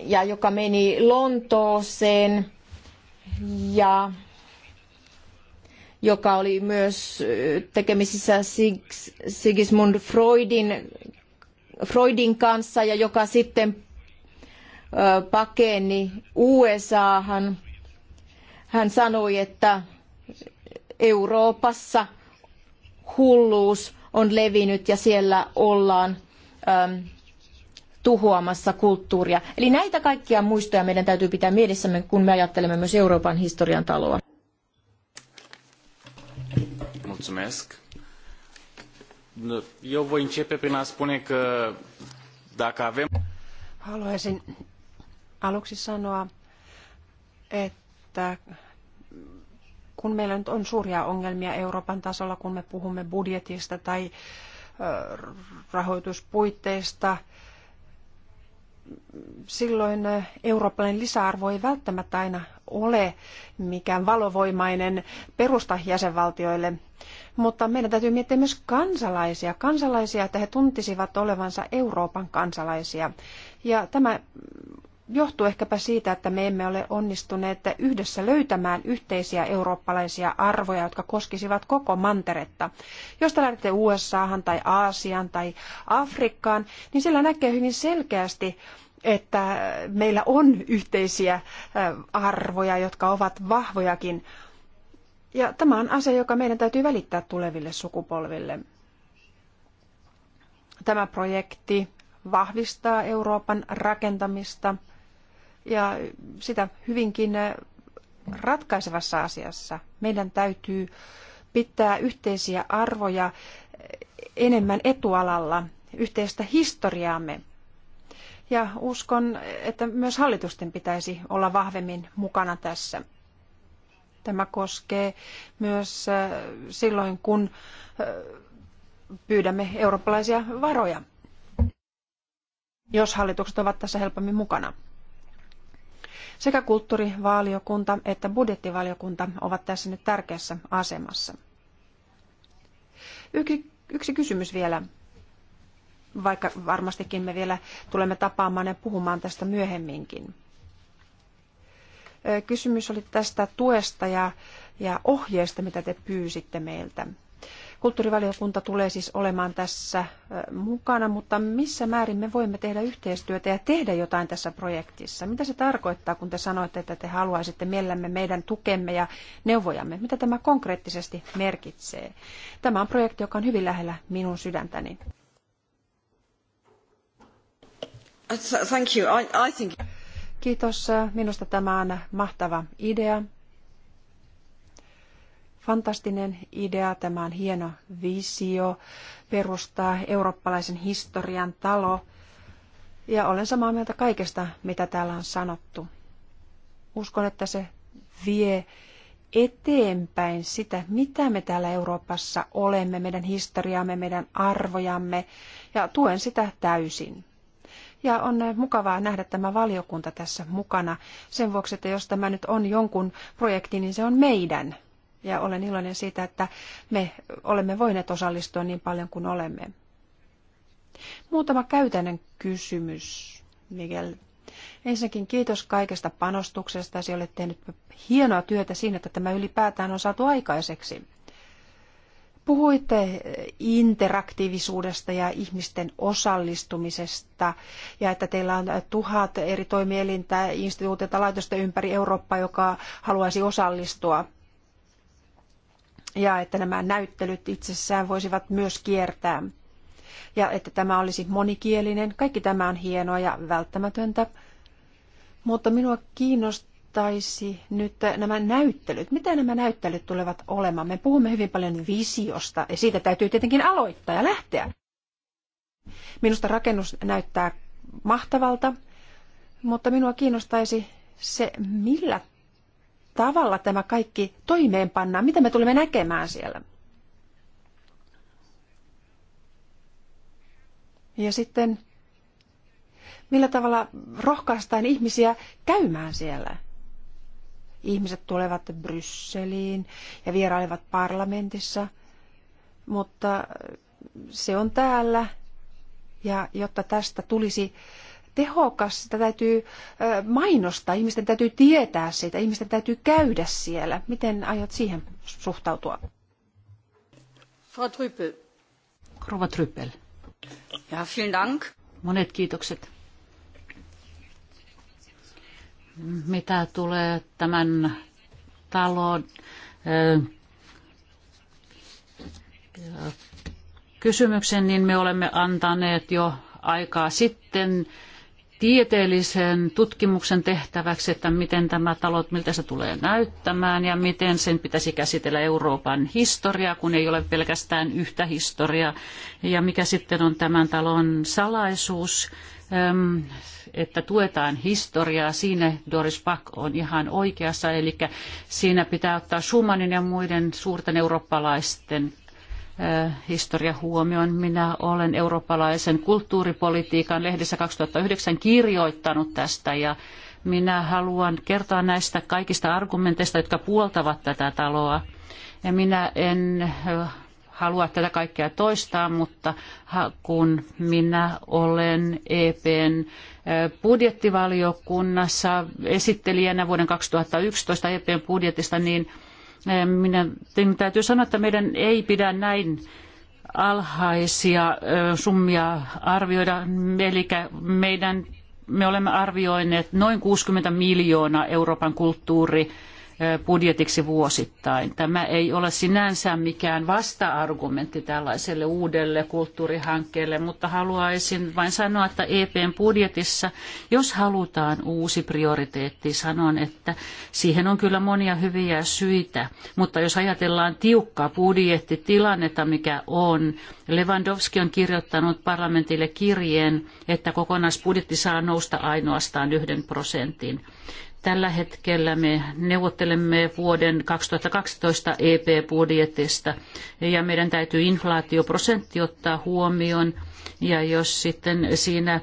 ja joka meni Lontooseen ja joka oli myös tekemisissä Sigismund Freudin, Freudin kanssa ja joka sitten pakeni USAhan. Hän sanoi, että Euroopassa hulluus on levinnyt ja siellä ollaan äm, tuhoamassa kulttuuria. Eli näitä kaikkia muistoja meidän täytyy pitää mielessämme, kun me ajattelemme myös Euroopan historian taloa. Eu voi începe prin a spune că dacă avem... Haluaisin aluksi sanoa, että kun meillä nyt on suuria ongelmia Euroopan tasolla, kun me puhumme budjetista tai rahoituspuitteista, silloin eurooppalainen lisäarvo ei välttämättä aina ole mikään valovoimainen perusta jäsenvaltioille, mutta meidän täytyy miettiä myös kansalaisia, kansalaisia, että he tuntisivat olevansa Euroopan kansalaisia. Ja tämä johtuu ehkäpä siitä, että me emme ole onnistuneet yhdessä löytämään yhteisiä eurooppalaisia arvoja, jotka koskisivat koko manteretta. Jos te lähdette USAhan tai Aasiaan tai Afrikkaan, niin siellä näkee hyvin selkeästi, että meillä on yhteisiä arvoja, jotka ovat vahvojakin. Ja tämä on asia, joka meidän täytyy välittää tuleville sukupolville. Tämä projekti vahvistaa Euroopan rakentamista ja sitä hyvinkin ratkaisevassa asiassa. Meidän täytyy pitää yhteisiä arvoja enemmän etualalla, yhteistä historiaamme. Ja uskon, että myös hallitusten pitäisi olla vahvemmin mukana tässä. Tämä koskee myös äh, silloin, kun äh, pyydämme eurooppalaisia varoja, jos hallitukset ovat tässä helpommin mukana. Sekä kulttuurivaliokunta että budjettivaliokunta ovat tässä nyt tärkeässä asemassa. Yksi, yksi kysymys vielä vaikka varmastikin me vielä tulemme tapaamaan ja puhumaan tästä myöhemminkin. Kysymys oli tästä tuesta ja, ja ohjeesta, mitä te pyysitte meiltä. Kulttuurivaliokunta tulee siis olemaan tässä mukana, mutta missä määrin me voimme tehdä yhteistyötä ja tehdä jotain tässä projektissa? Mitä se tarkoittaa, kun te sanoitte, että te haluaisitte mielellämme meidän tukemme ja neuvojamme? Mitä tämä konkreettisesti merkitsee? Tämä on projekti, joka on hyvin lähellä minun sydäntäni. Uh, Kiitos. Uh, minusta tämä on mahtava idea. Fantastinen idea, tämä on hieno visio perustaa eurooppalaisen historian talo. Ja olen samaa mieltä kaikesta, mitä täällä on sanottu. Uskon, että se vie eteenpäin sitä, mitä me täällä Euroopassa olemme, meidän historiaamme, meidän arvojamme, ja tuen sitä täysin. Ja on mukavaa nähdä tämä valiokunta tässä mukana sen vuoksi, että jos tämä nyt on jonkun projekti, niin se on meidän. Ja olen iloinen siitä, että me olemme voineet osallistua niin paljon kuin olemme. Muutama käytännön kysymys, Miguel. Ensinnäkin kiitos kaikesta panostuksesta. Sinä olet tehnyt hienoa työtä siinä, että tämä ylipäätään on saatu aikaiseksi. Puhuitte interaktiivisuudesta ja ihmisten osallistumisesta ja että teillä on tuhat eri toimielintä, instituutiota, laitosta ympäri Eurooppaa, joka haluaisi osallistua. Ja että nämä näyttelyt itsessään voisivat myös kiertää. Ja että tämä olisi monikielinen. Kaikki tämä on hienoa ja välttämätöntä. Mutta minua kiinnostaa ottaisi nyt nämä näyttelyt. Mitä nämä näyttelyt tulevat olemaan? Me puhumme hyvin paljon visiosta ja siitä täytyy tietenkin aloittaa ja lähteä. Minusta rakennus näyttää mahtavalta, mutta minua kiinnostaisi se, millä tavalla tämä kaikki toimeenpannaan, mitä me tulemme näkemään siellä. Ja sitten millä tavalla rohkaistaan ihmisiä käymään siellä. Ihmiset tulevat Brysseliin ja vierailevat parlamentissa, mutta se on täällä. Ja jotta tästä tulisi tehokas, sitä täytyy mainostaa, ihmisten täytyy tietää siitä, ihmisten täytyy käydä siellä. Miten aiot siihen suhtautua? Frau Trüppel. Rova Trüppel. Ja, vielen Dank. Monet kiitokset mitä tulee tämän talon kysymyksen, niin me olemme antaneet jo aikaa sitten tieteellisen tutkimuksen tehtäväksi, että miten tämä talo, miltä se tulee näyttämään ja miten sen pitäisi käsitellä Euroopan historiaa, kun ei ole pelkästään yhtä historiaa ja mikä sitten on tämän talon salaisuus että tuetaan historiaa. Siinä Doris Pack on ihan oikeassa, eli siinä pitää ottaa Schumannin ja muiden suurten eurooppalaisten historia huomioon. Minä olen eurooppalaisen kulttuuripolitiikan lehdessä 2009 kirjoittanut tästä ja minä haluan kertoa näistä kaikista argumenteista, jotka puoltavat tätä taloa. Ja minä en halua tätä kaikkea toistaa, mutta kun minä olen EPn budjettivaliokunnassa esittelijänä vuoden 2011 EPn budjetista, niin minä, niin täytyy sanoa, että meidän ei pidä näin alhaisia summia arvioida, eli meidän, me olemme arvioineet noin 60 miljoonaa Euroopan kulttuuri budjetiksi vuosittain. Tämä ei ole sinänsä mikään vasta-argumentti tällaiselle uudelle kulttuurihankkeelle, mutta haluaisin vain sanoa, että EPn budjetissa, jos halutaan uusi prioriteetti, sanon, että siihen on kyllä monia hyviä syitä, mutta jos ajatellaan tiukkaa budjettitilannetta, mikä on, Lewandowski on kirjoittanut parlamentille kirjeen, että kokonaisbudjetti saa nousta ainoastaan yhden prosentin. Tällä hetkellä me neuvottelemme vuoden 2012 EP-budjetista ja meidän täytyy inflaatioprosentti ottaa huomioon ja jos sitten siinä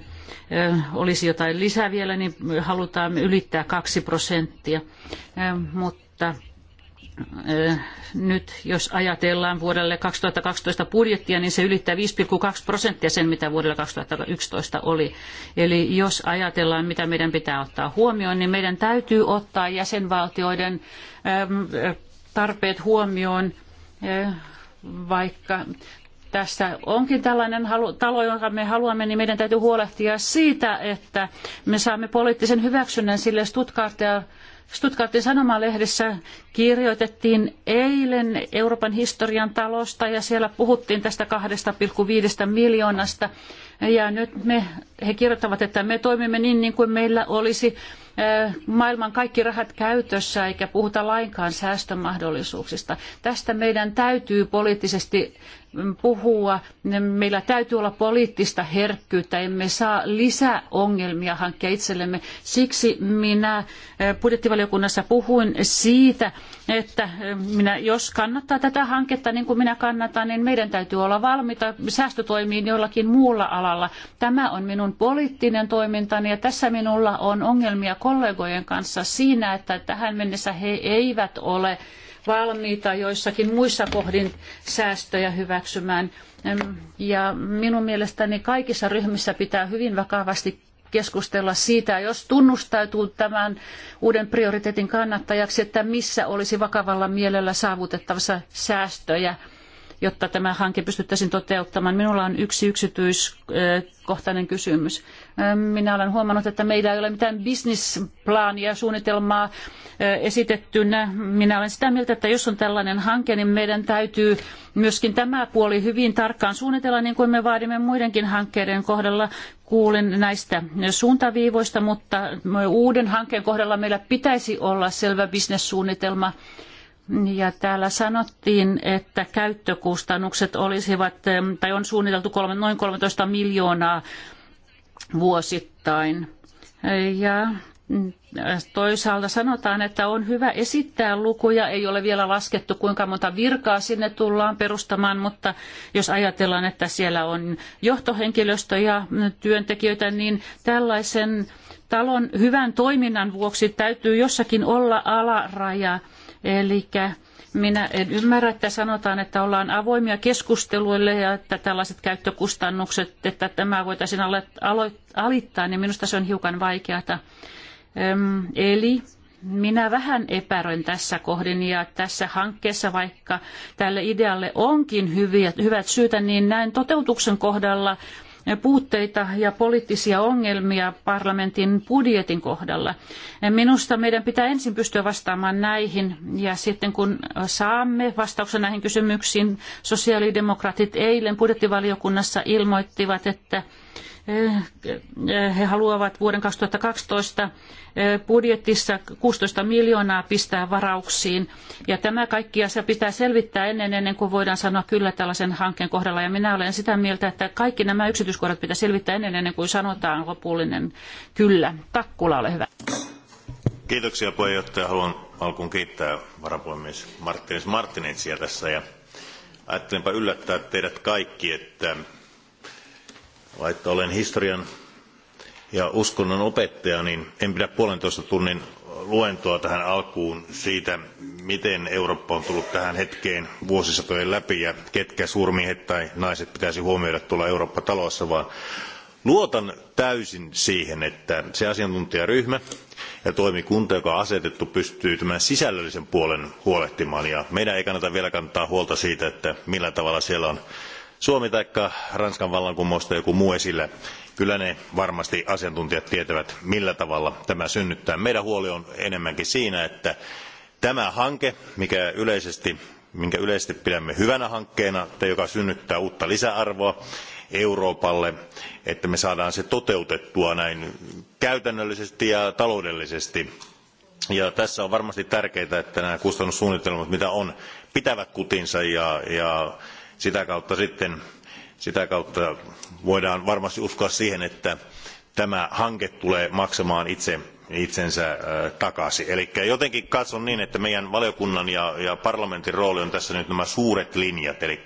olisi jotain lisää vielä, niin halutaan ylittää kaksi prosenttia. Mutta nyt jos ajatellaan vuodelle 2012 budjettia, niin se ylittää 5,2 prosenttia sen, mitä vuodelle 2011 oli. Eli jos ajatellaan, mitä meidän pitää ottaa huomioon, niin meidän täytyy ottaa jäsenvaltioiden tarpeet huomioon, vaikka tässä onkin tällainen talo, jonka me haluamme, niin meidän täytyy huolehtia siitä, että me saamme poliittisen hyväksynnän sille Stuttgart Stuttgartin sanomalehdessä kirjoitettiin eilen Euroopan historian talosta ja siellä puhuttiin tästä 2,5 miljoonasta. Ja nyt me, he kirjoittavat, että me toimimme niin, niin kuin meillä olisi maailman kaikki rahat käytössä eikä puhuta lainkaan säästömahdollisuuksista. Tästä meidän täytyy poliittisesti puhua. Meillä täytyy olla poliittista herkkyyttä, emme saa lisää ongelmia hankkia itsellemme. Siksi minä eh, budjettivaliokunnassa puhuin siitä, että eh, minä, jos kannattaa tätä hanketta niin kuin minä kannatan, niin meidän täytyy olla valmiita säästötoimiin jollakin muulla alalla. Tämä on minun poliittinen toimintani ja tässä minulla on ongelmia kollegojen kanssa siinä, että tähän mennessä he eivät ole valmiita joissakin muissa kohdin säästöjä hyväksymään. Ja minun mielestäni kaikissa ryhmissä pitää hyvin vakavasti keskustella siitä, jos tunnustautuu tämän uuden prioriteetin kannattajaksi, että missä olisi vakavalla mielellä saavutettavassa säästöjä – jotta tämä hanke pystyttäisiin toteuttamaan. Minulla on yksi yksityiskohtainen kysymys. Ähm, minä olen huomannut, että meillä ei ole mitään bisnisplaania, suunnitelmaa äh, esitettynä. Minä olen sitä mieltä, että jos on tällainen hanke, niin meidän täytyy myöskin tämä puoli hyvin tarkkaan suunnitella, niin kuin me vaadimme muidenkin hankkeiden kohdalla. Kuulin näistä suuntaviivoista, mutta uuden hankkeen kohdalla meillä pitäisi olla selvä bisnessuunnitelma. suunnitelma ja täällä sanottiin, että käyttökustannukset olisivat, tai on suunniteltu kolme, noin 13 miljoonaa vuosittain. Ja mm, toisaalta sanotaan, että on hyvä esittää lukuja. Ei ole vielä laskettu, kuinka monta virkaa sinne tullaan perustamaan, mutta jos ajatellaan, että siellä on johtohenkilöstö ja työntekijöitä, niin tällaisen talon hyvän toiminnan vuoksi täytyy jossakin olla alaraja. Eli minä en ymmärrä, että sanotaan, että ollaan avoimia keskusteluille ja että tällaiset käyttökustannukset, että tämä voitaisiin alittaa, niin minusta se on hiukan vaikeata. Eli minä vähän epäröin tässä kohdin ja tässä hankkeessa, vaikka tälle idealle onkin hyviä, hyvät syytä, niin näin toteutuksen kohdalla puutteita ja poliittisia ongelmia parlamentin budjetin kohdalla. Minusta meidän pitää ensin pystyä vastaamaan näihin ja sitten kun saamme vastauksen näihin kysymyksiin, sosiaalidemokraatit eilen budjettivaliokunnassa ilmoittivat, että Eh, he haluavat vuoden 2012 eh, budjetissa 16 miljoonaa pistää varauksiin. Ja tämä kaikki asia pitää selvittää ennen, ennen kuin voidaan sanoa kyllä tällaisen hankkeen kohdalla. Ja minä olen sitä mieltä, että kaikki nämä yksityiskohdat pitää selvittää ennen, ennen kuin sanotaan lopullinen kyllä. Takkula, ole hyvä. Kiitoksia puheenjohtaja. Haluan alkuun kiittää varapuhemies Marttinis Martinitsia tässä. Ja ajattelinpa yllättää teidät kaikki, että vaikka olen historian ja uskonnon opettaja, niin en pidä puolentoista tunnin luentoa tähän alkuun siitä, miten Eurooppa on tullut tähän hetkeen vuosisatojen läpi ja ketkä suurmiehet tai naiset pitäisi huomioida tuolla Eurooppa-talossa, vaan luotan täysin siihen, että se asiantuntijaryhmä ja toimikunta, joka on asetettu, pystyy tämän sisällöllisen puolen huolehtimaan. Ja meidän ei kannata vielä kantaa huolta siitä, että millä tavalla siellä on suomi tai ranskan vallankumousta joku muu esillä kyllä ne varmasti asiantuntijat tietävät millä tavalla tämä synnyttää. meidän huolemme on enemmänkin siinä että tämä hanke minkä yleisesti pidämme hyvänä hankkeena ja joka synnyttää uutta lisäarvoa euroopalle että me saamme sen toteutettua näin käytännöllisesti ja taloudellisesti. Ja tässä on varmasti tärkeää että nämä kustannussuunnitelmat mitä on pitävät kutinsa ja sitä kautta sitten sitä kautta voidaan varmasti uskoa siihen, että tämä hanke tulee maksamaan itse itsensä takaisin. Eli jotenkin katson niin, että meidän valiokunnan ja, ja parlamentin rooli on tässä nyt nämä suuret linjat, eli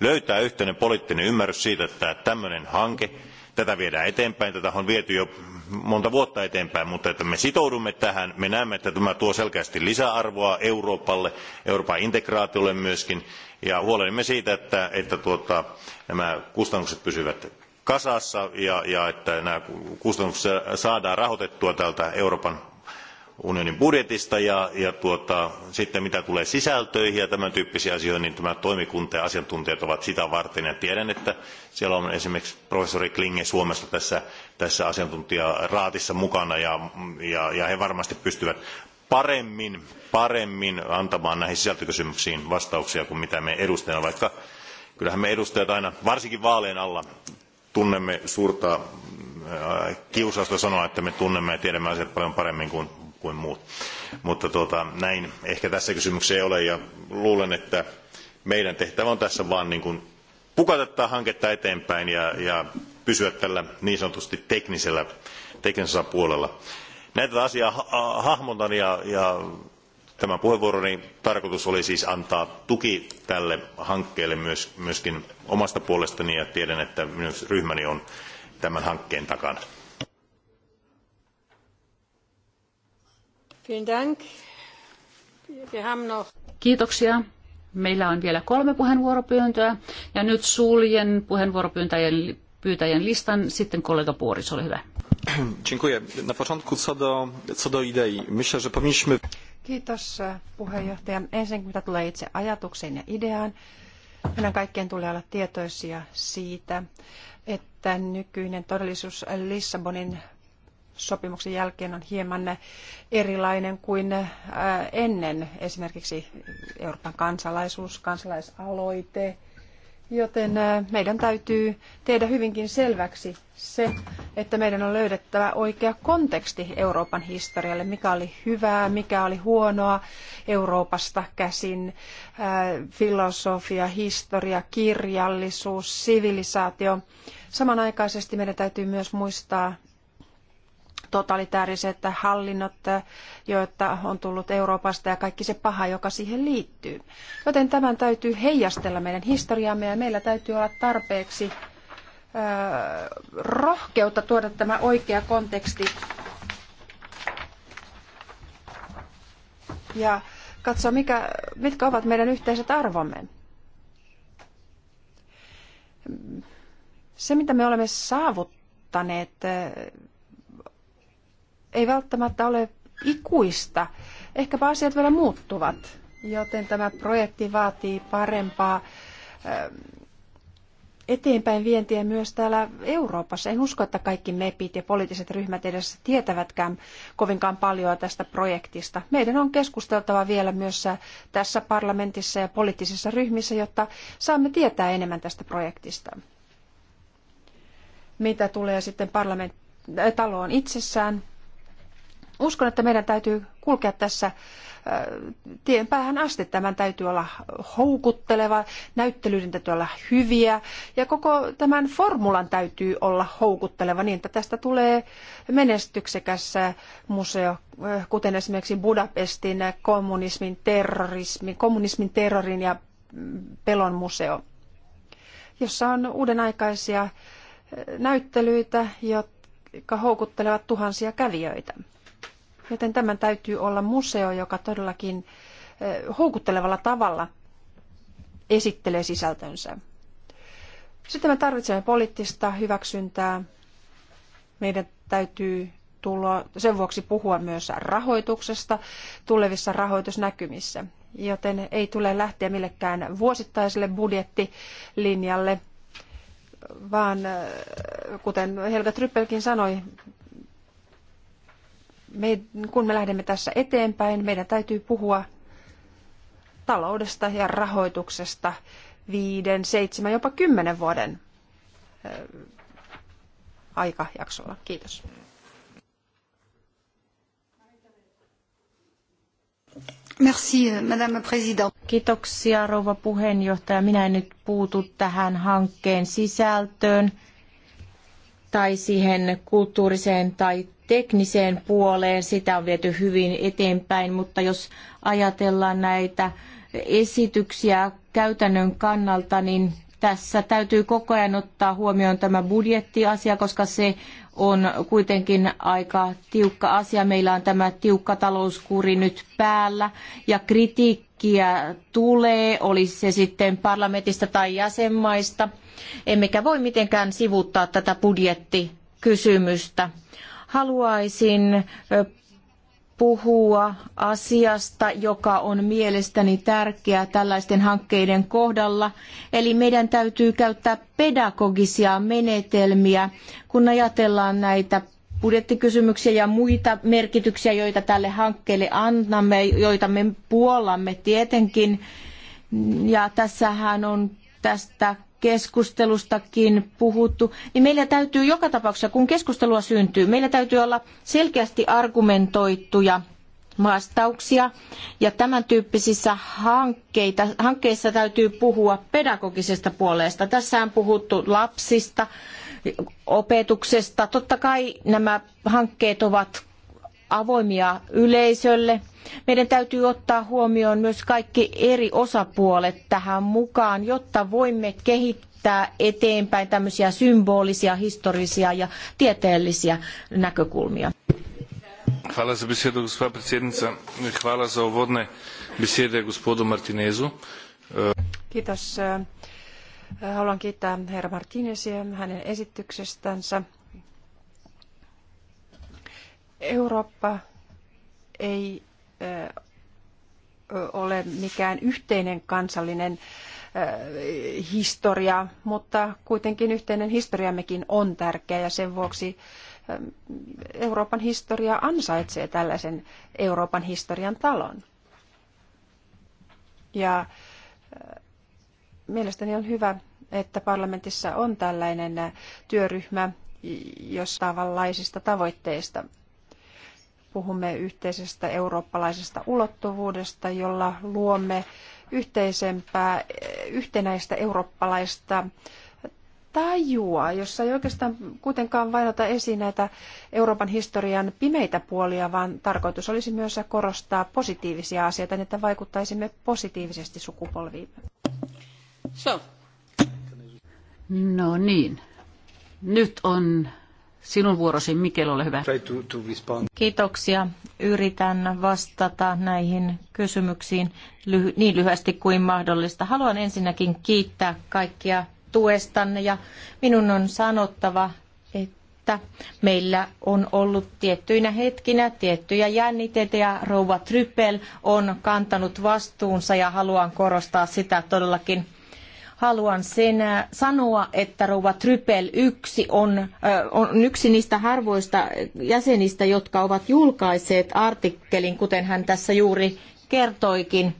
löytää yhteinen poliittinen ymmärrys siitä, että tämmöinen hanke, tätä viedään eteenpäin, tätä on viety jo monta vuotta eteenpäin, mutta että me sitoudumme tähän, me näemme, että tämä tuo selkeästi lisäarvoa Euroopalle, Euroopan integraatiolle myöskin, ja huolehdimme siitä, että, että tuota, nämä kustannukset pysyvät kasassa ja, että nämä kustannukset saadaan rahoitettua tältä Euroopan unionin budjetista ja, ja tuota, sitten mitä tulee sisältöihin ja tämän tyyppisiin asioihin, niin tämä toimikunta ja asiantuntijat ovat sitä varten. Ja tiedän, että siellä on esimerkiksi professori Klinge Suomesta tässä, tässä asiantuntijaraatissa mukana ja, ja, ja he varmasti pystyvät paremmin, paremmin antamaan näihin sisältökysymyksiin vastauksia kuin mitä me edustajana, vaikka kyllähän me edustajat aina, varsinkin vaaleen alla, tunnemme suurta äh, kiusausta sanoa, että me tunnemme ja tiedämme asiat paljon paremmin kuin, kuin muut. Mutta tuota, näin ehkä tässä kysymyksessä ei ole ja luulen, että meidän tehtävä on tässä vaan niin kuin pukata tätä hanketta eteenpäin ja, ja pysyä tällä niin sanotusti teknisellä, teknisellä puolella tätä asiaa hahmotan ja, ja tämän puheenvuoroni tarkoitus oli siis antaa tuki tälle hankkeelle myös, myöskin omasta puolestani ja tiedän, että myös ryhmäni on tämän hankkeen takana. Kiitoksia. Meillä on vielä kolme puheenvuoropyyntöä ja nyt suljen puheenvuoropyyntäjien pyytäjien listan. Sitten kollega Puoris, ole hyvä. Dziękuję. Na początku co do, co do idei. Myślę, że powinniśmy... Kiitos puheenjohtaja. Ensinnäkin mitä tulee itse ajatukseen ja ideaan, meidän kaikkien tulee olla tietoisia siitä, että nykyinen todellisuus Lissabonin sopimuksen jälkeen on hieman erilainen kuin ennen esimerkiksi Euroopan kansalaisuus, kansalaisaloite, Joten meidän täytyy tehdä hyvinkin selväksi se, että meidän on löydettävä oikea konteksti Euroopan historialle, mikä oli hyvää, mikä oli huonoa Euroopasta käsin, filosofia, historia, kirjallisuus, sivilisaatio. Samanaikaisesti meidän täytyy myös muistaa totalitääriset hallinnot, joita on tullut Euroopasta ja kaikki se paha, joka siihen liittyy. Joten tämän täytyy heijastella meidän historiaamme ja meillä täytyy olla tarpeeksi rohkeutta tuoda tämä oikea konteksti ja katsoa, mikä, mitkä ovat meidän yhteiset arvomme. Se, mitä me olemme saavuttaneet ei välttämättä ole ikuista. Ehkäpä asiat vielä muuttuvat, joten tämä projekti vaatii parempaa ähm, eteenpäin vientiä myös täällä Euroopassa. En usko, että kaikki MEPit ja poliittiset ryhmät edes tietävätkään kovinkaan paljon tästä projektista. Meidän on keskusteltava vielä myös tässä parlamentissa ja poliittisissa ryhmissä, jotta saamme tietää enemmän tästä projektista. Mitä tulee sitten parlament- äh, taloon itsessään, Uskon, että meidän täytyy kulkea tässä äh, tien päähän asti. Tämän täytyy olla houkutteleva, näyttelyiden täytyy olla hyviä ja koko tämän formulan täytyy olla houkutteleva niin, että tästä tulee menestyksekäs museo, äh, kuten esimerkiksi Budapestin kommunismin, terrorismi kommunismin terrorin ja pelon museo, jossa on uudenaikaisia äh, näyttelyitä, jotka houkuttelevat tuhansia kävijöitä. Joten tämän täytyy olla museo, joka todellakin eh, houkuttelevalla tavalla esittelee sisältönsä. Sitten me tarvitsemme poliittista hyväksyntää. Meidän täytyy tulla, sen vuoksi puhua myös rahoituksesta tulevissa rahoitusnäkymissä. Joten ei tule lähteä millekään vuosittaiselle budjettilinjalle, vaan eh, kuten Helga Tryppelkin sanoi, me, kun me lähdemme tässä eteenpäin, meidän täytyy puhua taloudesta ja rahoituksesta viiden, seitsemän, jopa kymmenen vuoden aikajaksolla. Kiitos. Merci, euh, Madame President. Kiitoksia, rouva puheenjohtaja. Minä en nyt puutu tähän hankkeen sisältöön tai siihen kulttuuriseen tai tekniseen puoleen, sitä on viety hyvin eteenpäin, mutta jos ajatellaan näitä esityksiä käytännön kannalta, niin tässä täytyy koko ajan ottaa huomioon tämä budjettiasia, koska se on kuitenkin aika tiukka asia. Meillä on tämä tiukka talouskuri nyt päällä ja kritiikkiä tulee, oli se sitten parlamentista tai jäsenmaista. Emmekä voi mitenkään sivuuttaa tätä budjettikysymystä. Haluaisin puhua asiasta, joka on mielestäni tärkeä tällaisten hankkeiden kohdalla. Eli meidän täytyy käyttää pedagogisia menetelmiä, kun ajatellaan näitä budjettikysymyksiä ja muita merkityksiä, joita tälle hankkeelle annamme, joita me puollamme tietenkin. Ja tässähän on tästä keskustelustakin puhuttu, niin meillä täytyy joka tapauksessa, kun keskustelua syntyy, meillä täytyy olla selkeästi argumentoituja vastauksia. Ja tämän tyyppisissä hankkeita, hankkeissa täytyy puhua pedagogisesta puolesta. Tässä on puhuttu lapsista, opetuksesta. Totta kai nämä hankkeet ovat avoimia yleisölle. Meidän täytyy ottaa huomioon myös kaikki eri osapuolet tähän mukaan, jotta voimme kehittää eteenpäin tämmöisiä symbolisia, historisia ja tieteellisiä näkökulmia. Hvala za besedo, gospa Hvala za uvodne besede gospodu Martinezu. Kiitos. Haluan kiittää herra Martinezia hänen esityksestänsä. Eurooppa ei ole mikään yhteinen kansallinen historia, mutta kuitenkin yhteinen historiammekin on tärkeä ja sen vuoksi Euroopan historia ansaitsee tällaisen Euroopan historian talon. Ja mielestäni on hyvä, että parlamentissa on tällainen työryhmä jos tavallaisista tavoitteista puhumme yhteisestä eurooppalaisesta ulottuvuudesta, jolla luomme yhteisempää, yhtenäistä eurooppalaista tajua, jossa ei oikeastaan kuitenkaan vainota esiin näitä Euroopan historian pimeitä puolia, vaan tarkoitus olisi myös korostaa positiivisia asioita, niin että vaikuttaisimme positiivisesti sukupolviin. So. No niin. Nyt on Sinun vuorosi, Mikel, ole hyvä. Kiitoksia. Yritän vastata näihin kysymyksiin lyhy- niin lyhyesti kuin mahdollista. Haluan ensinnäkin kiittää kaikkia tuestanne ja minun on sanottava, että meillä on ollut tiettyinä hetkinä tiettyjä jännitteitä ja rouva Trypel on kantanut vastuunsa ja haluan korostaa sitä todellakin haluan sen äh, sanoa, että Rouva Trypel yksi on, äh, on yksi niistä harvoista jäsenistä, jotka ovat julkaisseet artikkelin, kuten hän tässä juuri kertoikin.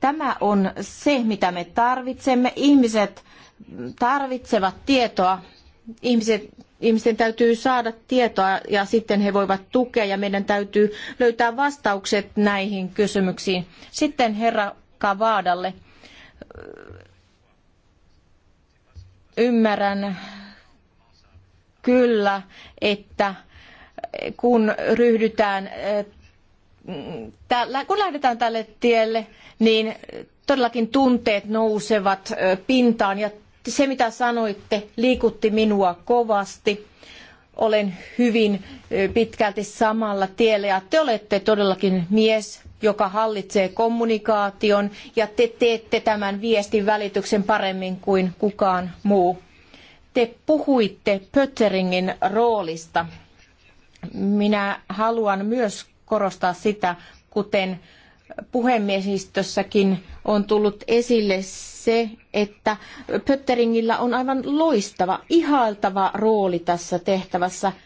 Tämä on se, mitä me tarvitsemme. Ihmiset tarvitsevat tietoa. Ihmiset ihmisten täytyy saada tietoa ja sitten he voivat tukea ja meidän täytyy löytää vastaukset näihin kysymyksiin. Sitten herra Kavaadalle ymmärrän kyllä, että kun ryhdytään kun lähdetään tälle tielle, niin todellakin tunteet nousevat pintaan ja se mitä sanoitte liikutti minua kovasti. Olen hyvin pitkälti samalla tiellä ja te olette todellakin mies, joka hallitsee kommunikaation ja te teette tämän viestin välityksen paremmin kuin kukaan muu. Te puhuitte Pötteringin roolista. Minä haluan myös korostaa sitä, kuten puhemiehistössäkin on tullut esille se, että Pötteringillä on aivan loistava, ihailtava rooli tässä tehtävässä –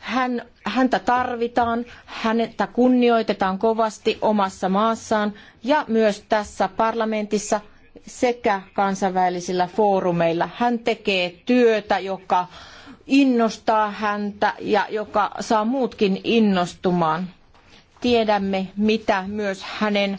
hän, häntä tarvitaan, häntä kunnioitetaan kovasti omassa maassaan ja myös tässä parlamentissa sekä kansainvälisillä foorumeilla. Hän tekee työtä, joka innostaa häntä ja joka saa muutkin innostumaan. Tiedämme, mitä myös hänen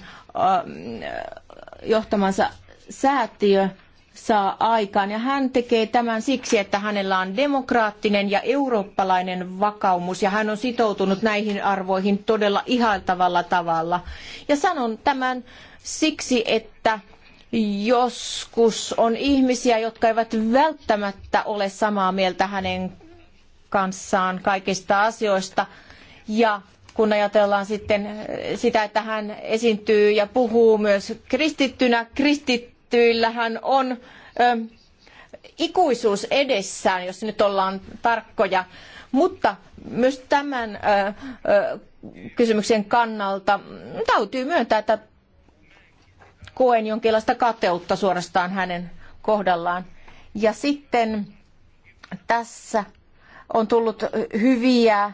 johtamansa säätiö saa aikaan. Ja hän tekee tämän siksi, että hänellä on demokraattinen ja eurooppalainen vakaumus ja hän on sitoutunut näihin arvoihin todella ihailtavalla tavalla. Ja sanon tämän siksi, että joskus on ihmisiä, jotka eivät välttämättä ole samaa mieltä hänen kanssaan kaikista asioista. Ja kun ajatellaan sitten sitä, että hän esiintyy ja puhuu myös kristittynä, kristit kristityillähän on ikuisuus edessään, jos nyt ollaan tarkkoja. Mutta myös tämän kysymyksen kannalta täytyy myöntää, että koen jonkinlaista kateutta suorastaan hänen kohdallaan. Ja sitten tässä on tullut hyviä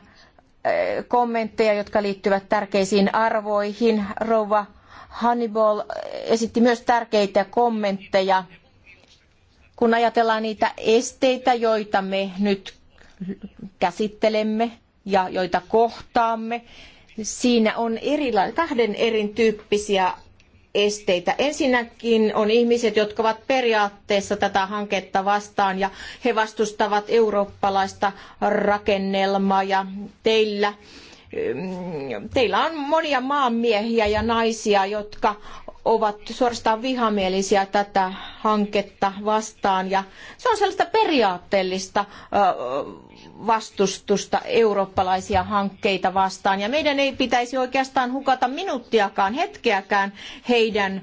kommentteja, jotka liittyvät tärkeisiin arvoihin. Rouva Hannibal esitti myös tärkeitä kommentteja, kun ajatellaan niitä esteitä, joita me nyt käsittelemme ja joita kohtaamme. Siinä on erila- kahden erin tyyppisiä esteitä. Ensinnäkin on ihmiset, jotka ovat periaatteessa tätä hanketta vastaan ja he vastustavat eurooppalaista rakennelmaa ja teillä teillä on monia maanmiehiä ja naisia, jotka ovat suorastaan vihamielisiä tätä hanketta vastaan. Ja se on sellaista periaatteellista vastustusta eurooppalaisia hankkeita vastaan. Ja meidän ei pitäisi oikeastaan hukata minuuttiakaan, hetkeäkään heidän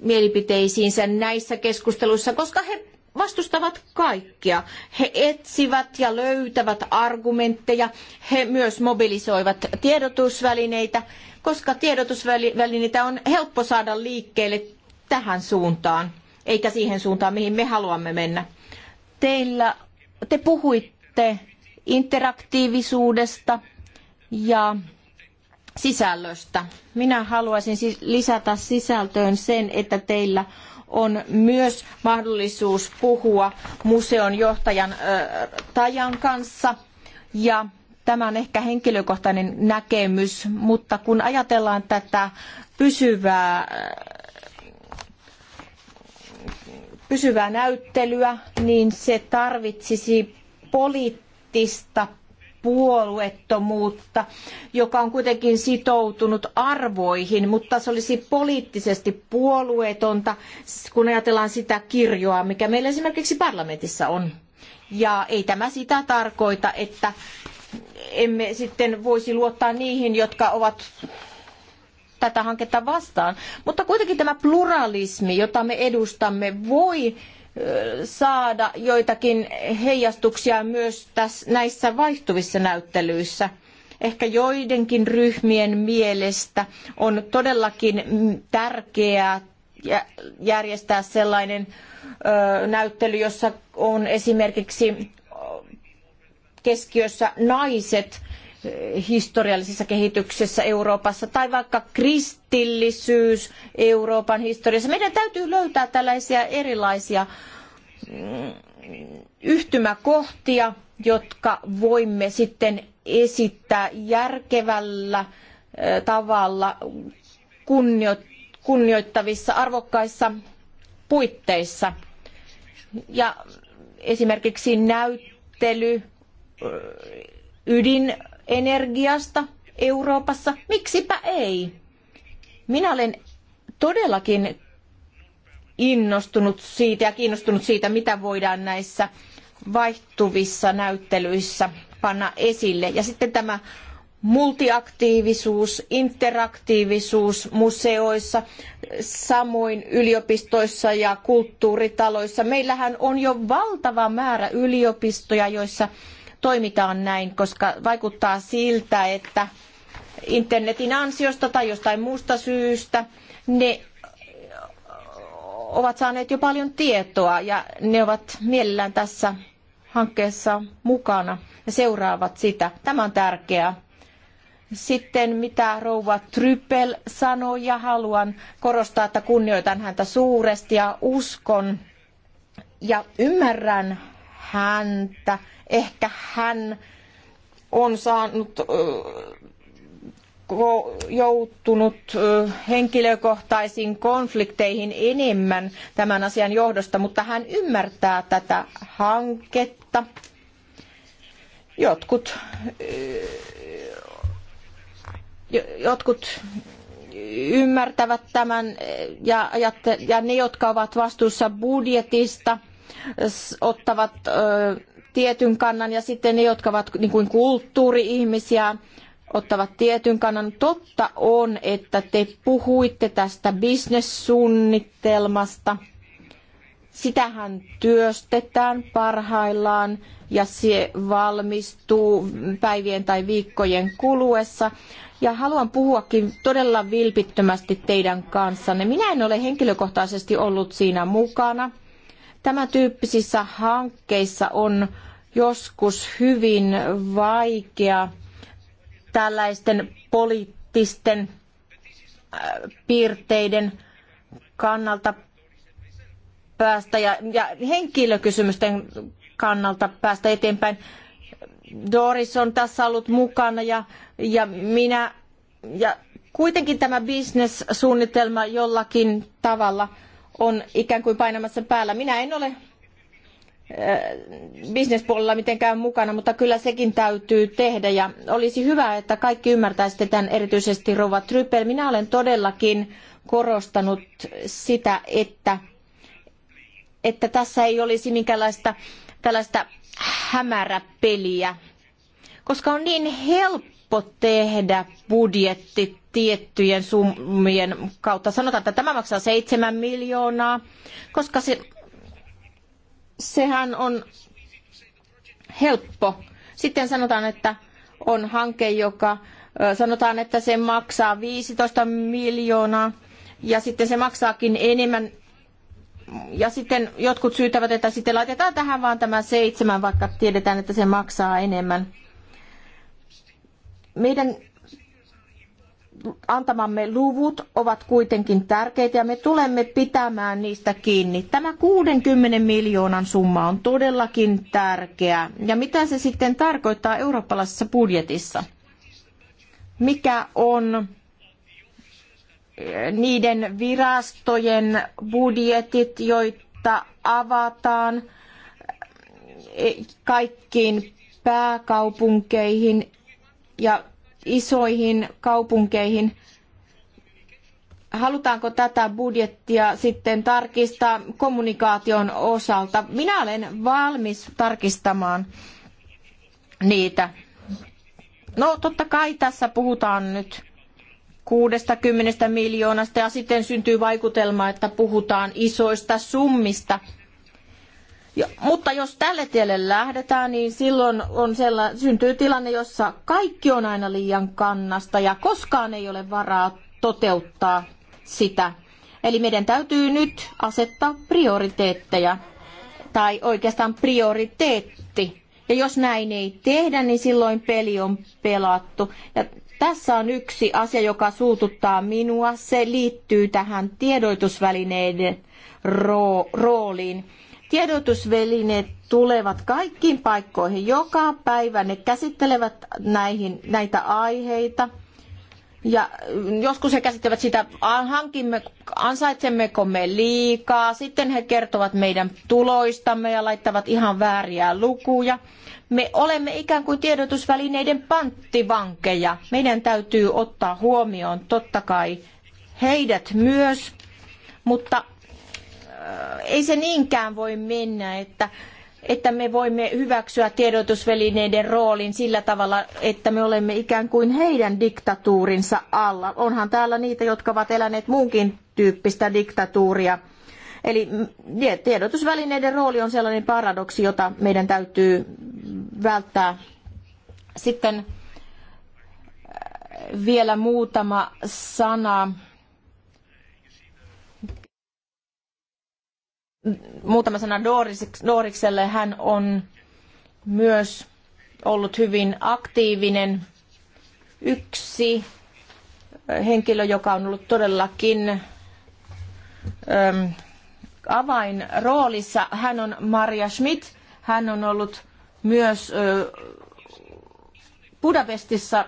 mielipiteisiinsä näissä keskusteluissa, koska he vastustavat kaikkia. He etsivät ja löytävät argumentteja. He myös mobilisoivat tiedotusvälineitä, koska tiedotusvälineitä on helppo saada liikkeelle tähän suuntaan, eikä siihen suuntaan, mihin me haluamme mennä. Teillä, te puhuitte interaktiivisuudesta ja sisällöstä. Minä haluaisin lisätä sisältöön sen, että teillä on myös mahdollisuus puhua museon johtajan Tajan kanssa ja Tämä on ehkä henkilökohtainen näkemys, mutta kun ajatellaan tätä pysyvää pysyvää näyttelyä, niin se tarvitsisi poliittista puolueettomuutta, joka on kuitenkin sitoutunut arvoihin, mutta se olisi poliittisesti puolueetonta, kun ajatellaan sitä kirjoa, mikä meillä esimerkiksi parlamentissa on. Ja ei tämä sitä tarkoita, että emme sitten voisi luottaa niihin, jotka ovat tätä hanketta vastaan. Mutta kuitenkin tämä pluralismi, jota me edustamme, voi saada joitakin heijastuksia myös tässä, näissä vaihtuvissa näyttelyissä. Ehkä joidenkin ryhmien mielestä on todellakin tärkeää järjestää sellainen näyttely, jossa on esimerkiksi keskiössä naiset historiallisessa kehityksessä Euroopassa tai vaikka kristillisyys Euroopan historiassa. Meidän täytyy löytää tällaisia erilaisia mm, yhtymäkohtia, jotka voimme sitten esittää järkevällä tavalla kunnioittavissa arvokkaissa puitteissa. Ja esimerkiksi näyttely ydin energiasta Euroopassa. Miksipä ei? Minä olen todellakin innostunut siitä ja kiinnostunut siitä, mitä voidaan näissä vaihtuvissa näyttelyissä panna esille. Ja sitten tämä multiaktiivisuus, interaktiivisuus museoissa, samoin yliopistoissa ja kulttuuritaloissa. Meillähän on jo valtava määrä yliopistoja, joissa toimitaan näin, koska vaikuttaa siltä, että internetin ansiosta tai jostain muusta syystä ne ovat saaneet jo paljon tietoa ja ne ovat mielellään tässä hankkeessa mukana ja seuraavat sitä. Tämä on tärkeää. Sitten mitä rouva Trypel sanoi ja haluan korostaa, että kunnioitan häntä suuresti ja uskon ja ymmärrän häntä. Ehkä hän on saanut joutunut henkilökohtaisiin konflikteihin enemmän tämän asian johdosta, mutta hän ymmärtää tätä hanketta. Jotkut, jotkut ymmärtävät tämän ja, ja ne, jotka ovat vastuussa budjetista – ottavat tietyn kannan ja sitten ne, jotka ovat niin kuin kulttuuri-ihmisiä, ottavat tietyn kannan. Totta on, että te puhuitte tästä bisnessuunnitelmasta. Sitähän työstetään parhaillaan ja se valmistuu päivien tai viikkojen kuluessa. Ja haluan puhuakin todella vilpittömästi teidän kanssanne. Minä en ole henkilökohtaisesti ollut siinä mukana Tämän tyyppisissä hankkeissa on joskus hyvin vaikea tällaisten poliittisten äh, piirteiden kannalta päästä ja, ja henkilökysymysten kannalta päästä eteenpäin. Doris on tässä ollut mukana ja, ja minä ja kuitenkin tämä bisnessuunnitelma jollakin tavalla – on ikään kuin painamassa päällä. Minä en ole eh, bisnespuolella mitenkään mukana, mutta kyllä sekin täytyy tehdä ja olisi hyvä, että kaikki ymmärtäisitte tämän erityisesti Rova Trypel. Minä olen todellakin korostanut sitä, että, että tässä ei olisi minkäänlaista tällaista hämäräpeliä, koska on niin helppo tehdä budjetti tiettyjen summien kautta. Sanotaan, että tämä maksaa 7 miljoonaa, koska se, sehän on helppo. Sitten sanotaan, että on hanke, joka sanotaan, että se maksaa 15 miljoonaa ja sitten se maksaakin enemmän. Ja sitten jotkut syytävät, että sitten laitetaan tähän vaan tämä seitsemän, vaikka tiedetään, että se maksaa enemmän. Meidän antamamme luvut ovat kuitenkin tärkeitä ja me tulemme pitämään niistä kiinni. Tämä 60 miljoonan summa on todellakin tärkeä. Ja mitä se sitten tarkoittaa eurooppalaisessa budjetissa? Mikä on eh, niiden virastojen budjetit, joita avataan eh, kaikkiin pääkaupunkeihin ja isoihin kaupunkeihin. Halutaanko tätä budjettia sitten tarkistaa kommunikaation osalta? Minä olen valmis tarkistamaan niitä. No totta kai tässä puhutaan nyt 60 miljoonasta ja sitten syntyy vaikutelma, että puhutaan isoista summista – mutta jos tälle tielle lähdetään, niin silloin on sella, syntyy tilanne, jossa kaikki on aina liian kannasta ja koskaan ei ole varaa toteuttaa sitä. Eli meidän täytyy nyt asettaa prioriteetteja, tai oikeastaan prioriteetti. Ja jos näin ei tehdä, niin silloin peli on pelattu. Ja tässä on yksi asia, joka suututtaa minua. Se liittyy tähän tiedotusvälineiden rooliin Tiedotusvälineet tulevat kaikkiin paikkoihin joka päivä. Ne käsittelevät näihin, näitä aiheita. Ja joskus he käsittävät sitä, hankimme, ansaitsemmeko me liikaa. Sitten he kertovat meidän tuloistamme ja laittavat ihan vääriä lukuja. Me olemme ikään kuin tiedotusvälineiden panttivankeja. Meidän täytyy ottaa huomioon totta kai heidät myös, mutta ei se niinkään voi mennä, että, että me voimme hyväksyä tiedotusvälineiden roolin sillä tavalla, että me olemme ikään kuin heidän diktatuurinsa alla. Onhan täällä niitä, jotka ovat eläneet muunkin tyyppistä diktatuuria. Eli tiedotusvälineiden rooli on sellainen paradoksi, jota meidän täytyy välttää. Sitten äh, vielä muutama sana muutama sana Doorikselle. Hän on myös ollut hyvin aktiivinen. Yksi henkilö, joka on ollut todellakin ähm, avainroolissa, hän on Maria Schmidt. Hän on ollut myös Budapestissa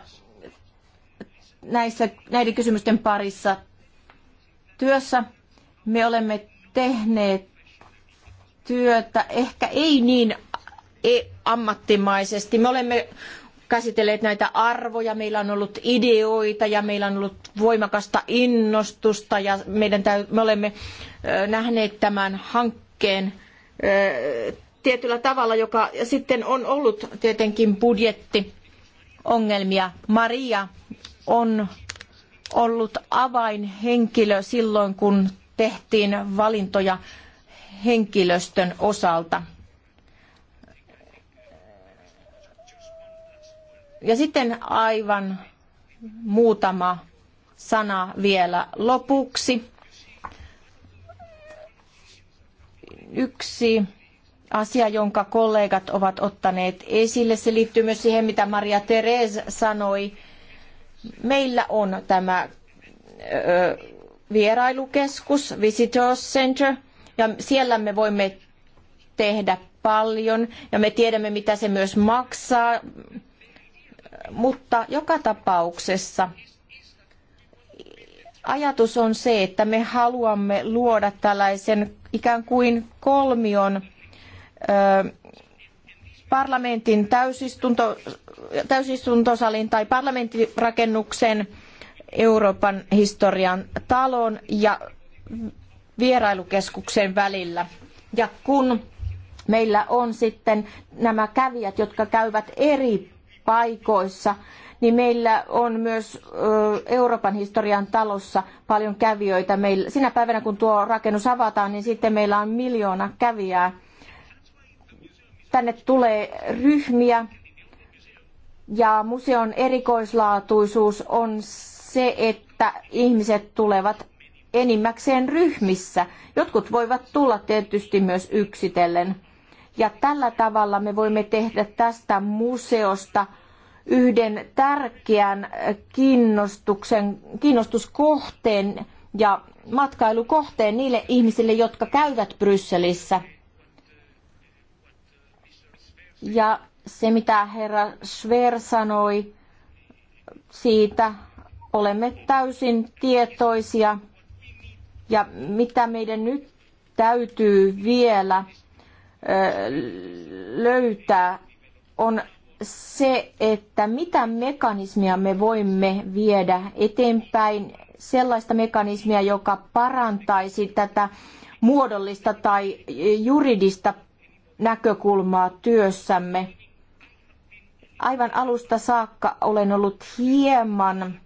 näissä, näiden kysymysten parissa työssä. Me olemme tehneet työtä ehkä ei niin e- ammattimaisesti. Me olemme käsitelleet näitä arvoja, meillä on ollut ideoita ja meillä on ollut voimakasta innostusta ja meidän täy- me olemme nähneet tämän hankkeen tietyllä tavalla, joka sitten on ollut tietenkin budjettiongelmia. Maria on ollut avainhenkilö silloin, kun tehtiin valintoja henkilöstön osalta. Ja sitten aivan muutama sana vielä lopuksi. Yksi asia, jonka kollegat ovat ottaneet esille, se liittyy myös siihen, mitä Maria Therese sanoi. Meillä on tämä ö, vierailukeskus, Visitors Center, ja siellä me voimme tehdä paljon ja me tiedämme, mitä se myös maksaa. Mutta joka tapauksessa ajatus on se, että me haluamme luoda tällaisen ikään kuin kolmion ö, parlamentin täysistunto, täysistuntosalin tai parlamenttirakennuksen Euroopan historian talon ja vierailukeskuksen välillä. Ja kun meillä on sitten nämä kävijät, jotka käyvät eri paikoissa, niin meillä on myös Euroopan historian talossa paljon kävijöitä. Meillä, sinä päivänä, kun tuo rakennus avataan, niin sitten meillä on miljoona kävijää. Tänne tulee ryhmiä ja museon erikoislaatuisuus on se, että ihmiset tulevat enimmäkseen ryhmissä. Jotkut voivat tulla tietysti myös yksitellen. Ja tällä tavalla me voimme tehdä tästä museosta yhden tärkeän kiinnostuksen, kiinnostuskohteen ja matkailukohteen niille ihmisille, jotka käyvät Brysselissä. Ja se, mitä herra Schwer sanoi, siitä olemme täysin tietoisia. Ja mitä meidän nyt täytyy vielä löytää on se, että mitä mekanismia me voimme viedä eteenpäin, sellaista mekanismia, joka parantaisi tätä muodollista tai juridista näkökulmaa työssämme. Aivan alusta saakka olen ollut hieman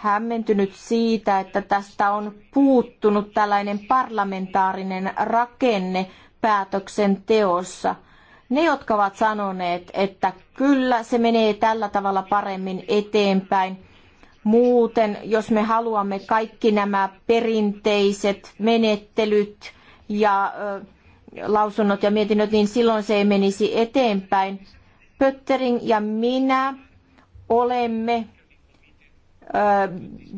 hämmentynyt siitä, että tästä on puuttunut tällainen parlamentaarinen rakenne päätöksenteossa. Ne, jotka ovat sanoneet, että kyllä se menee tällä tavalla paremmin eteenpäin, muuten jos me haluamme kaikki nämä perinteiset menettelyt ja ö, lausunnot ja mietinnöt, niin silloin se ei menisi eteenpäin. Pöttering ja minä olemme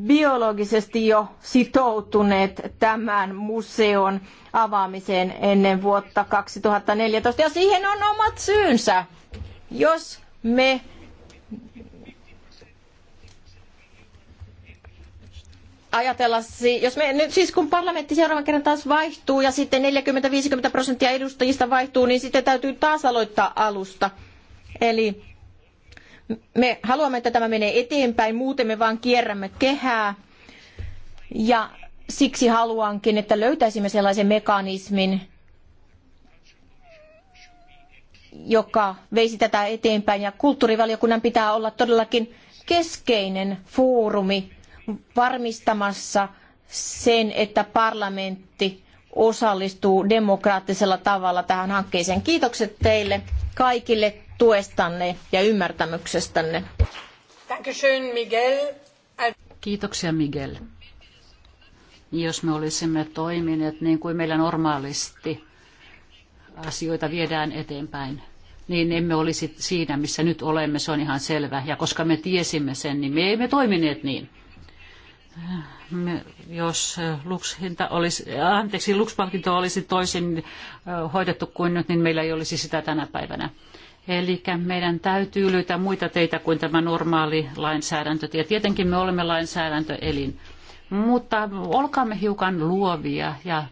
biologisesti jo sitoutuneet tämän museon avaamiseen ennen vuotta 2014. Ja siihen on omat syynsä. Jos me ajatella, jos me nyt siis kun parlamentti seuraavan kerran taas vaihtuu ja sitten 40-50 prosenttia edustajista vaihtuu, niin sitten täytyy taas aloittaa alusta. Eli me haluamme, että tämä menee eteenpäin, muuten me vaan kierrämme kehää. Ja siksi haluankin, että löytäisimme sellaisen mekanismin, joka veisi tätä eteenpäin. Ja kulttuurivaliokunnan pitää olla todellakin keskeinen foorumi varmistamassa sen, että parlamentti osallistuu demokraattisella tavalla tähän hankkeeseen. Kiitokset teille kaikille tuestanne ja ymmärtämyksestänne. Kiitoksia Miguel. Jos me olisimme toimineet niin kuin meillä normaalisti asioita viedään eteenpäin, niin emme olisi siinä, missä nyt olemme, se on ihan selvä. Ja koska me tiesimme sen, niin me emme toimineet niin jos lux olisi, anteeksi, Lux-palkinto olisi toisin hoidettu kuin nyt, niin meillä ei olisi sitä tänä päivänä. Eli meidän täytyy löytää muita teitä kuin tämä normaali lainsäädäntö. Ja tietenkin me olemme lainsäädäntöelin. Mutta olkaamme hiukan luovia ja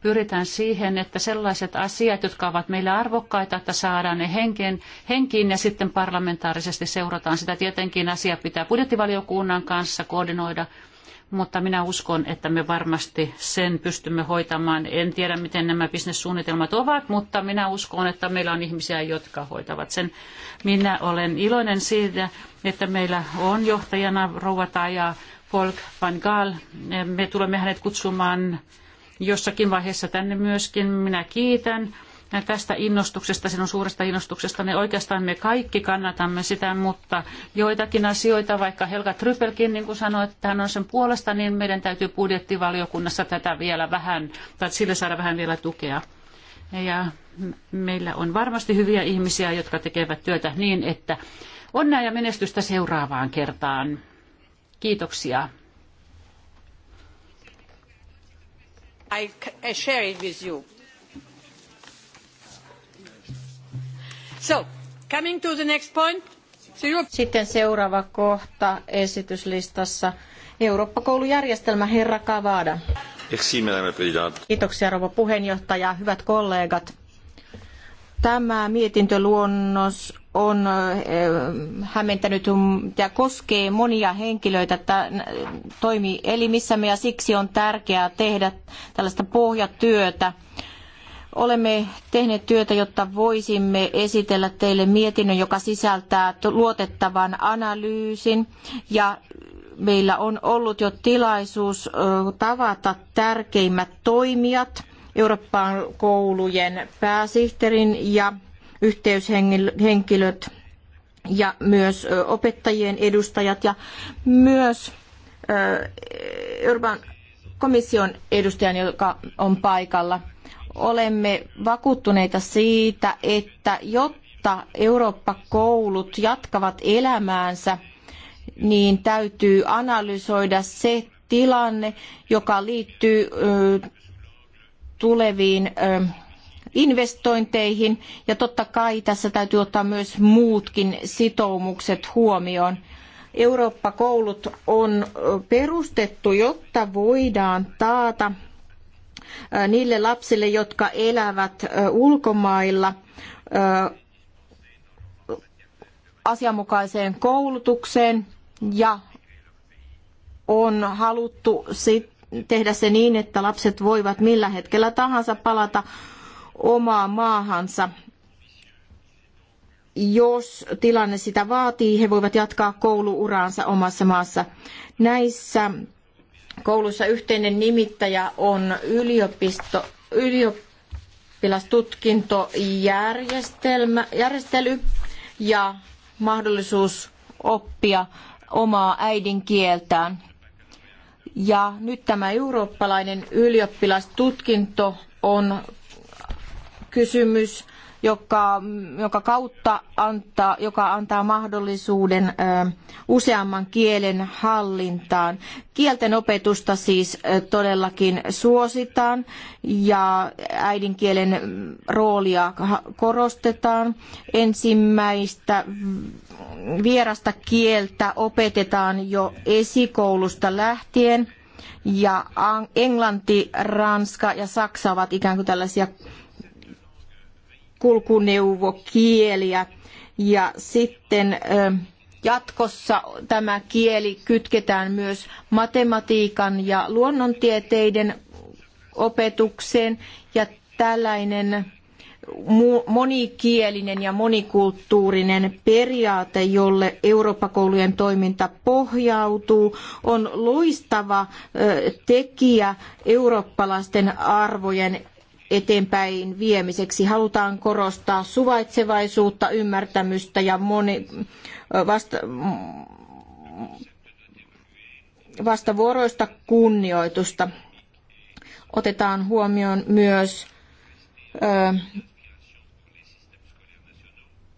pyritään siihen, että sellaiset asiat, jotka ovat meille arvokkaita, että saadaan ne henkeen, henkiin ja sitten parlamentaarisesti seurataan sitä. Tietenkin asia pitää budjettivaliokunnan kanssa koordinoida mutta minä uskon, että me varmasti sen pystymme hoitamaan. En tiedä, miten nämä bisnessuunnitelmat ovat, mutta minä uskon, että meillä on ihmisiä, jotka hoitavat sen. Minä olen iloinen siitä, että meillä on johtajana rouva Taja Folk van Gaal. Me tulemme hänet kutsumaan jossakin vaiheessa tänne myöskin. Minä kiitän tästä innostuksesta, sinun suuresta innostuksesta. Ne niin oikeastaan me kaikki kannatamme sitä, mutta joitakin asioita, vaikka Helga Trypelkin, niin kuin sanoi, että hän on sen puolesta, niin meidän täytyy budjettivaliokunnassa tätä vielä vähän, tai sille saada vähän vielä tukea. Ja meillä on varmasti hyviä ihmisiä, jotka tekevät työtä niin, että onnea ja menestystä seuraavaan kertaan. Kiitoksia. I share it with you. So, coming to the next point. Sitten seuraava kohta esityslistassa. Eurooppa-koulujärjestelmä, herra Kavada. Kiitoksia, rouva puheenjohtaja. Hyvät kollegat. Tämä mietintöluonnos on eh, hämmentänyt ja koskee monia henkilöitä toimielimissämme ja siksi on tärkeää tehdä tällaista pohjatyötä Olemme tehneet työtä, jotta voisimme esitellä teille mietinnön, joka sisältää luotettavan analyysin ja meillä on ollut jo tilaisuus tavata tärkeimmät toimijat, Euroopan koulujen pääsihteerin ja yhteyshenkilöt ja myös opettajien edustajat ja myös Euroopan komission edustajan, joka on paikalla olemme vakuuttuneita siitä, että jotta Eurooppa-koulut jatkavat elämäänsä, niin täytyy analysoida se tilanne, joka liittyy tuleviin investointeihin. Ja totta kai tässä täytyy ottaa myös muutkin sitoumukset huomioon. Eurooppa-koulut on perustettu, jotta voidaan taata niille lapsille, jotka elävät ulkomailla asianmukaiseen koulutukseen ja on haluttu tehdä se niin, että lapset voivat millä hetkellä tahansa palata omaan maahansa. Jos tilanne sitä vaatii, he voivat jatkaa kouluuraansa omassa maassa. Näissä kouluissa yhteinen nimittäjä on yliopisto, ylioppilastutkintojärjestelmä, järjestely ja mahdollisuus oppia omaa äidinkieltään. Ja nyt tämä eurooppalainen ylioppilastutkinto on kysymys joka, joka kautta antaa, joka antaa mahdollisuuden useamman kielen hallintaan. Kielten opetusta siis todellakin suositaan ja äidinkielen roolia korostetaan. Ensimmäistä vierasta kieltä opetetaan jo esikoulusta lähtien ja englanti, ranska ja saksa ovat ikään kuin tällaisia kulkuneuvokieliä ja sitten jatkossa tämä kieli kytketään myös matematiikan ja luonnontieteiden opetukseen ja tällainen monikielinen ja monikulttuurinen periaate, jolle Eurooppa-koulujen toiminta pohjautuu, on loistava tekijä eurooppalaisten arvojen eteenpäin viemiseksi. Halutaan korostaa suvaitsevaisuutta, ymmärtämystä ja moni, vasta, vastavuoroista kunnioitusta. Otetaan huomioon myös ö,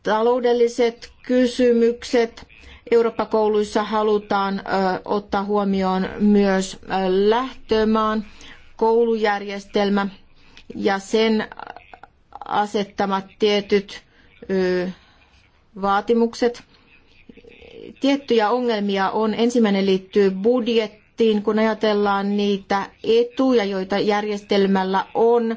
taloudelliset kysymykset. Eurooppa-kouluissa halutaan ö, ottaa huomioon myös ö, lähtömaan koulujärjestelmä – ja sen asettamat tietyt vaatimukset. Tiettyjä ongelmia on. Ensimmäinen liittyy budjettiin. Kun ajatellaan niitä etuja, joita järjestelmällä on,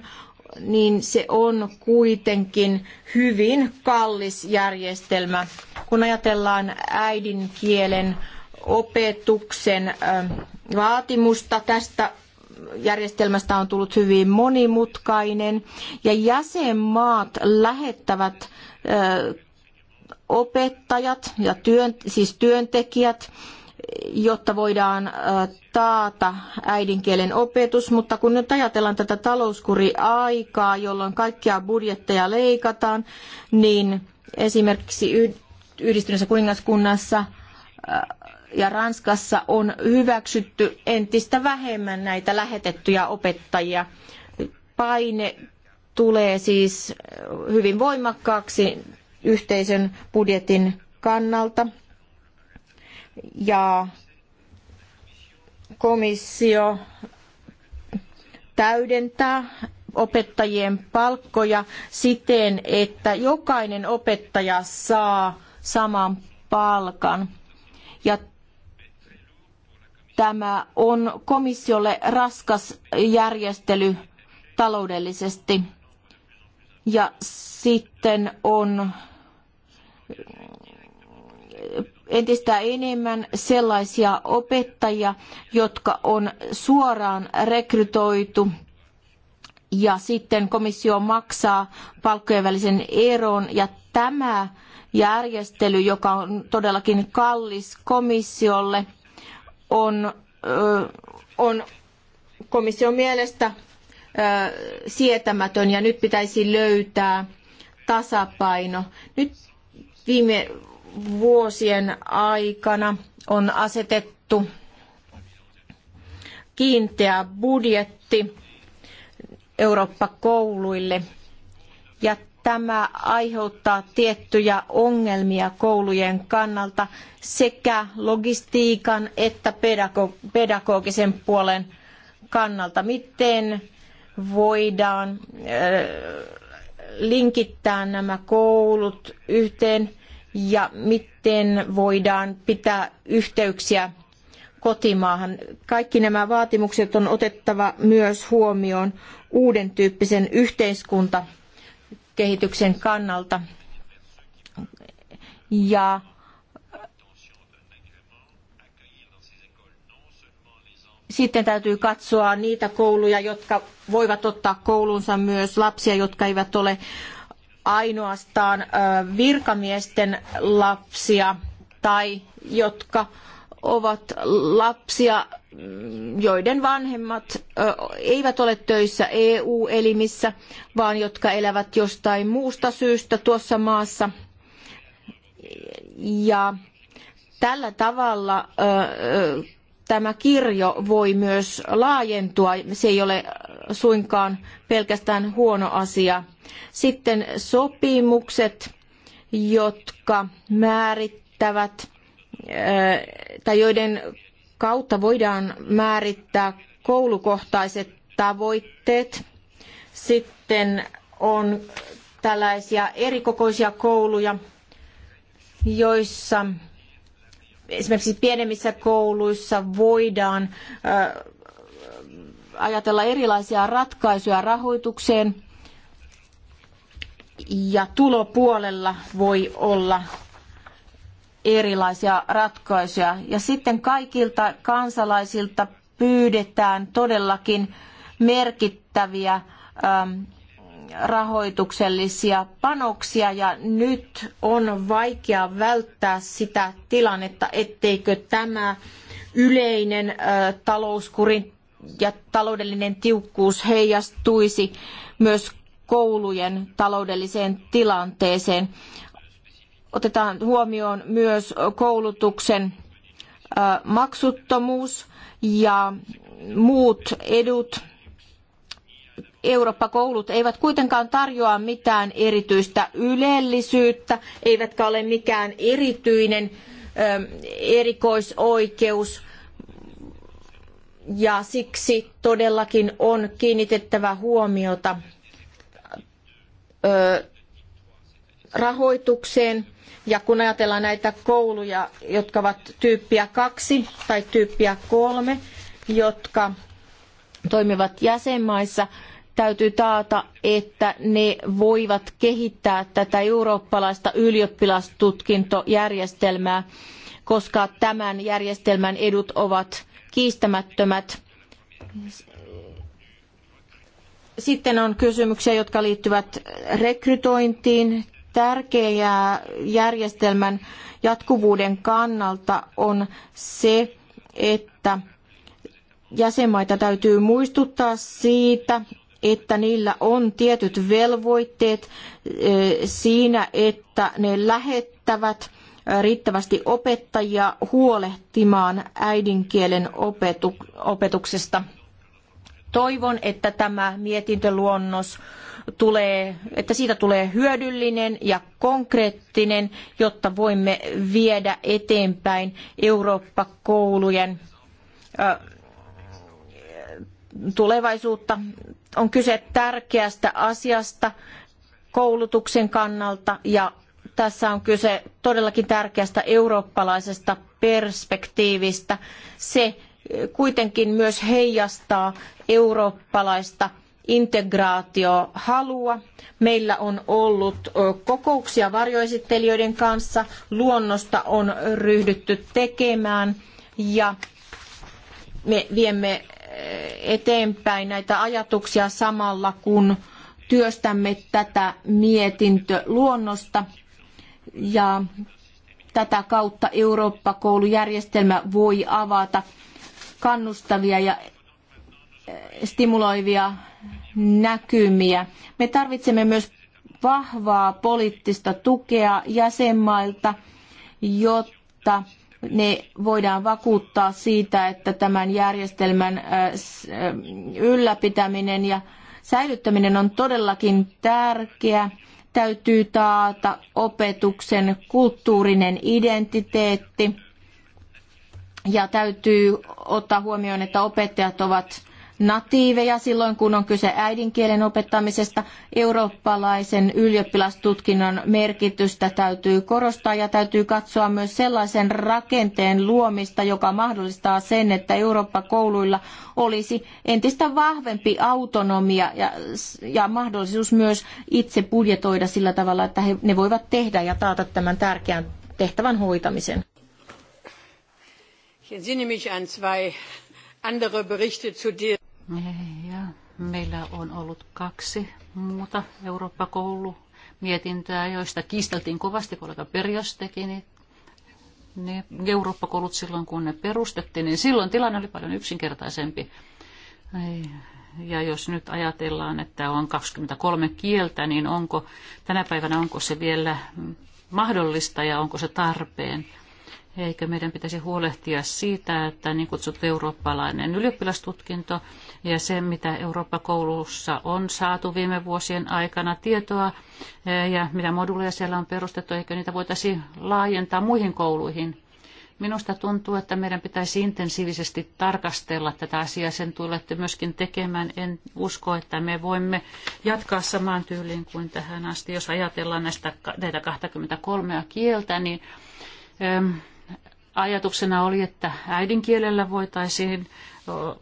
niin se on kuitenkin hyvin kallis järjestelmä. Kun ajatellaan äidinkielen opetuksen vaatimusta, tästä järjestelmästä on tullut hyvin monimutkainen ja jäsenmaat lähettävät opettajat ja työn, siis työntekijät jotta voidaan taata äidinkielen opetus, mutta kun nyt ajatellaan tätä talouskuriaikaa, jolloin kaikkia budjetteja leikataan, niin esimerkiksi yhdistyneessä kuningaskunnassa ja Ranskassa on hyväksytty entistä vähemmän näitä lähetettyjä opettajia. Paine tulee siis eh, hyvin voimakkaaksi yhteisön budjetin kannalta. Ja komissio täydentää opettajien palkkoja siten, että jokainen opettaja saa saman palkan. Ja Tämä on komissiolle raskas järjestely taloudellisesti. Ja sitten on entistä enemmän sellaisia opettajia, jotka on suoraan rekrytoitu ja sitten komissio maksaa palkkojen välisen eron ja tämä järjestely, joka on todellakin kallis komissiolle – on, on komission mielestä sietämätön ja nyt pitäisi löytää tasapaino. Nyt viime vuosien aikana on asetettu kiinteä budjetti Eurooppa-kouluille ja tämä aiheuttaa tiettyjä ongelmia koulujen kannalta sekä logistiikan että pedagogisen puolen kannalta. Miten voidaan linkittää nämä koulut yhteen ja miten voidaan pitää yhteyksiä kotimaahan. Kaikki nämä vaatimukset on otettava myös huomioon uuden tyyppisen yhteiskunta kehityksen kannalta. Ja sitten täytyy katsoa niitä kouluja, jotka voivat ottaa koulunsa myös lapsia, jotka eivät ole ainoastaan virkamiesten lapsia tai jotka ovat lapsia, joiden vanhemmat eivät ole töissä EU-elimissä, vaan jotka elävät jostain muusta syystä tuossa maassa. Ja tällä tavalla tämä kirjo voi myös laajentua. Se ei ole suinkaan pelkästään huono asia. Sitten sopimukset, jotka määrittävät tai joiden kautta voidaan määrittää koulukohtaiset tavoitteet. Sitten on tällaisia erikokoisia kouluja, joissa esimerkiksi pienemmissä kouluissa voidaan ajatella erilaisia ratkaisuja rahoitukseen ja tulopuolella voi olla erilaisia ratkaisuja. Ja sitten kaikilta kansalaisilta pyydetään todellakin merkittäviä rahoituksellisia panoksia ja nyt on vaikea välttää sitä tilannetta, etteikö tämä yleinen talouskuri ja taloudellinen tiukkuus heijastuisi myös koulujen taloudelliseen tilanteeseen otetaan huomioon myös koulutuksen maksuttomuus ja muut edut. Eurooppa-koulut eivät kuitenkaan tarjoa mitään erityistä ylellisyyttä, eivätkä ole mikään erityinen erikoisoikeus. Ja siksi todellakin on kiinnitettävä huomiota rahoitukseen – ja kun ajatellaan näitä kouluja, jotka ovat tyyppiä kaksi tai tyyppiä kolme, jotka toimivat jäsenmaissa, täytyy taata, että ne voivat kehittää tätä eurooppalaista ylioppilastutkintojärjestelmää, koska tämän järjestelmän edut ovat kiistämättömät. Sitten on kysymyksiä, jotka liittyvät rekrytointiin, tärkeää järjestelmän jatkuvuuden kannalta on se, että jäsenmaita täytyy muistuttaa siitä, että niillä on tietyt velvoitteet eh, siinä, että ne lähettävät riittävästi opettajia huolehtimaan äidinkielen opetuksesta. Toivon, että tämä mietintöluonnos tulee, että siitä tulee hyödyllinen ja konkreettinen, jotta voimme viedä eteenpäin Eurooppa-koulujen tulevaisuutta. On kyse tärkeästä asiasta koulutuksen kannalta ja tässä on kyse todellakin tärkeästä eurooppalaisesta perspektiivistä. Se kuitenkin myös heijastaa eurooppalaista integraatiohalua. Meillä on ollut kokouksia varjoesittelijöiden kanssa, luonnosta on ryhdytty tekemään ja me viemme eteenpäin näitä ajatuksia samalla kun työstämme tätä mietintöluonnosta ja tätä kautta Eurooppa-koulujärjestelmä voi avata kannustavia ja stimuloivia näkymiä. Me tarvitsemme myös vahvaa poliittista tukea jäsenmailta, jotta ne voidaan vakuuttaa siitä, että tämän järjestelmän äh, äh, ylläpitäminen ja säilyttäminen on todellakin tärkeä. Täytyy taata opetuksen kulttuurinen identiteetti ja täytyy ottaa huomioon, että opettajat ovat natiiveja silloin, kun on kyse äidinkielen opettamisesta. Eurooppalaisen ylioppilastutkinnon merkitystä täytyy korostaa ja täytyy katsoa myös sellaisen rakenteen luomista, joka mahdollistaa sen, että Eurooppa-kouluilla olisi entistä vahvempi autonomia ja, ja mahdollisuus myös itse budjetoida sillä tavalla, että he, ne voivat tehdä ja taata tämän tärkeän tehtävän hoitamisen. Ich entsinne mich an zwei andere Berichte zu dir. Ja meillä on ollut kaksi muuta eurooppa mietintää, joista kiisteltiin kovasti, kollega Perjos teki niin ne Eurooppa-koulut silloin, kun ne perustettiin, niin silloin tilanne oli paljon yksinkertaisempi. Ja jos nyt ajatellaan, että on 23 kieltä, niin onko tänä päivänä onko se vielä mahdollista ja onko se tarpeen? Eikö meidän pitäisi huolehtia siitä, että niin kutsuttu eurooppalainen ylioppilastutkinto ja se, mitä Eurooppa-koulussa on saatu viime vuosien aikana tietoa eh, ja mitä moduleja siellä on perustettu, eikö niitä voitaisiin laajentaa muihin kouluihin? Minusta tuntuu, että meidän pitäisi intensiivisesti tarkastella tätä asiaa. Sen tulette myöskin tekemään. En usko, että me voimme jatkaa samaan tyyliin kuin tähän asti. Jos ajatellaan näistä, näitä 23 kieltä, niin ehm, ajatuksena oli, että äidinkielellä voitaisiin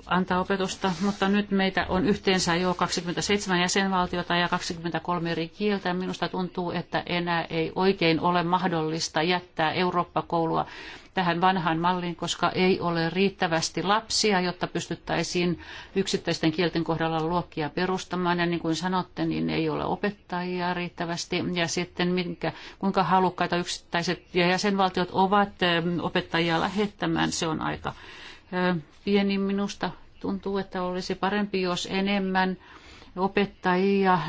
antaa opetusta, mutta nyt meitä on yhteensä jo 27 jäsenvaltiota ja 23 eri kieltä. Minusta tuntuu, että enää ei oikein ole mahdollista jättää Eurooppa-koulua tähän vanhaan malliin, koska ei ole riittävästi lapsia, jotta pystyttäisiin yksittäisten kielten kohdalla luokkia perustamaan. Ja niin kuin sanotte, niin ei ole opettajia riittävästi. Ja sitten minkä, kuinka halukkaita yksittäiset ja jäsenvaltiot ovat opettajia lähettämään, se on aika pieni minusta tuntuu, että olisi parempi, jos enemmän opettajia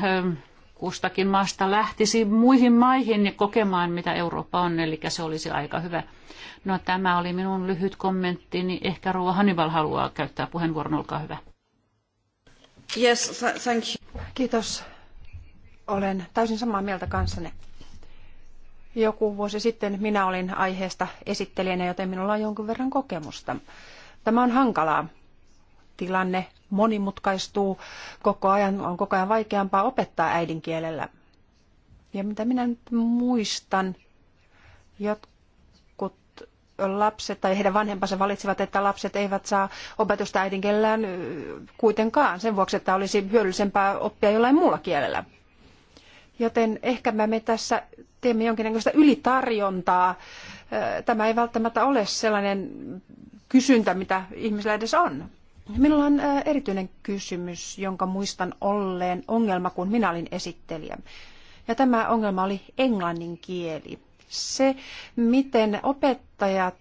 kustakin maasta lähtisi muihin maihin kokemaan, mitä Eurooppa on, eli se olisi aika hyvä. No tämä oli minun lyhyt kommentti, niin Ehkä Rouva Hannibal haluaa käyttää puheenvuoron, olkaa hyvä. Yes, thank you. Kiitos. Olen täysin samaa mieltä kanssanne. Joku vuosi sitten minä olin aiheesta esittelijänä, joten minulla on jonkun verran kokemusta. Tämä on hankalaa. Tilanne monimutkaistuu koko ajan, on koko ajan vaikeampaa opettaa äidinkielellä. Ja mitä minä nyt muistan, jotkut lapset tai heidän vanhempansa valitsivat, että lapset eivät saa opetusta äidinkielellään kuitenkaan sen vuoksi, että olisi hyödyllisempää oppia jollain muulla kielellä. Joten ehkä me tässä teemme jonkinnäköistä ylitarjontaa. Tämä ei välttämättä ole sellainen kysyntä, mitä ihmisillä edes on. Minulla on erityinen kysymys, jonka muistan olleen ongelma, kun minä olin esittelijä. Ja tämä ongelma oli englannin kieli. Se, miten opettajat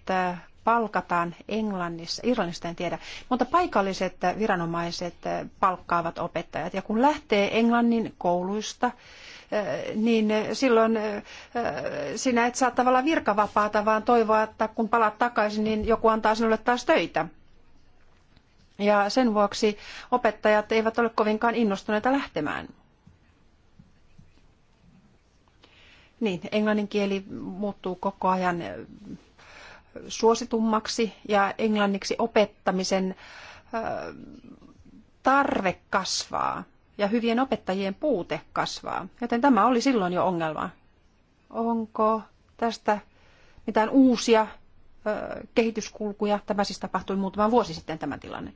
palkataan Englannissa, Irlannista en tiedä, mutta paikalliset viranomaiset palkkaavat opettajat. Ja kun lähtee Englannin kouluista, niin silloin sinä et saa tavallaan virkavapaata, vaan toivoa, että kun palaat takaisin, niin joku antaa sinulle taas töitä. Ja sen vuoksi opettajat eivät ole kovinkaan innostuneita lähtemään. Niin, englannin kieli muuttuu koko ajan suositummaksi ja englanniksi opettamisen tarve kasvaa ja hyvien opettajien puute kasvaa. Joten tämä oli silloin jo ongelma. Onko tästä mitään uusia ö, kehityskulkuja? Tämä siis tapahtui muutama vuosi sitten tämä tilanne.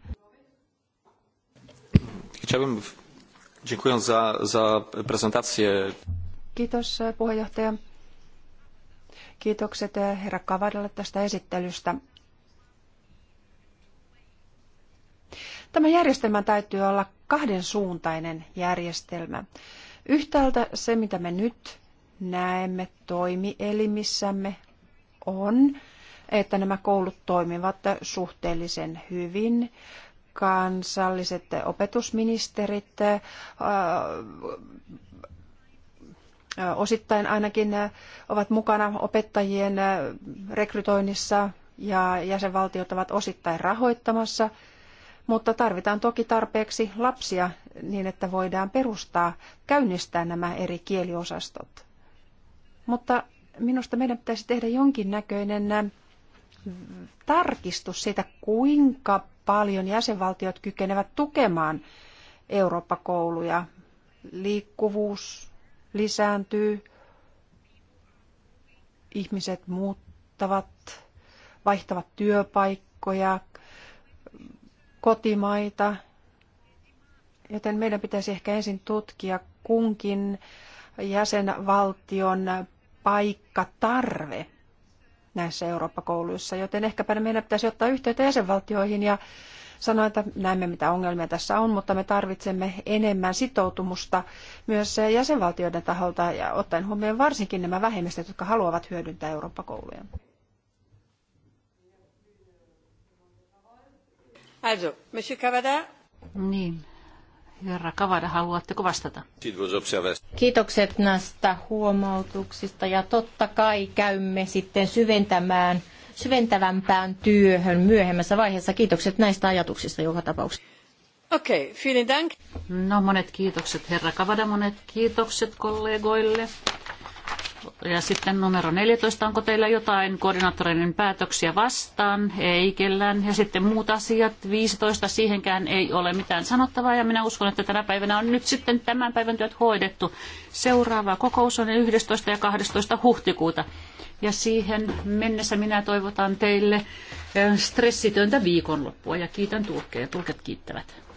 Kiitos e, puheenjohtaja. Kiitokset e, herra Kavadalle tästä esittelystä. Tämä järjestelmän täytyy olla kahden suuntainen järjestelmä. Yhtäältä se, mitä me nyt näemme toimielimissämme, on, että nämä koulut toimivat suhteellisen hyvin. Kansalliset opetusministerit äh, osittain ainakin äh, ovat mukana opettajien äh, rekrytoinnissa ja jäsenvaltiot ovat osittain rahoittamassa – mutta tarvitaan toki tarpeeksi lapsia niin, että voidaan perustaa, käynnistää nämä eri kieliosastot. Mutta minusta meidän pitäisi tehdä jonkinnäköinen äh, tarkistus siitä, kuinka paljon jäsenvaltiot kykenevät tukemaan Eurooppa-kouluja. Liikkuvuus lisääntyy, ihmiset muuttavat, vaihtavat työpaikkoja, kotimaita, joten meidän pitäisi ehkä ensin tutkia kunkin jäsenvaltion paikkatarve näissä Eurooppa-kouluissa, joten ehkäpä meidän pitäisi ottaa yhteyttä jäsenvaltioihin ja sanoa, että näemme mitä ongelmia tässä on, mutta me tarvitsemme enemmän sitoutumusta myös jäsenvaltioiden taholta ja ottaen huomioon varsinkin nämä vähemmistöt, jotka haluavat hyödyntää Eurooppa-kouluja. Also, Monsieur Cavada. Niin, Herra Kavada, haluatteko vastata? Kiitokset näistä huomautuksista ja totta kai käymme sitten syventämään, syventävämpään työhön myöhemmässä vaiheessa. Kiitokset näistä ajatuksista joka tapauksessa. Okei, okay, vielen dank. No monet kiitokset herra Kavada, monet kiitokset kollegoille ja sitten numero 14, onko teillä jotain koordinaattoreiden päätöksiä vastaan? Ei kellään. Ja sitten muut asiat, 15, siihenkään ei ole mitään sanottavaa. Ja minä uskon, että tänä päivänä on nyt sitten tämän päivän työt hoidettu. Seuraava kokous on 11 ja 12 huhtikuuta. Ja siihen mennessä minä toivotan teille eh, stressitöntä viikonloppua ja kiitän tulkkeja. Tulket kiittävät.